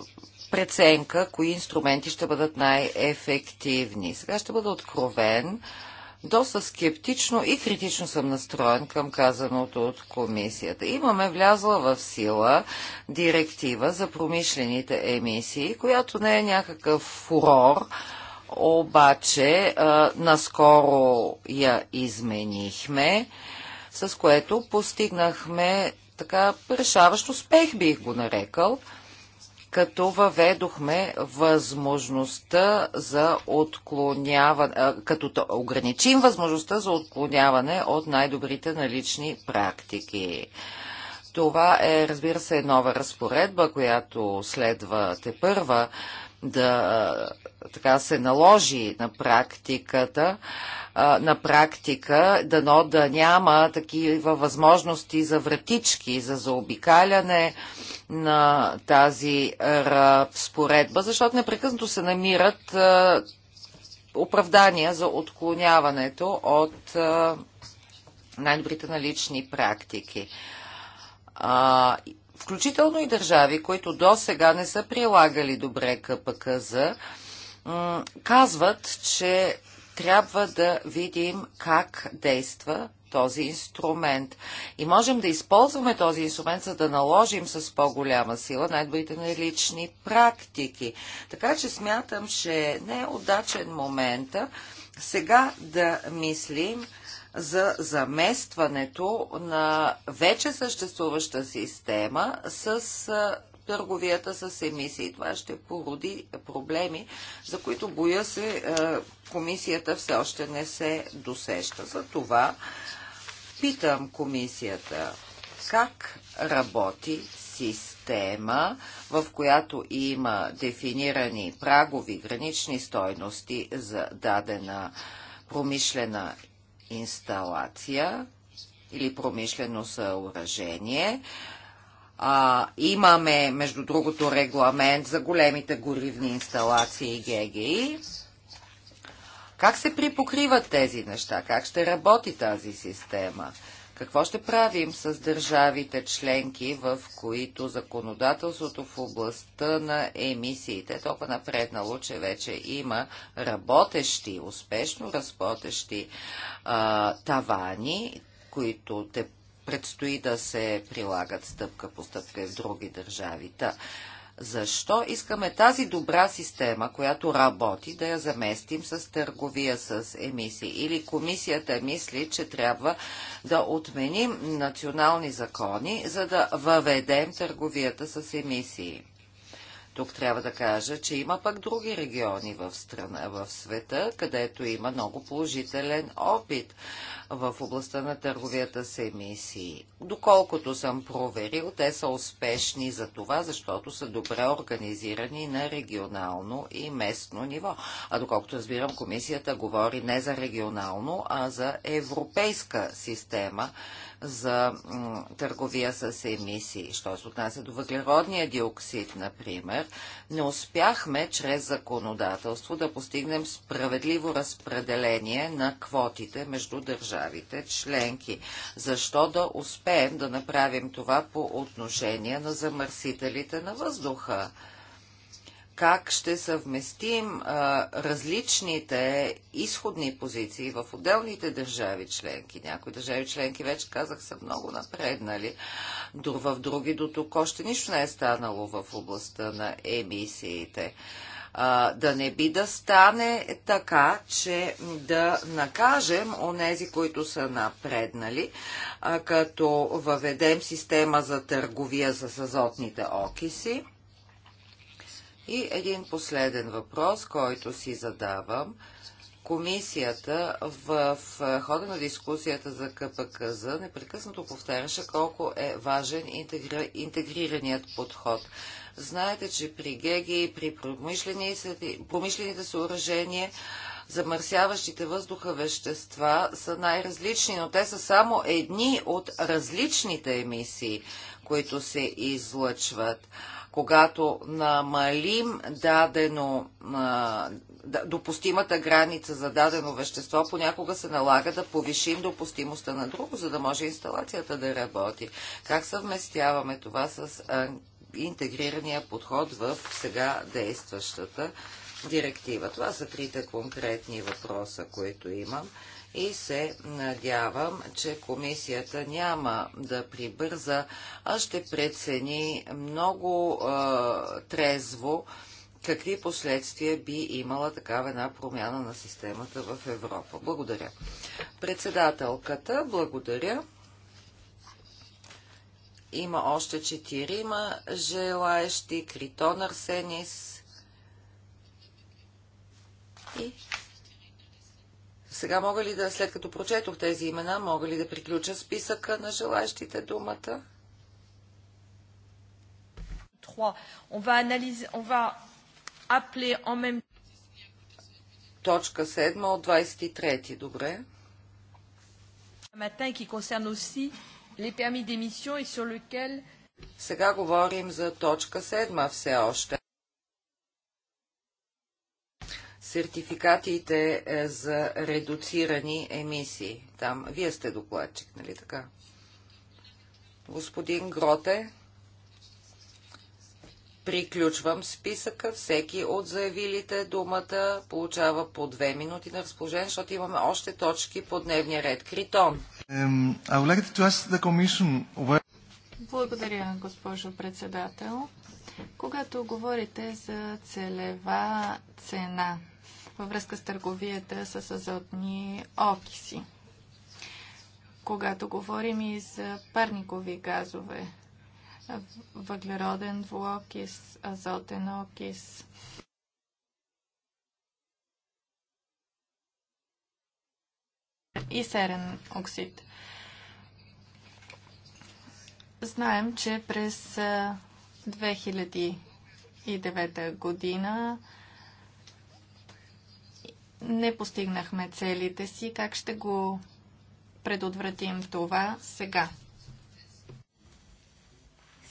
преценка, кои инструменти ще бъдат най-ефективни. Сега ще бъда откровен. Доста скептично и критично съм настроен към казаното от комисията. Имаме влязла в сила директива за промишлените емисии, която не е някакъв фурор, обаче а, наскоро я изменихме с което постигнахме така решаващ успех бих го нарекал, като въведохме възможността за отклоняване, като ограничим възможността за отклоняване от най-добрите налични практики. Това е, разбира се, нова разпоредба, която следва те първа да така се наложи на практиката на практика, дано да няма такива възможности за вратички, за заобикаляне на тази разпоредба, защото непрекъснато се намират оправдания за отклоняването от най-добрите налични практики. включително и държави, които до сега не са прилагали добре КПКЗ, казват, че трябва да видим как действа този инструмент. И можем да използваме този инструмент, за да наложим с по-голяма сила най-добрите на лични практики. Така че смятам, че не е удачен момент сега да мислим за заместването на вече съществуваща система с търговията с емисии. Това ще породи проблеми, за които боя се е, комисията все още не се досеща. За това питам комисията как работи система, в която има дефинирани прагови гранични стойности за дадена промишлена инсталация или промишлено съоръжение, а, имаме, между другото, регламент за големите горивни инсталации и ГГИ. Как се припокриват тези неща? Как ще работи тази система? Какво ще правим с държавите членки, в които законодателството в областта на емисиите е толкова напреднало, че вече има работещи, успешно разпотещи а, тавани, които те предстои да се прилагат стъпка по стъпка и в други държави. Та, защо искаме тази добра система, която работи, да я заместим с търговия с емисии? Или комисията мисли, че трябва да отменим национални закони, за да въведем търговията с емисии? Тук трябва да кажа, че има пък други региони в страна, в света, където има много положителен опит в областта на търговията с емисии. Доколкото съм проверил, те са успешни за това, защото са добре организирани на регионално и местно ниво. А доколкото разбирам, комисията говори не за регионално, а за европейска система за търговия с емисии. Що се отнася до въглеродния диоксид, например, не успяхме чрез законодателство да постигнем справедливо разпределение на квотите между държавите членки. Защо да успеем да направим това по отношение на замърсителите на въздуха? как ще съвместим а, различните изходни позиции в отделните държави членки. Някои държави членки, вече казах, са много напреднали. Друг, в други до тук още нищо не е станало в областта на емисиите. А, да не би да стане така, че да накажем онези, които са напреднали, а, като въведем система за търговия с азотните окиси и един последен въпрос, който си задавам. Комисията в хода на дискусията за КПКЗ непрекъснато повтаряше колко е важен интегри... интегрираният подход. Знаете, че при ГЕГИ и при промишлените съоръжения замърсяващите въздуха вещества са най-различни, но те са само едни от различните емисии които се излъчват. Когато намалим дадено, допустимата граница за дадено вещество, понякога се налага да повишим допустимостта на друго, за да може инсталацията да работи. Как съвместяваме това с интегрирания подход в сега действащата директива? Това са трите конкретни въпроса, които имам и се надявам, че комисията няма да прибърза, а ще прецени много а, трезво какви последствия би имала такава една промяна на системата в Европа. Благодаря. Председателката, благодаря. Има още четирима желаещи. Критон Арсенис и сега мога ли да, след като прочетох тези имена, мога ли да приключа списъка на желащите думата? Точка 7 от 23, добре. Matin qui concerne aussi les permis d'émission et sur lequel... Сега говорим за точка 7 все още. сертификатите е, за редуцирани емисии. Там вие сте докладчик, нали така? Господин Гроте, приключвам списъка. Всеки от заявилите думата получава по две минути на разположение, защото имаме още точки по дневния ред. Критон. Благодаря, госпожо председател. Когато говорите за целева цена във връзка с търговията с азотни окиси. Когато говорим и за парникови газове, въглероден двуокис, азотен окис, и серен оксид. Знаем, че през 2009 година не постигнахме целите си. Как ще го предотвратим това сега?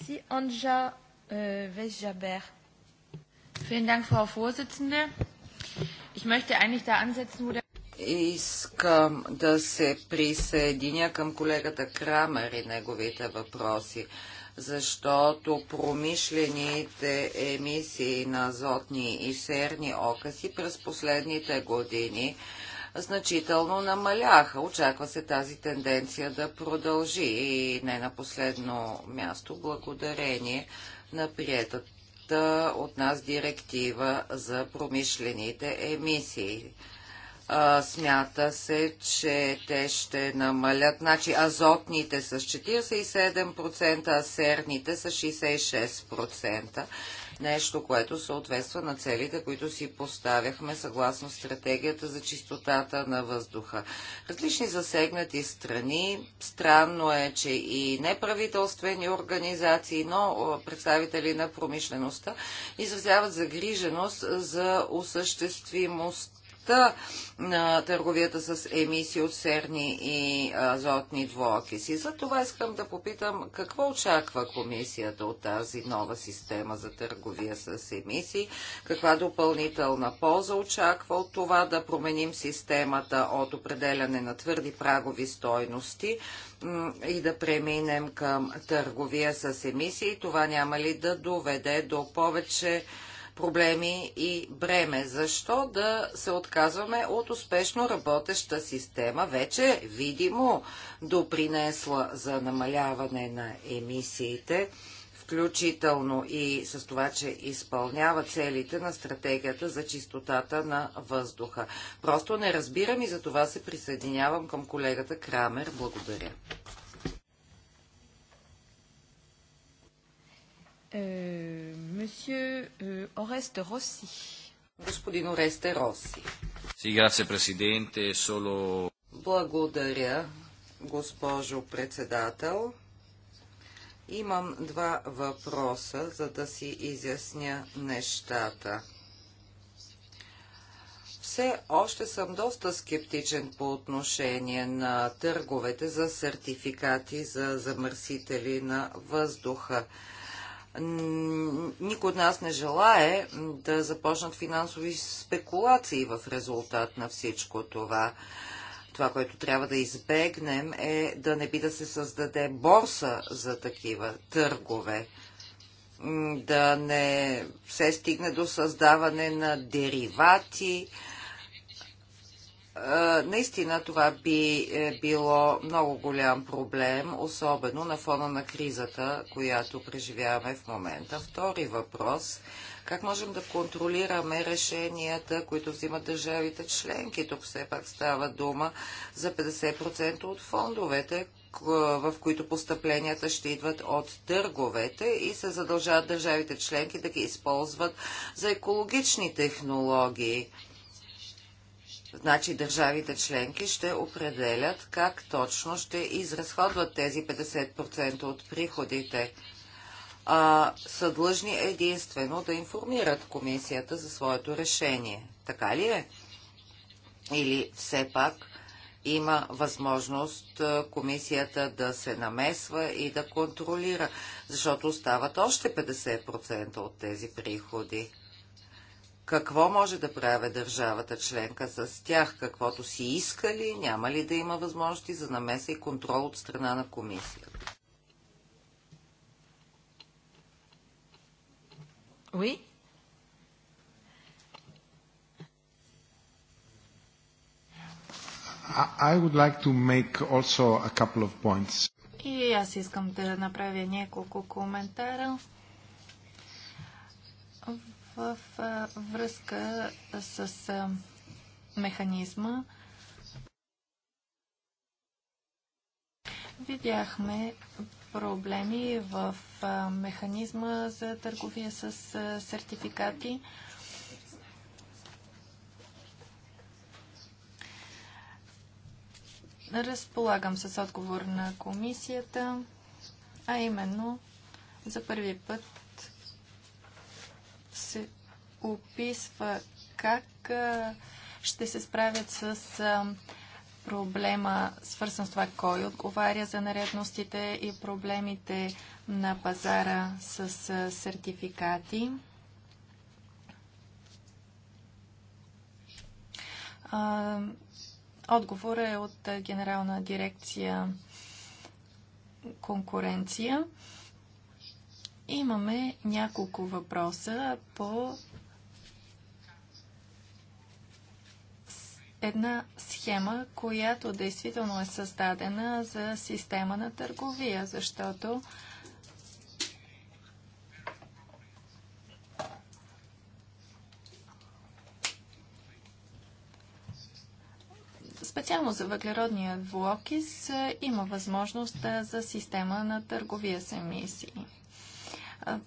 Си Анжа е, Весжабер. Vielen Dank, Frau Vorsitzende. Ich möchte eigentlich da ansetzen, wo der Искам да се присъединя към колегата Крамер и неговите въпроси защото промишлените емисии на азотни и серни окаси през последните години значително намаляха. Очаква се тази тенденция да продължи и не на последно място благодарение на приетата от нас директива за промишлените емисии а, смята се, че те ще намалят. Значи азотните с 47%, а серните с 66%. Нещо, което съответства на целите, които си поставяхме съгласно стратегията за чистотата на въздуха. Различни засегнати страни. Странно е, че и неправителствени организации, но представители на промишлеността изразяват загриженост за осъществимост на търговията с емисии от серни и азотни двуокиси. За това искам да попитам какво очаква комисията от тази нова система за търговия с емисии, каква допълнителна полза очаква от това да променим системата от определяне на твърди прагови стойности и да преминем към търговия с емисии. Това няма ли да доведе до повече проблеми и бреме. Защо да се отказваме от успешно работеща система, вече видимо допринесла за намаляване на емисиите, включително и с това, че изпълнява целите на стратегията за чистотата на въздуха. Просто не разбирам и за това се присъединявам към колегата Крамер. Благодаря. Euh, monsieur Оресте euh, Роси. Господин Оресте Роси. Си, грация, президенте, соло... Благодаря, госпожо председател. Имам два въпроса, за да си изясня нещата. Все още съм доста скептичен по отношение на търговете за сертификати за замърсители на въздуха никой от нас не желае да започнат финансови спекулации в резултат на всичко това. Това, което трябва да избегнем е да не би да се създаде борса за такива търгове, да не се стигне до създаване на деривати, наистина това би е, било много голям проблем, особено на фона на кризата, която преживяваме в момента. Втори въпрос. Как можем да контролираме решенията, които взимат държавите членки? Тук все пак става дума за 50% от фондовете, в които постъпленията ще идват от търговете и се задължават държавите членки да ги използват за екологични технологии. Значи държавите членки ще определят как точно ще изразходват тези 50% от приходите. А, са длъжни единствено да информират комисията за своето решение. Така ли е? Или все пак има възможност комисията да се намесва и да контролира, защото остават още 50% от тези приходи какво може да правя държавата членка с тях, каквото си искали, няма ли да има възможности за намеса и контрол от страна на комисията. Oui. I would like to make also a couple of points. И аз искам да направя няколко коментара в връзка с механизма. Видяхме проблеми в механизма за търговия с сертификати. разполагам с отговор на комисията, а именно за първи път се описва как ще се справят с проблема, свързан с това кой отговаря за наредностите и проблемите на пазара с сертификати. Отговор е от Генерална дирекция конкуренция. Имаме няколко въпроса по една схема, която действително е създадена за система на търговия, защото специално за въглеродния двуокис е, има възможност е, за система на търговия с емисии.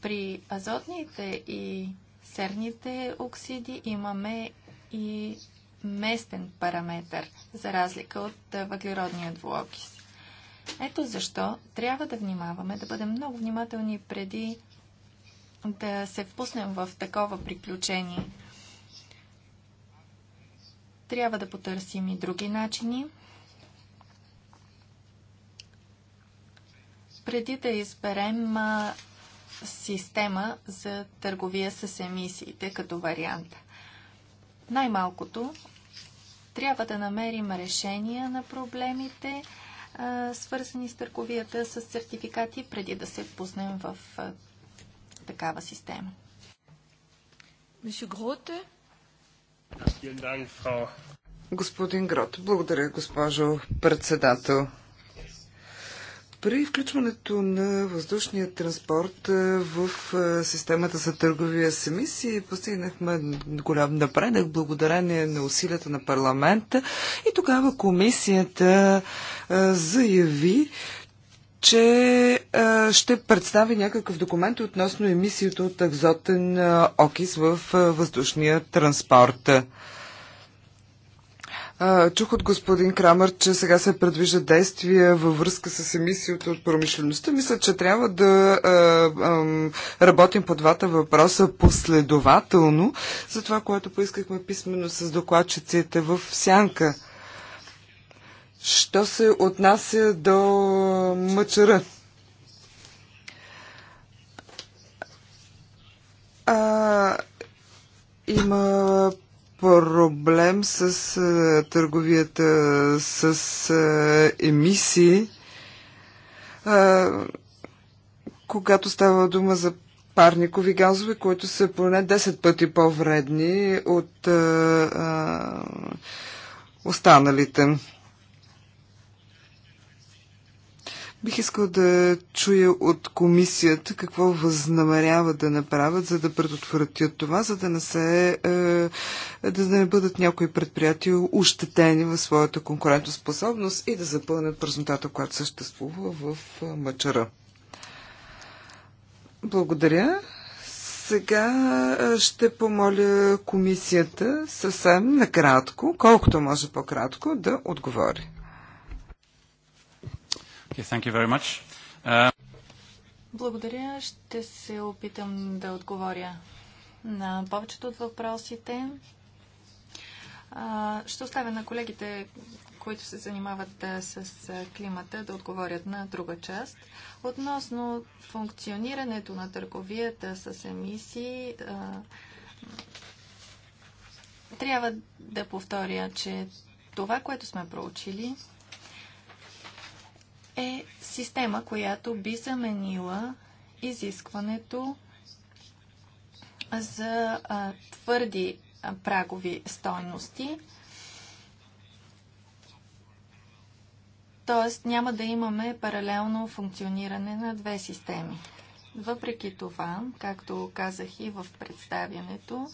При азотните и серните оксиди имаме и местен параметр, за разлика от въглеродния двуокис. Ето защо трябва да внимаваме, да бъдем много внимателни преди да се впуснем в такова приключение. Трябва да потърсим и други начини. Преди да изберем система за търговия с емисиите като вариант. Най-малкото трябва да намерим решения на проблемите, свързани с търговията с сертификати, преди да се пуснем в такава система. Господин Грот, благодаря, госпожо председател. При включването на въздушния транспорт в системата за търговия с емисии постигнахме голям напредък благодарение на усилията на парламента и тогава комисията заяви, че ще представи някакъв документ относно емисията от азотен окис в въздушния транспорт. Чух от господин Крамър, че сега се предвижда действия във връзка с емисиите от промишлеността. Мисля, че трябва да работим по двата въпроса последователно за това, което поискахме писменно с докладчиците в Сянка. Що се отнася до мъчера? има проблем с а, е, търговията с а, е, емисии, а, е, когато става дума за парникови газове, които са поне 10 пъти по-вредни от а, а, останалите. Бих искал да чуя от комисията какво възнамеряват да направят, за да предотвратят това, за да не, се, е, да не бъдат някои предприятия ощетени в своята конкурентоспособност и да запълнят празнотата, която съществува в е, мъчара. Благодаря. Сега е, ще помоля комисията съвсем накратко, колкото може по-кратко, да отговори. Okay, uh... Благодаря. Ще се опитам да отговоря на повечето от въпросите. ще оставя на колегите, които се занимават с климата, да отговорят на друга част. Относно функционирането на търговията с емисии, трябва да повторя, че това, което сме проучили, е система, която би заменила изискването за а, твърди а, прагови стойности. Тоест няма да имаме паралелно функциониране на две системи. Въпреки това, както казах и в представянето,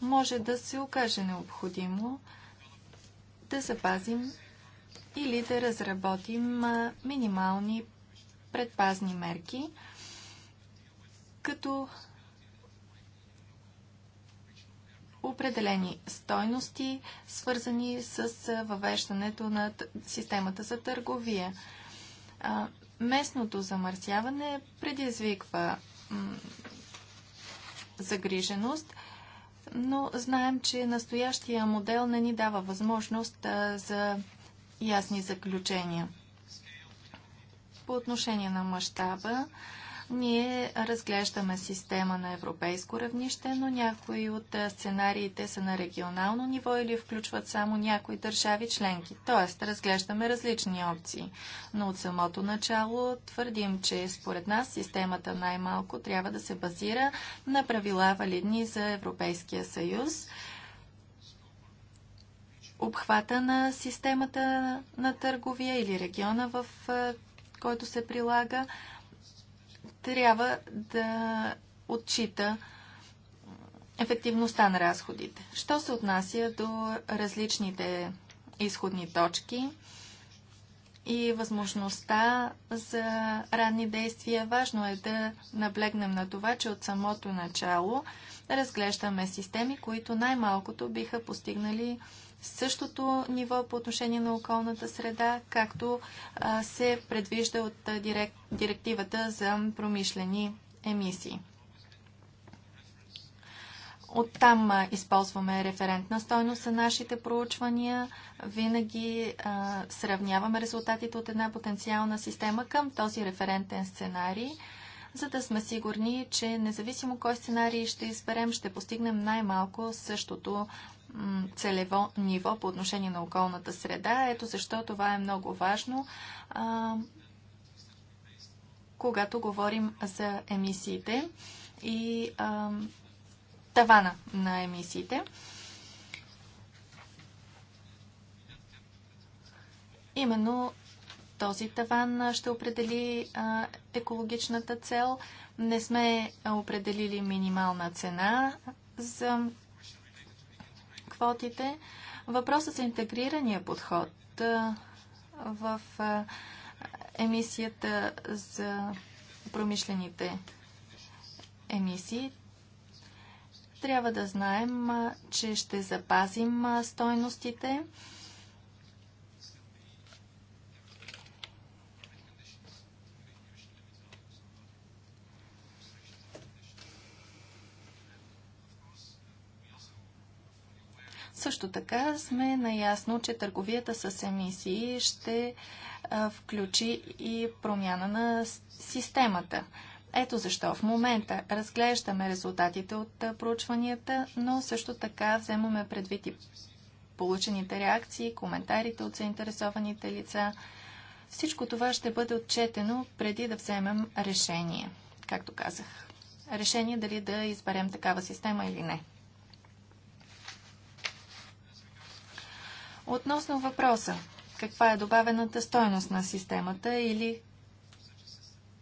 може да се окаже необходимо да запазим или да разработим минимални предпазни мерки, като определени стойности, свързани с въвеждането на системата за търговия. местното замърсяване предизвиква загриженост, но знаем, че настоящия модел не ни дава възможност за ясни заключения. По отношение на мащаба, ние разглеждаме система на европейско равнище, но някои от сценариите са на регионално ниво или включват само някои държави членки. Тоест, разглеждаме различни опции. Но от самото начало твърдим, че според нас системата най-малко трябва да се базира на правила валидни за Европейския съюз обхвата на системата на търговия или региона, в който се прилага, трябва да отчита ефективността на разходите. Що се отнася до различните изходни точки и възможността за ранни действия, важно е да наблегнем на това, че от самото начало разглеждаме системи, които най-малкото биха постигнали същото ниво по отношение на околната среда, както се предвижда от директивата за промишлени емисии. Оттам използваме референтна стойност на нашите проучвания. Винаги а, сравняваме резултатите от една потенциална система към този референтен сценарий, за да сме сигурни, че независимо кой сценарий ще изберем, ще постигнем най-малко същото целево ниво по отношение на околната среда. Ето защо това е много важно, а, когато говорим за емисиите и а, тавана на емисиите. Именно този таван ще определи а, екологичната цел. Не сме определили минимална цена за квотите. Въпросът за интегрирания подход в емисията за промишлените емисии. Трябва да знаем, че ще запазим стойностите Също така сме наясно, че търговията с емисии ще включи и промяна на системата. Ето защо в момента разглеждаме резултатите от проучванията, но също така вземаме предвид и получените реакции, коментарите от заинтересованите лица. Всичко това ще бъде отчетено преди да вземем решение, както казах. Решение дали да изберем такава система или не. Относно въпроса, каква е добавената стойност на системата или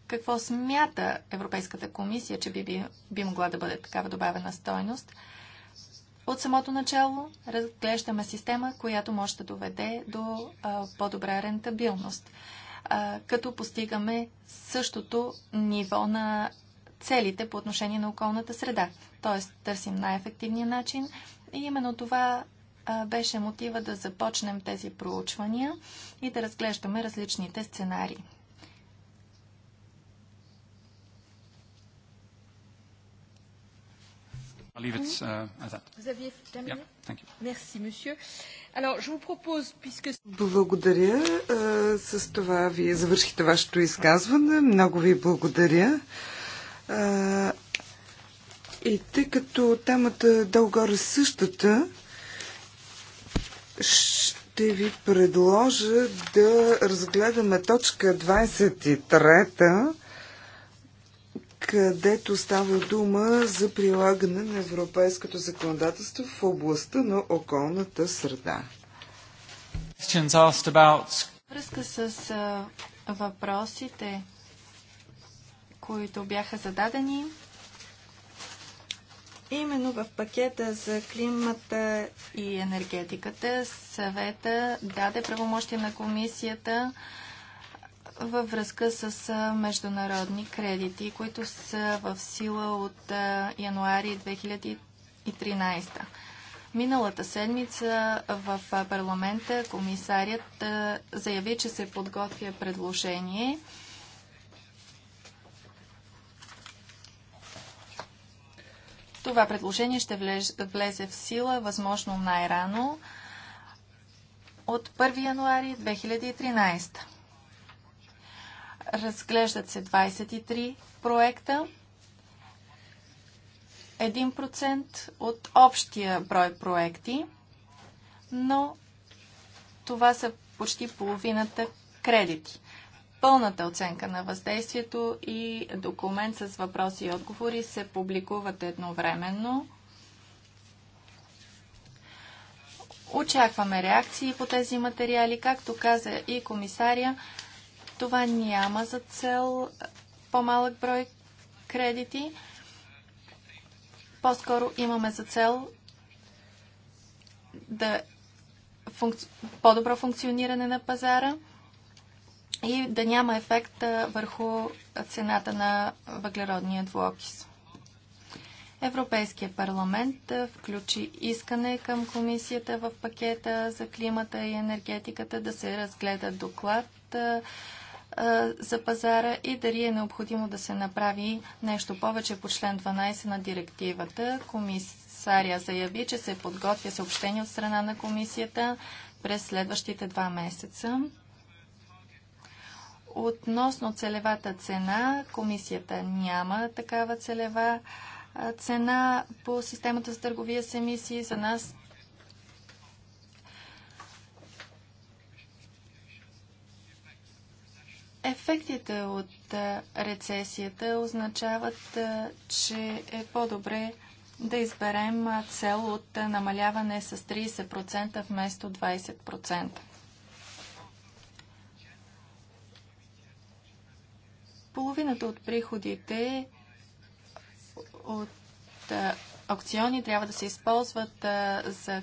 какво смята Европейската комисия, че би, би, би могла да бъде такава добавена стойност, от самото начало разглеждаме система, която може да доведе до по-добра рентабилност, а, като постигаме същото ниво на целите по отношение на околната среда. Т.е. търсим най-ефективния начин и именно това беше мотива да започнем тези проучвания и да разглеждаме различните сценарии. Uh, благодаря. с това вие завършите вашето изказване. Много ви благодаря. и тъй като темата е дългоре същата, ще ви предложа да разгледаме точка 23 където става дума за прилагане на европейското законодателство в областта на околната среда. Връзка с въпросите, които бяха зададени, Именно в пакета за климата и енергетиката съвета даде правомощие на комисията във връзка с международни кредити, които са в сила от януари 2013. Миналата седмица в парламента комисарият заяви, че се подготвя предложение – Това предложение ще влезе в сила възможно най-рано от 1 януари 2013. Разглеждат се 23 проекта. 1% от общия брой проекти, но това са почти половината кредити пълната оценка на въздействието и документ с въпроси и отговори се публикуват едновременно. Очакваме реакции по тези материали. Както каза и комисаря, това няма за цел по-малък брой кредити. По-скоро имаме за цел да функци... по-добро функциониране на пазара – и да няма ефект върху цената на въглеродния двуокис. Европейския парламент включи искане към комисията в пакета за климата и енергетиката да се разгледа доклад за пазара и дали е необходимо да се направи нещо повече по член 12 на директивата. Комисаря заяви, че се подготвя съобщение от страна на комисията през следващите два месеца. Относно целевата цена, комисията няма такава целева цена по системата за търговия с емисии. За нас ефектите от рецесията означават, че е по-добре да изберем цел от намаляване с 30% вместо 20%. Половината от приходите от аукциони трябва да се използват за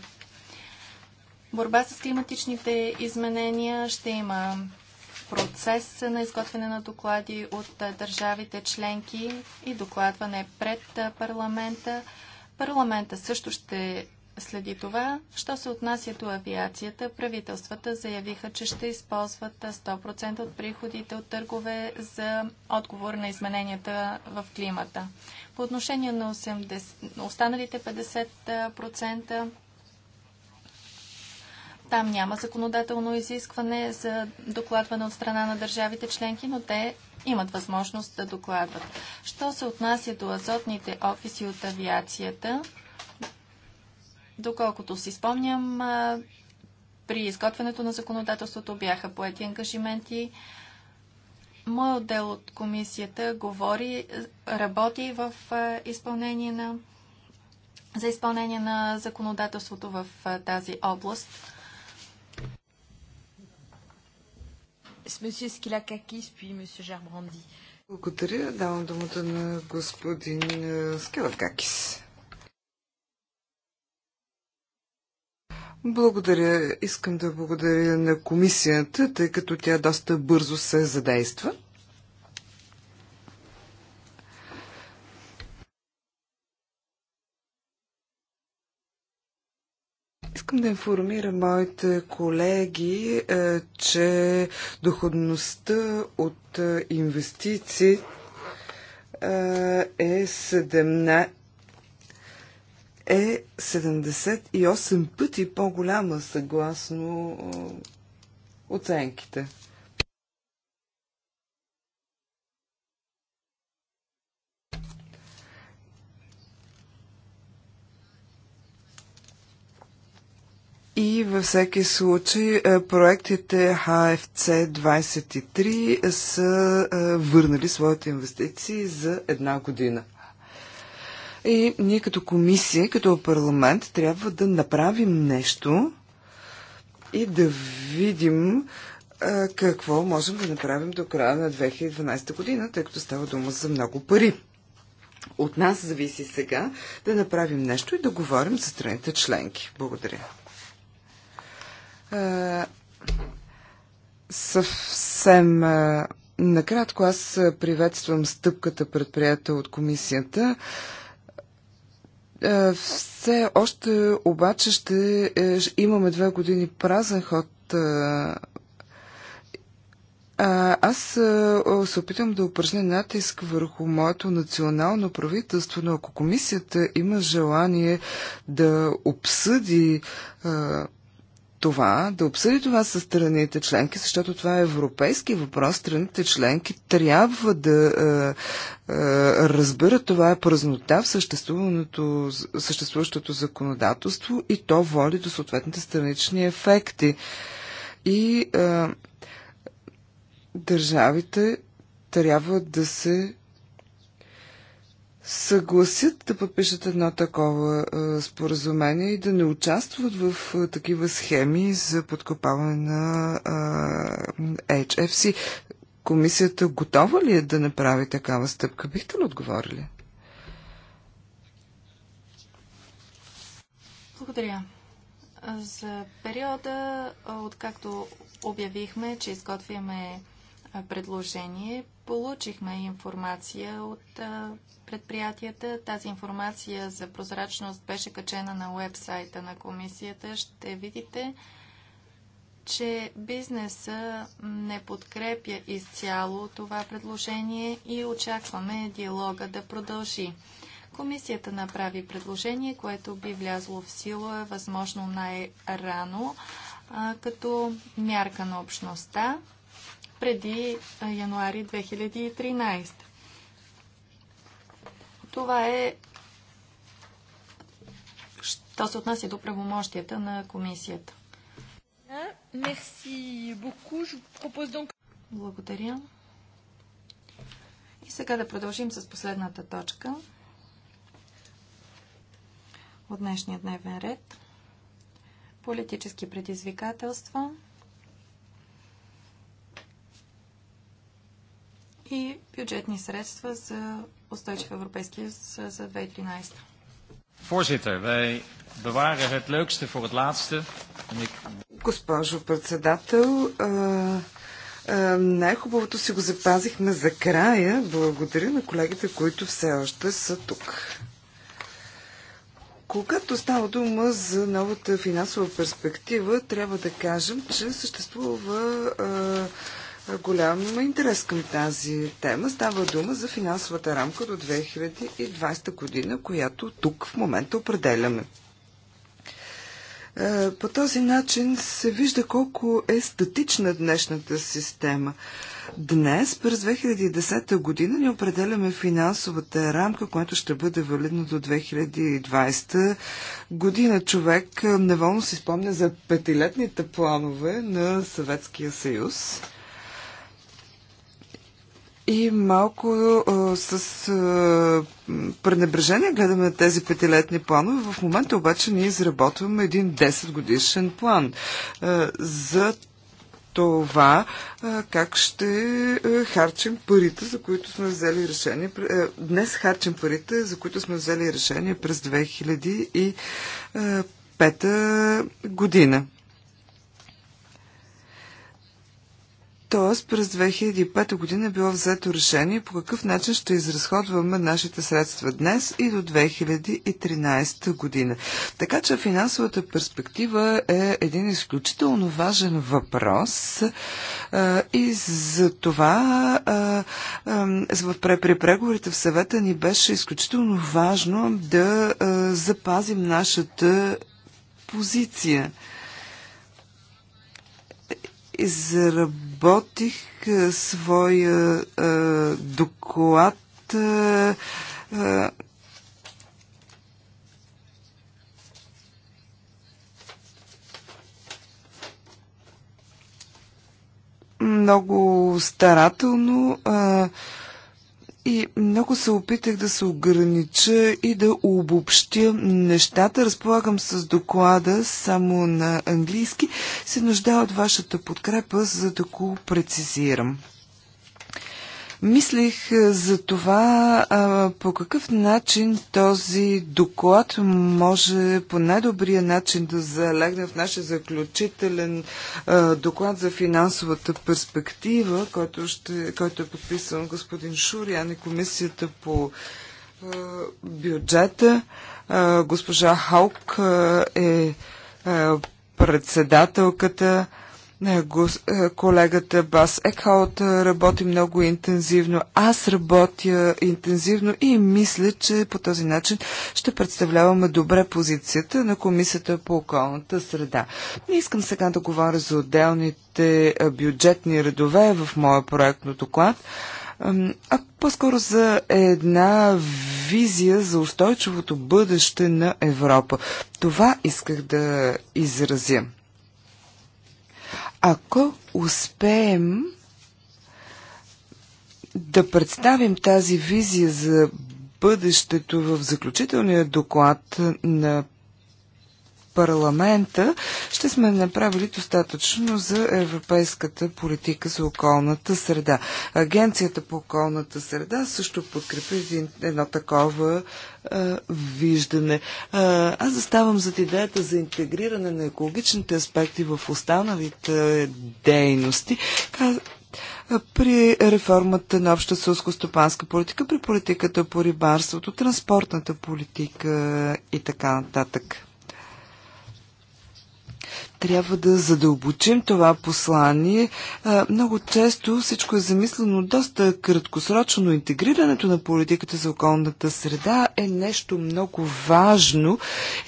борба с климатичните изменения. Ще има процес на изготвяне на доклади от държавите членки и докладване пред парламента. Парламента също ще Следи това, що се отнася до авиацията, правителствата заявиха, че ще използват 100% от приходите от търгове за отговор на измененията в климата. По отношение на 80, останалите 50%, там няма законодателно изискване за докладване от страна на държавите членки, но те имат възможност да докладват. Що се отнася до азотните офиси от авиацията, Доколкото си спомням, при изготвянето на законодателството бяха поети ангажименти. Моят отдел от комисията говори, работи в изпълнение на, за изпълнение на законодателството в тази област. Monsieur Skilakakis, puis Monsieur Gerbrandi. Благодаря. Давам думата на господин Скилакакис. Благодаря. Искам да благодаря на комисията, тъй като тя доста бързо се задейства. Искам да информира моите колеги, е, че доходността от е, инвестиции е 17 е е 78 пъти по-голяма съгласно оценките. И във всеки случай проектите HFC 23 са върнали своите инвестиции за една година. И ние като комисия, като парламент трябва да направим нещо и да видим а, какво можем да направим до края на 2012 година, тъй като става дума за много пари. От нас зависи сега да направим нещо и да говорим за страните членки. Благодаря. А, съвсем а, накратко аз приветствам стъпката предприята от комисията. А, е, все още обаче ще е, имаме две години празен ход. Е, аз се опитам да упражня натиск върху моето национално правителство, но ако комисията има желание да обсъди това, да обсъди това с страните членки, защото това е европейски въпрос. Страните членки трябва да е, е, разберат това е празнота в съществуващото законодателство и то води до съответните странични ефекти. И е, държавите трябва да се съгласят да подпишат едно такова е, споразумение и да не участват в е, такива схеми за подкопаване на е, HFC. Комисията готова ли е да направи такава стъпка? Бихте ли отговорили? Благодаря. За периода, откакто обявихме, че изготвяме предложение. Получихме информация от предприятията. Тази информация за прозрачност беше качена на уебсайта на комисията. Ще видите, че бизнеса не подкрепя изцяло това предложение и очакваме диалога да продължи. Комисията направи предложение, което би влязло в сила възможно най-рано като мярка на общността преди януари 2013. Това е що се отнася до правомощията на комисията. Благодаря. И сега да продължим с последната точка от днешния дневен ред. Политически предизвикателства – и бюджетни средства за устойчив Европейския за 2013. Voorzitter, wij bewaren het leukste voor het laatste. Госпожо председател, най-хубавото си го запазихме за края. Благодаря на колегите, които все още са тук. Когато става дума за новата финансова перспектива, трябва да кажем, че съществува а, голям интерес към тази тема. Става дума за финансовата рамка до 2020 година, която тук в момента определяме. Е, по този начин се вижда колко е статична днешната система. Днес, през 2010 година, ни определяме финансовата рамка, която ще бъде валидна до 2020 година. Човек е, неволно си спомня за петилетните планове на Съветския съюз. И малко а, с а, пренебрежение гледаме на тези петилетни планове. В момента обаче ние изработваме един 10 годишен план а, за това а, как ще а, харчим парите, за които сме взели решение. А, днес харчим парите, за които сме взели решение през 2005 година. Тоест през 2005 година е било взето решение по какъв начин ще изразходваме нашите средства днес и до 2013 година. Така че финансовата перспектива е един изключително важен въпрос а, и за това а, а, при преговорите в съвета ни беше изключително важно да а, запазим нашата позиция. Изработ изработих своя доклад. много старателно. А, и много се опитах да се огранича и да обобщя нещата. Разполагам с доклада само на английски. Се нужда от вашата подкрепа, за да го прецизирам. Мислих е, за това а, по какъв начин този доклад може по най-добрия начин да залегне в нашия заключителен а, доклад за финансовата перспектива, който, ще, който е подписан господин а и комисията по а, бюджета. А, госпожа Халк а, е а, председателката. А, е, колегата Бас Екхаут е, работи много интензивно. Аз работя интензивно и мисля, че по този начин ще представляваме добре позицията на Комисията по околната среда. Не искам сега да говоря за отделните е, бюджетни редове в моя проектно доклад, а по-скоро за една визия за устойчивото бъдеще на Европа. Това исках да изразя. Ако успеем да представим тази визия за бъдещето в заключителния доклад на парламента ще сме направили достатъчно за европейската политика за околната среда. Агенцията по околната среда също подкрепи един, едно такова а, е, виждане. А, е, аз заставам зад идеята за интегриране на екологичните аспекти в останалите дейности. При реформата на обща сълско-стопанска политика, при политиката по рибарството, транспортната политика и така нататък. Трябва да задълбочим това послание. Много често всичко е замислено доста краткосрочно. Интегрирането на политиката за околната среда е нещо много важно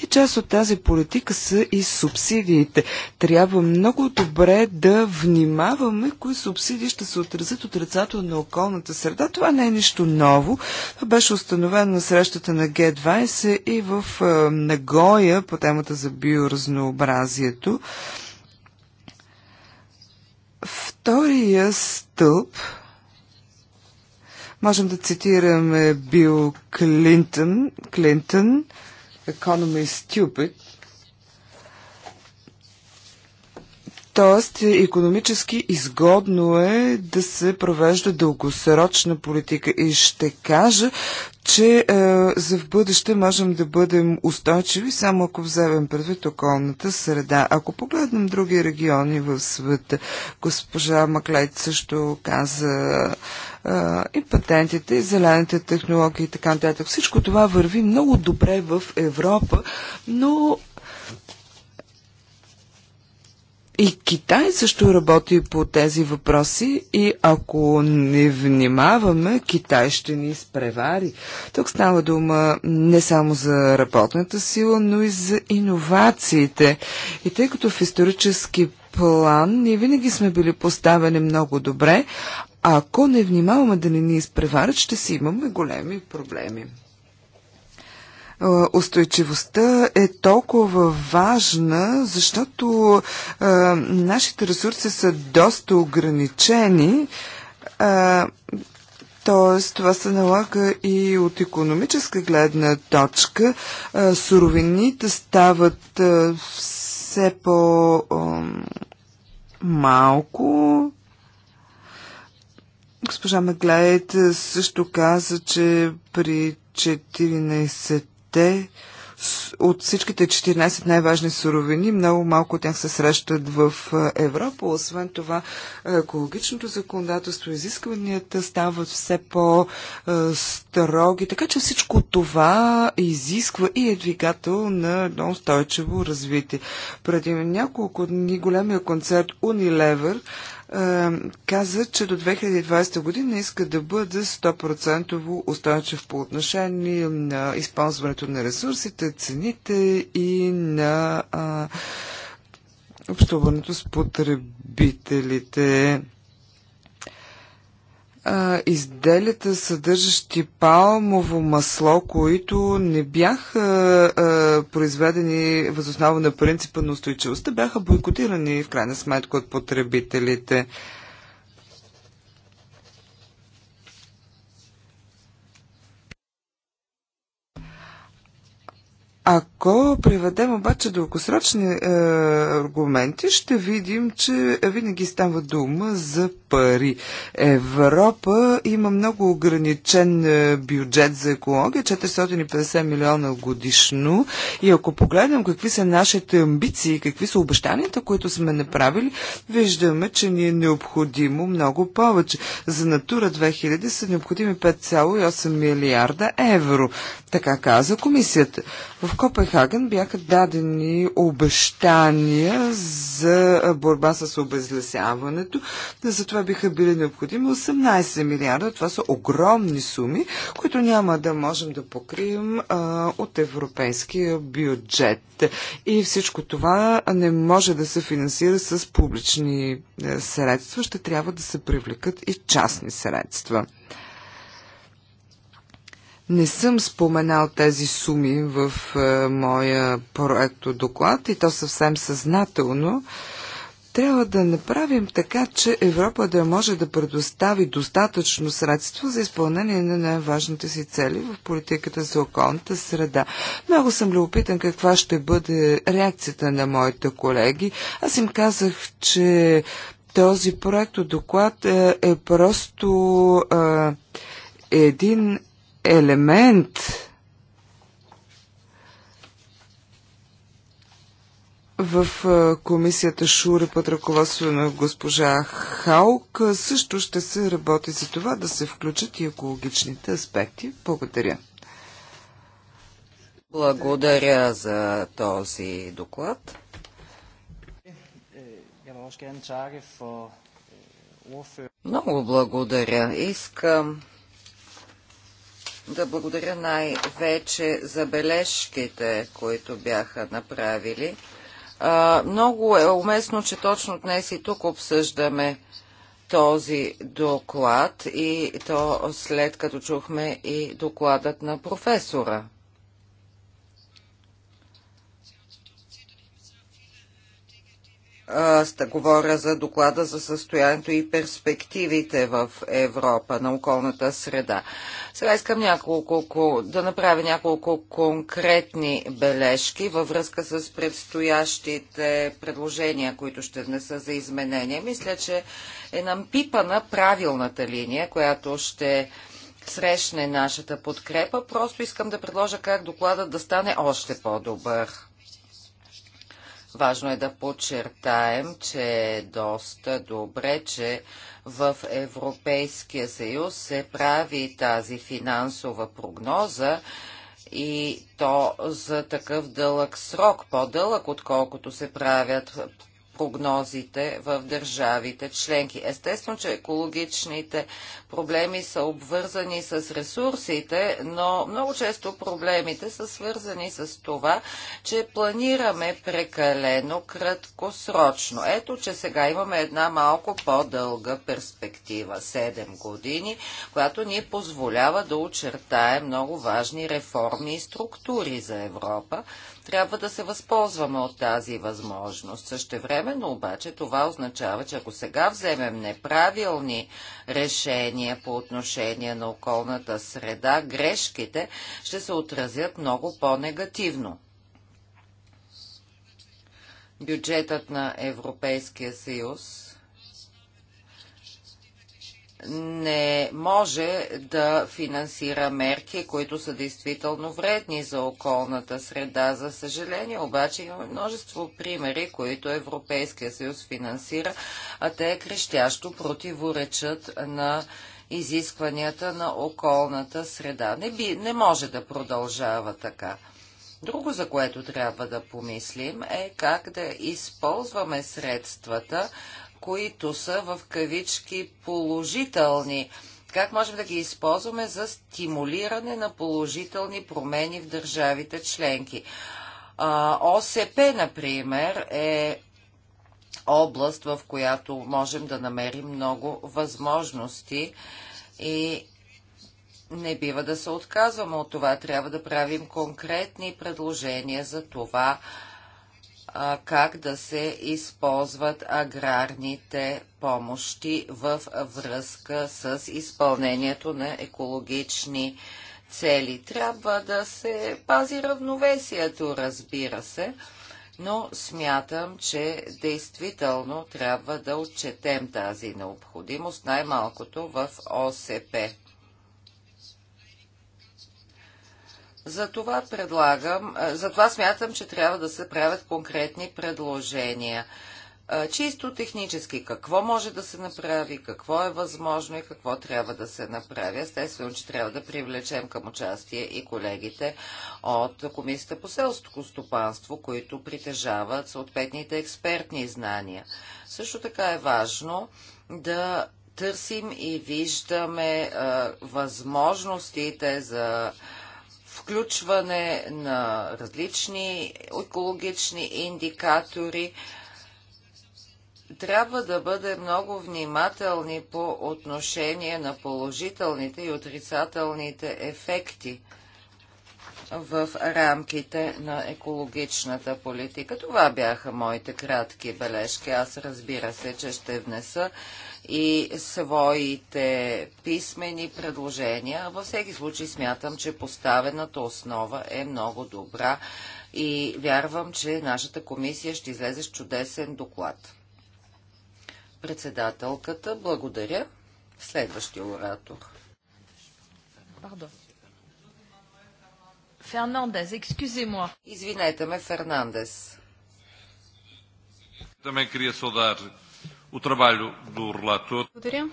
и част от тази политика са и субсидиите. Трябва много добре да внимаваме кои субсидии ще се отразят от рецата на околната среда. Това не е нищо ново. Това беше установено на срещата на Г20 и в Нагоя по темата за биоразнообразието. Втория стълб можем да цитираме Бил Клинтън, Клинтън, Economy Stupid – Тоест, економически изгодно е да се провежда дългосрочна политика и ще кажа, че е, за в бъдеще можем да бъдем устойчиви, само ако вземем предвид околната среда. Ако погледнем други региони в света, госпожа Маклейт също каза е, и патентите, и зелените технологии и така нататък. Всичко това върви много добре в Европа, но и Китай също работи по тези въпроси и ако не внимаваме, Китай ще ни изпревари. Тук става дума не само за работната сила, но и за иновациите. И тъй като в исторически план ние винаги сме били поставени много добре, а ако не внимаваме да не ни изпреварят, ще си имаме големи проблеми устойчивостта е толкова важна, защото а, нашите ресурси са доста ограничени. А, Тоест, това се налага и от економическа гледна точка. суровините стават все по-малко. Госпожа Меглеет също каза, че при 14 те от всичките 14 най-важни суровини, много малко от тях се срещат в Европа. Освен това, екологичното законодателство, изискванията стават все по-строги, така че всичко това изисква и е двигател на едно устойчиво развитие. Преди няколко дни големия концерт Unilever е, каза, че до 2020 година иска да бъде 100% устойчив по отношение на използването на ресурсите, цените и на а, общуването с потребителите а, изделията, съдържащи палмово масло, които не бяха а, произведени възоснова на принципа на устойчивостта, бяха бойкотирани в крайна сметка от потребителите. Ако приведем обаче дългосрочни е, аргументи, ще видим, че винаги става дума за пари. Европа има много ограничен е, бюджет за екология, 450 милиона годишно. И ако погледнем какви са нашите амбиции, какви са обещанията, които сме направили, виждаме, че ни е необходимо много повече. За Натура 2000 са необходими 5,8 милиарда евро. Така каза комисията. В в Копенхаген бяха дадени обещания за борба с обезлесяването. За това биха били необходими 18 милиарда. Това са огромни суми, които няма да можем да покрием а, от европейския бюджет. И всичко това не може да се финансира с публични е, средства. Ще трябва да се привлекат и частни средства. Не съм споменал тези суми в е, моя проекто доклад и то съвсем съзнателно. Трябва да направим така, че Европа да може да предостави достатъчно средства за изпълнение на най-важните си цели в политиката за околната среда. Много съм любопитан каква ще бъде реакцията на моите колеги. Аз им казах, че този проект доклад е, е просто е, един елемент в комисията Шуре под ръководство на госпожа Халк също ще се работи за това да се включат и екологичните аспекти. Благодаря. Благодаря за този доклад. Много благодаря. Искам да благодаря най-вече за бележките, които бяха направили. много е уместно, че точно днес и тук обсъждаме този доклад и то след като чухме и докладът на професора. а, говоря за доклада за състоянието и перспективите в Европа на околната среда. Сега искам няколко, да направя няколко конкретни бележки във връзка с предстоящите предложения, които ще внеса за изменения. Мисля, че е пипана правилната линия, която ще срещне нашата подкрепа. Просто искам да предложа как докладът да стане още по-добър. Важно е да подчертаем, че е доста добре, че в Европейския съюз се прави тази финансова прогноза и то за такъв дълъг срок, по-дълъг, отколкото се правят прогнозите в държавите членки. Естествено, че екологичните проблеми са обвързани с ресурсите, но много често проблемите са свързани с това, че планираме прекалено краткосрочно. Ето, че сега имаме една малко по-дълга перспектива, 7 години, която ни позволява да очертаем много важни реформи и структури за Европа трябва да се възползваме от тази възможност. Същевременно обаче това означава, че ако сега вземем неправилни решения по отношение на околната среда, грешките ще се отразят много по-негативно. Бюджетът на Европейския съюз не може да финансира мерки, които са действително вредни за околната среда. За съжаление, обаче имаме множество примери, които Европейския съюз финансира, а те крещящо противоречат на изискванията на околната среда. Не, би, не може да продължава така. Друго, за което трябва да помислим, е как да използваме средствата които са в кавички положителни. Как можем да ги използваме за стимулиране на положителни промени в държавите членки? ОСП, например, е област, в която можем да намерим много възможности и не бива да се отказваме от това. Трябва да правим конкретни предложения за това, а, как да се използват аграрните помощи в връзка с изпълнението на екологични цели. Трябва да се пази равновесието, разбира се, но смятам, че действително трябва да отчетем тази необходимост, най-малкото в ОСП. Затова предлагам, е, затова смятам, че трябва да се правят конкретни предложения. Е, чисто технически, какво може да се направи, какво е възможно и какво трябва да се направи. Естествено, че трябва да привлечем към участие и колегите от Комисията по селското стопанство, които притежават съответните експертни знания. Също така е важно да търсим и виждаме е, възможностите за включване на различни екологични индикатори. Трябва да бъде много внимателни по отношение на положителните и отрицателните ефекти – в рамките на екологичната политика. Това бяха моите кратки бележки. Аз разбира се, че ще внеса и своите писмени предложения. Във всеки случай смятам, че поставената основа е много добра и вярвам, че нашата комисия ще излезе с чудесен доклад. Председателката, благодаря. Следващия оратор. Пардон. Фернандес, excusez-moi. Извинете ме, Фернандес. Também queria saudar o trabalho do relator. Благодаря.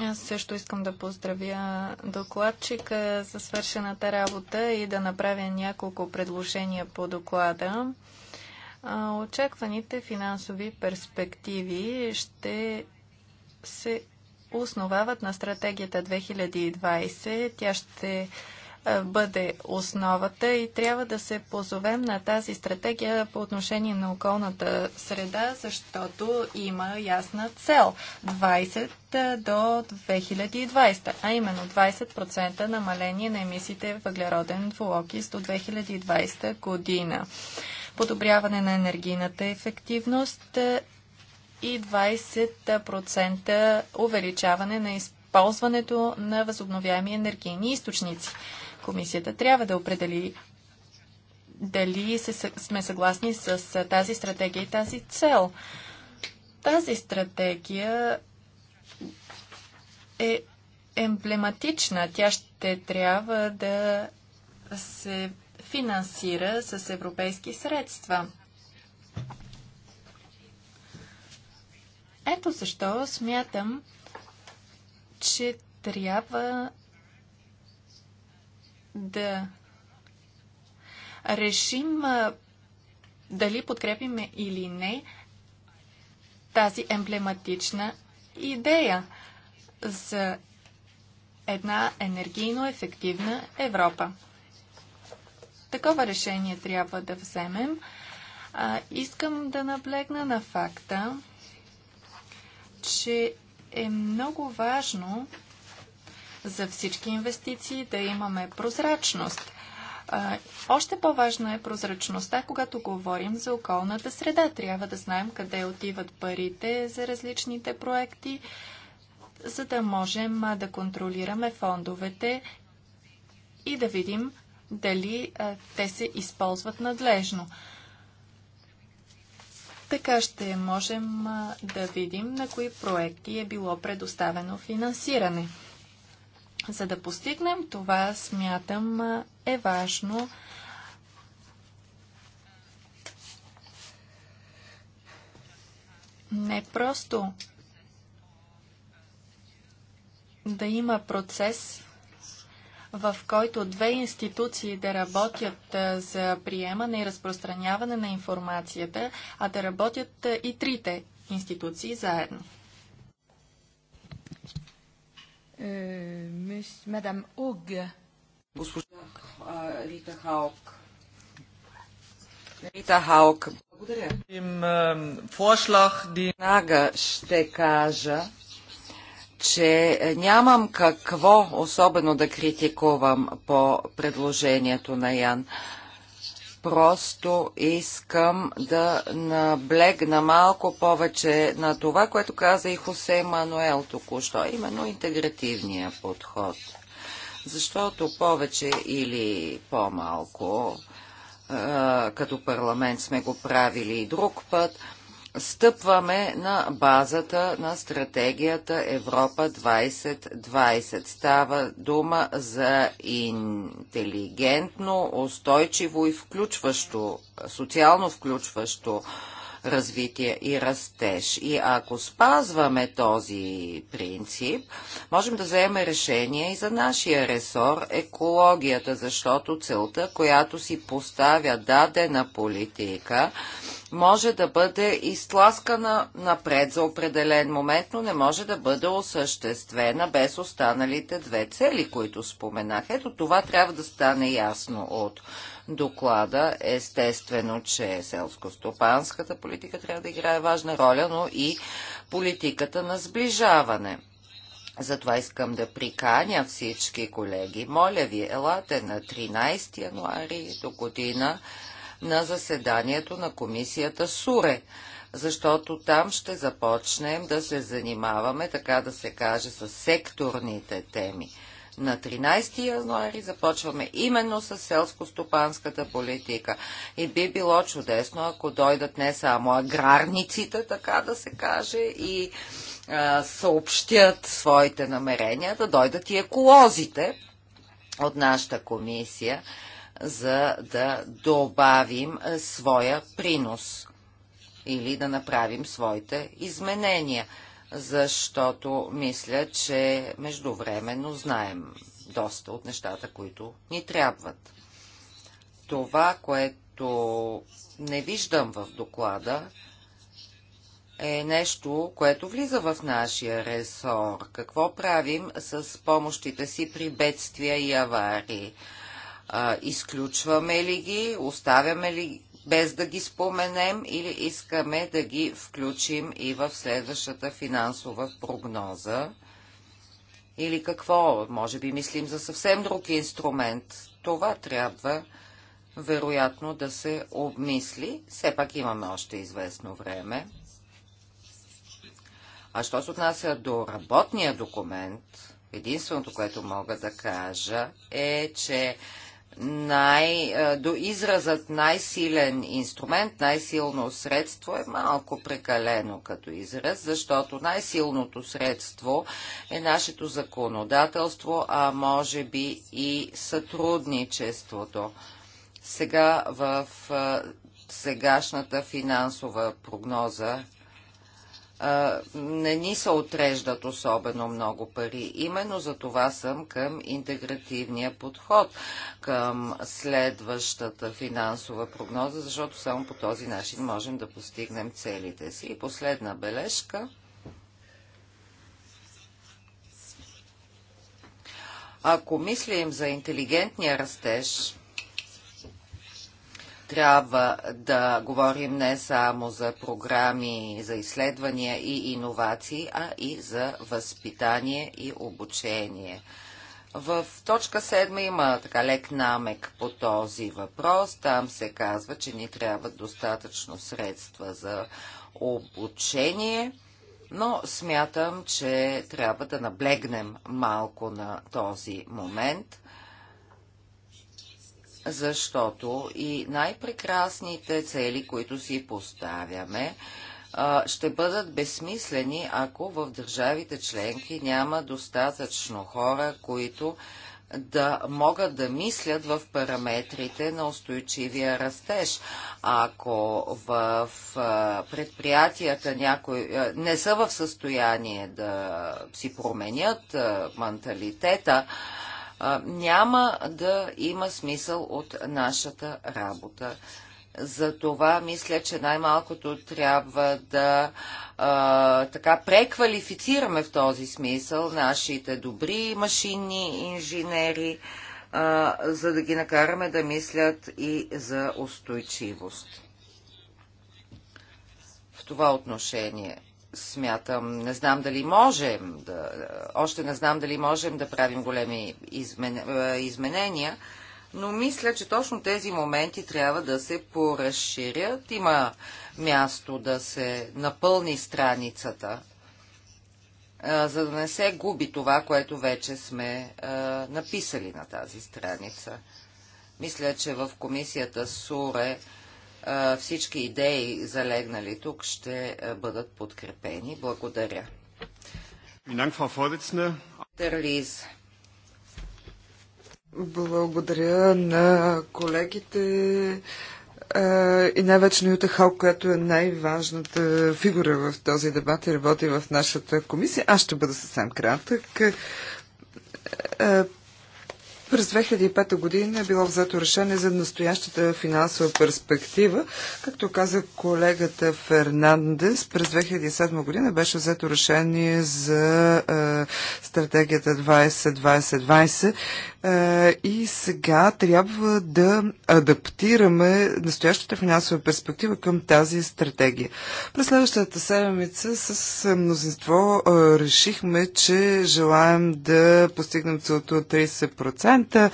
Аз също искам да поздравя докладчика за свършената работа и да направя няколко предложения по доклада. Очакваните финансови перспективи ще се основават на стратегията 2020. Тя ще е, бъде основата и трябва да се позовем на тази стратегия по отношение на околната среда, защото има ясна цел 20 е, до 2020, а именно 20% намаление на емисиите въглероден двуокис до 2020 година, подобряване на енергийната ефективност е, и 20% увеличаване на използването на възобновяеми енергийни източници. Комисията трябва да определи дали се, сме съгласни с тази стратегия и тази цел. Тази стратегия е емблематична. Тя ще трябва да се финансира с европейски средства. Ето защо смятам, че трябва да решим дали подкрепиме или не тази емблематична идея за една енергийно ефективна Европа. Такова решение трябва да вземем. А, искам да наблегна на факта, че е много важно за всички инвестиции, да имаме прозрачност. още по-важна е прозрачността, когато говорим за околната среда. Трябва да знаем къде отиват парите за различните проекти, за да можем да контролираме фондовете и да видим дали те се използват надлежно. Така ще можем да видим на кои проекти е било предоставено финансиране. За да постигнем това, смятам, е важно не просто да има процес, в който две институции да работят за приемане и разпространяване на информацията, а да работят и трите институции заедно. Е, мадам Ог. Госпожа Рита Хаок. Рита Хаок. Благодаря. Е, Нага ще кажа, че нямам какво особено да критикувам по предложението на Ян. Просто искам да наблегна малко повече на това, което каза и Хосе Мануел току-що, именно интегративния подход. Защото повече или по-малко, като парламент сме го правили и друг път, стъпваме на базата на стратегията Европа 2020. Става дума за интелигентно, устойчиво и включващо, социално включващо развитие и растеж. И ако спазваме този принцип, можем да вземем решение и за нашия ресор екологията, защото целта, която си поставя дадена политика, може да бъде изтласкана напред за определен момент, но не може да бъде осъществена без останалите две цели, които споменах. Ето това трябва да стане ясно от доклада. Естествено, че селско-стопанската политика трябва да играе важна роля, но и политиката на сближаване. Затова искам да приканя всички колеги. Моля ви, елате на 13 януари до година на заседанието на комисията СУРЕ, защото там ще започнем да се занимаваме, така да се каже, с секторните теми. На 13 януари започваме именно с селско-стопанската политика. И би било чудесно, ако дойдат не само аграрниците, така да се каже, и а, съобщят своите намерения, да дойдат и еколозите от нашата комисия, за да добавим своя принос или да направим своите изменения – защото мисля, че междувременно знаем доста от нещата, които ни трябват. Това, което не виждам в доклада, е нещо, което влиза в нашия ресор. Какво правим с помощите си при бедствия и аварии? изключваме ли ги? Оставяме ли без да ги споменем или искаме да ги включим и в следващата финансова прогноза? Или какво? Може би мислим за съвсем друг инструмент. Това трябва вероятно да се обмисли. Все пак имаме още известно време. А що се отнася до работния документ, единственото, което мога да кажа е, че най, е, до изразът най-силен инструмент, най-силно средство е малко прекалено като израз, защото най-силното средство е нашето законодателство, а може би и сътрудничеството. Сега в е, сегашната финансова прогноза не ни се отреждат особено много пари. Именно за това съм към интегративния подход, към следващата финансова прогноза, защото само по този начин можем да постигнем целите си. И последна бележка. Ако мислим за интелигентния растеж, трябва да говорим не само за програми за изследвания и иновации, а и за възпитание и обучение. В точка 7 има така лек намек по този въпрос. Там се казва, че ни трябва достатъчно средства за обучение, но смятам, че трябва да наблегнем малко на този момент – защото и най-прекрасните цели, които си поставяме, ще бъдат безсмислени, ако в държавите членки няма достатъчно хора, които да могат да мислят в параметрите на устойчивия растеж. Ако в предприятията някои не са в състояние да си променят менталитета, няма да има смисъл от нашата работа. За това мисля, че най-малкото трябва да а, така преквалифицираме в този смисъл нашите добри машинни инженери, а, за да ги накараме да мислят и за устойчивост. В това отношение смятам, не знам дали можем, да, още не знам дали можем да правим големи измен, е, изменения, но мисля, че точно тези моменти трябва да се поразширят. Има място да се напълни страницата, е, за да не се губи това, което вече сме е, написали на тази страница. Мисля, че в комисията СУРЕ всички идеи, залегнали тук, ще бъдат подкрепени. Благодаря. Благодаря на колегите и най-вече на Юта Халк, която е най-важната фигура в този дебат и работи в нашата комисия. Аз ще бъда съвсем кратък. През 2005 година е било взето решение за настоящата финансова перспектива. Както каза колегата Фернандес, през 2007 година беше взето решение за е, стратегията 2020-2020 е, и сега трябва да адаптираме настоящата финансова перспектива към тази стратегия. През следващата седмица с мнозинство е, решихме, че желаем да постигнем целта от 30% момента.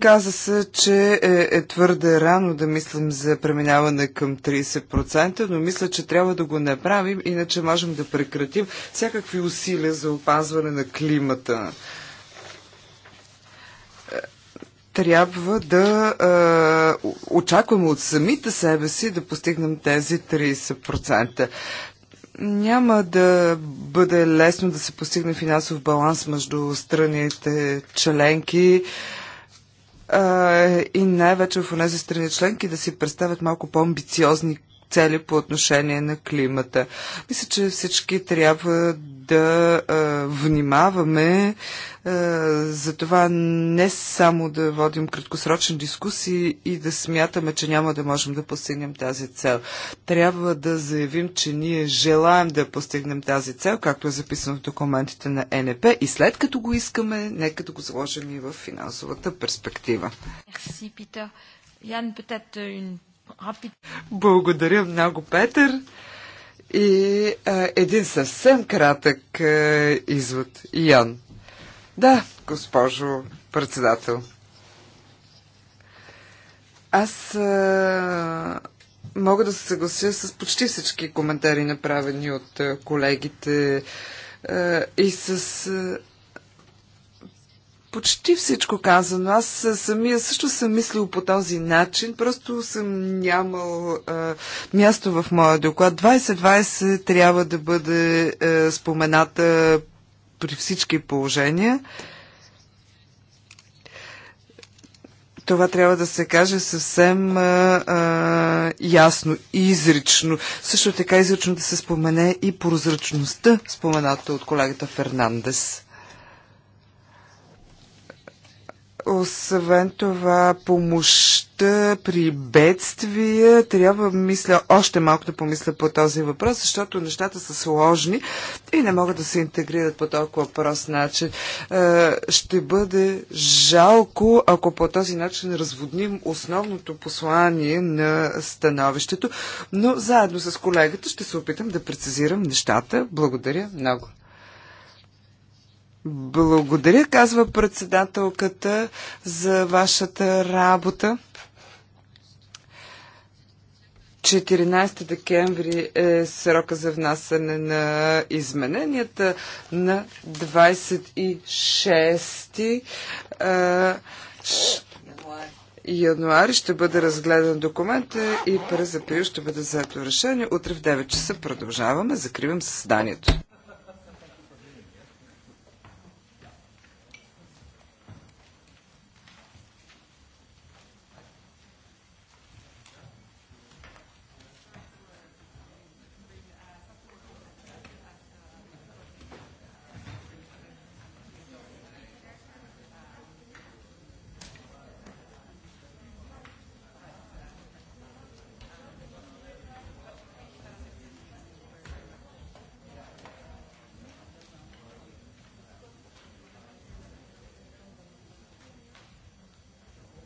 Каза се, че е, е твърде рано да мислим за преминаване към 30%, но мисля, че трябва да го направим, иначе можем да прекратим всякакви усилия за опазване на климата. Трябва да е, очакваме от самите себе си да постигнем тези 30% няма да бъде лесно да се постигне финансов баланс между страните членки и най-вече в тези страни членки да си представят малко по-амбициозни цели по отношение на климата. Мисля, че всички трябва да а, внимаваме а, за това не само да водим краткосрочни дискусии и да смятаме, че няма да можем да постигнем тази цел. Трябва да заявим, че ние желаем да постигнем тази цел, както е записано в документите на НП и след като го искаме, нека да го заложим и в финансовата перспектива. Merci, Ян, благодаря много, Петър. И а, един съвсем кратък а, извод. Ян. Да, госпожо председател. Аз а, мога да се съглася с почти всички коментари, направени от а, колегите а, и с. А, почти всичко казано. Аз самия също съм мислил по този начин, просто съм нямал а, място в моя доклад. 2020 трябва да бъде а, спомената при всички положения. Това трябва да се каже съвсем а, а, ясно и изрично. Също така изрично да се спомене и прозрачността, спомената от колегата Фернандес. Освен това, помощта при бедствия, трябва, мисля, още малко да помисля по този въпрос, защото нещата са сложни и не могат да се интегрират по толкова прост начин. Е, ще бъде жалко, ако по този начин разводним основното послание на становището, но заедно с колегата ще се опитам да прецизирам нещата. Благодаря много. Благодаря, казва председателката, за вашата работа. 14 декември е срока за внасяне на измененията на 26 е, януари ще бъде разгледан документа и през април ще бъде взето решение. Утре в 9 часа продължаваме. Закривам заседанието.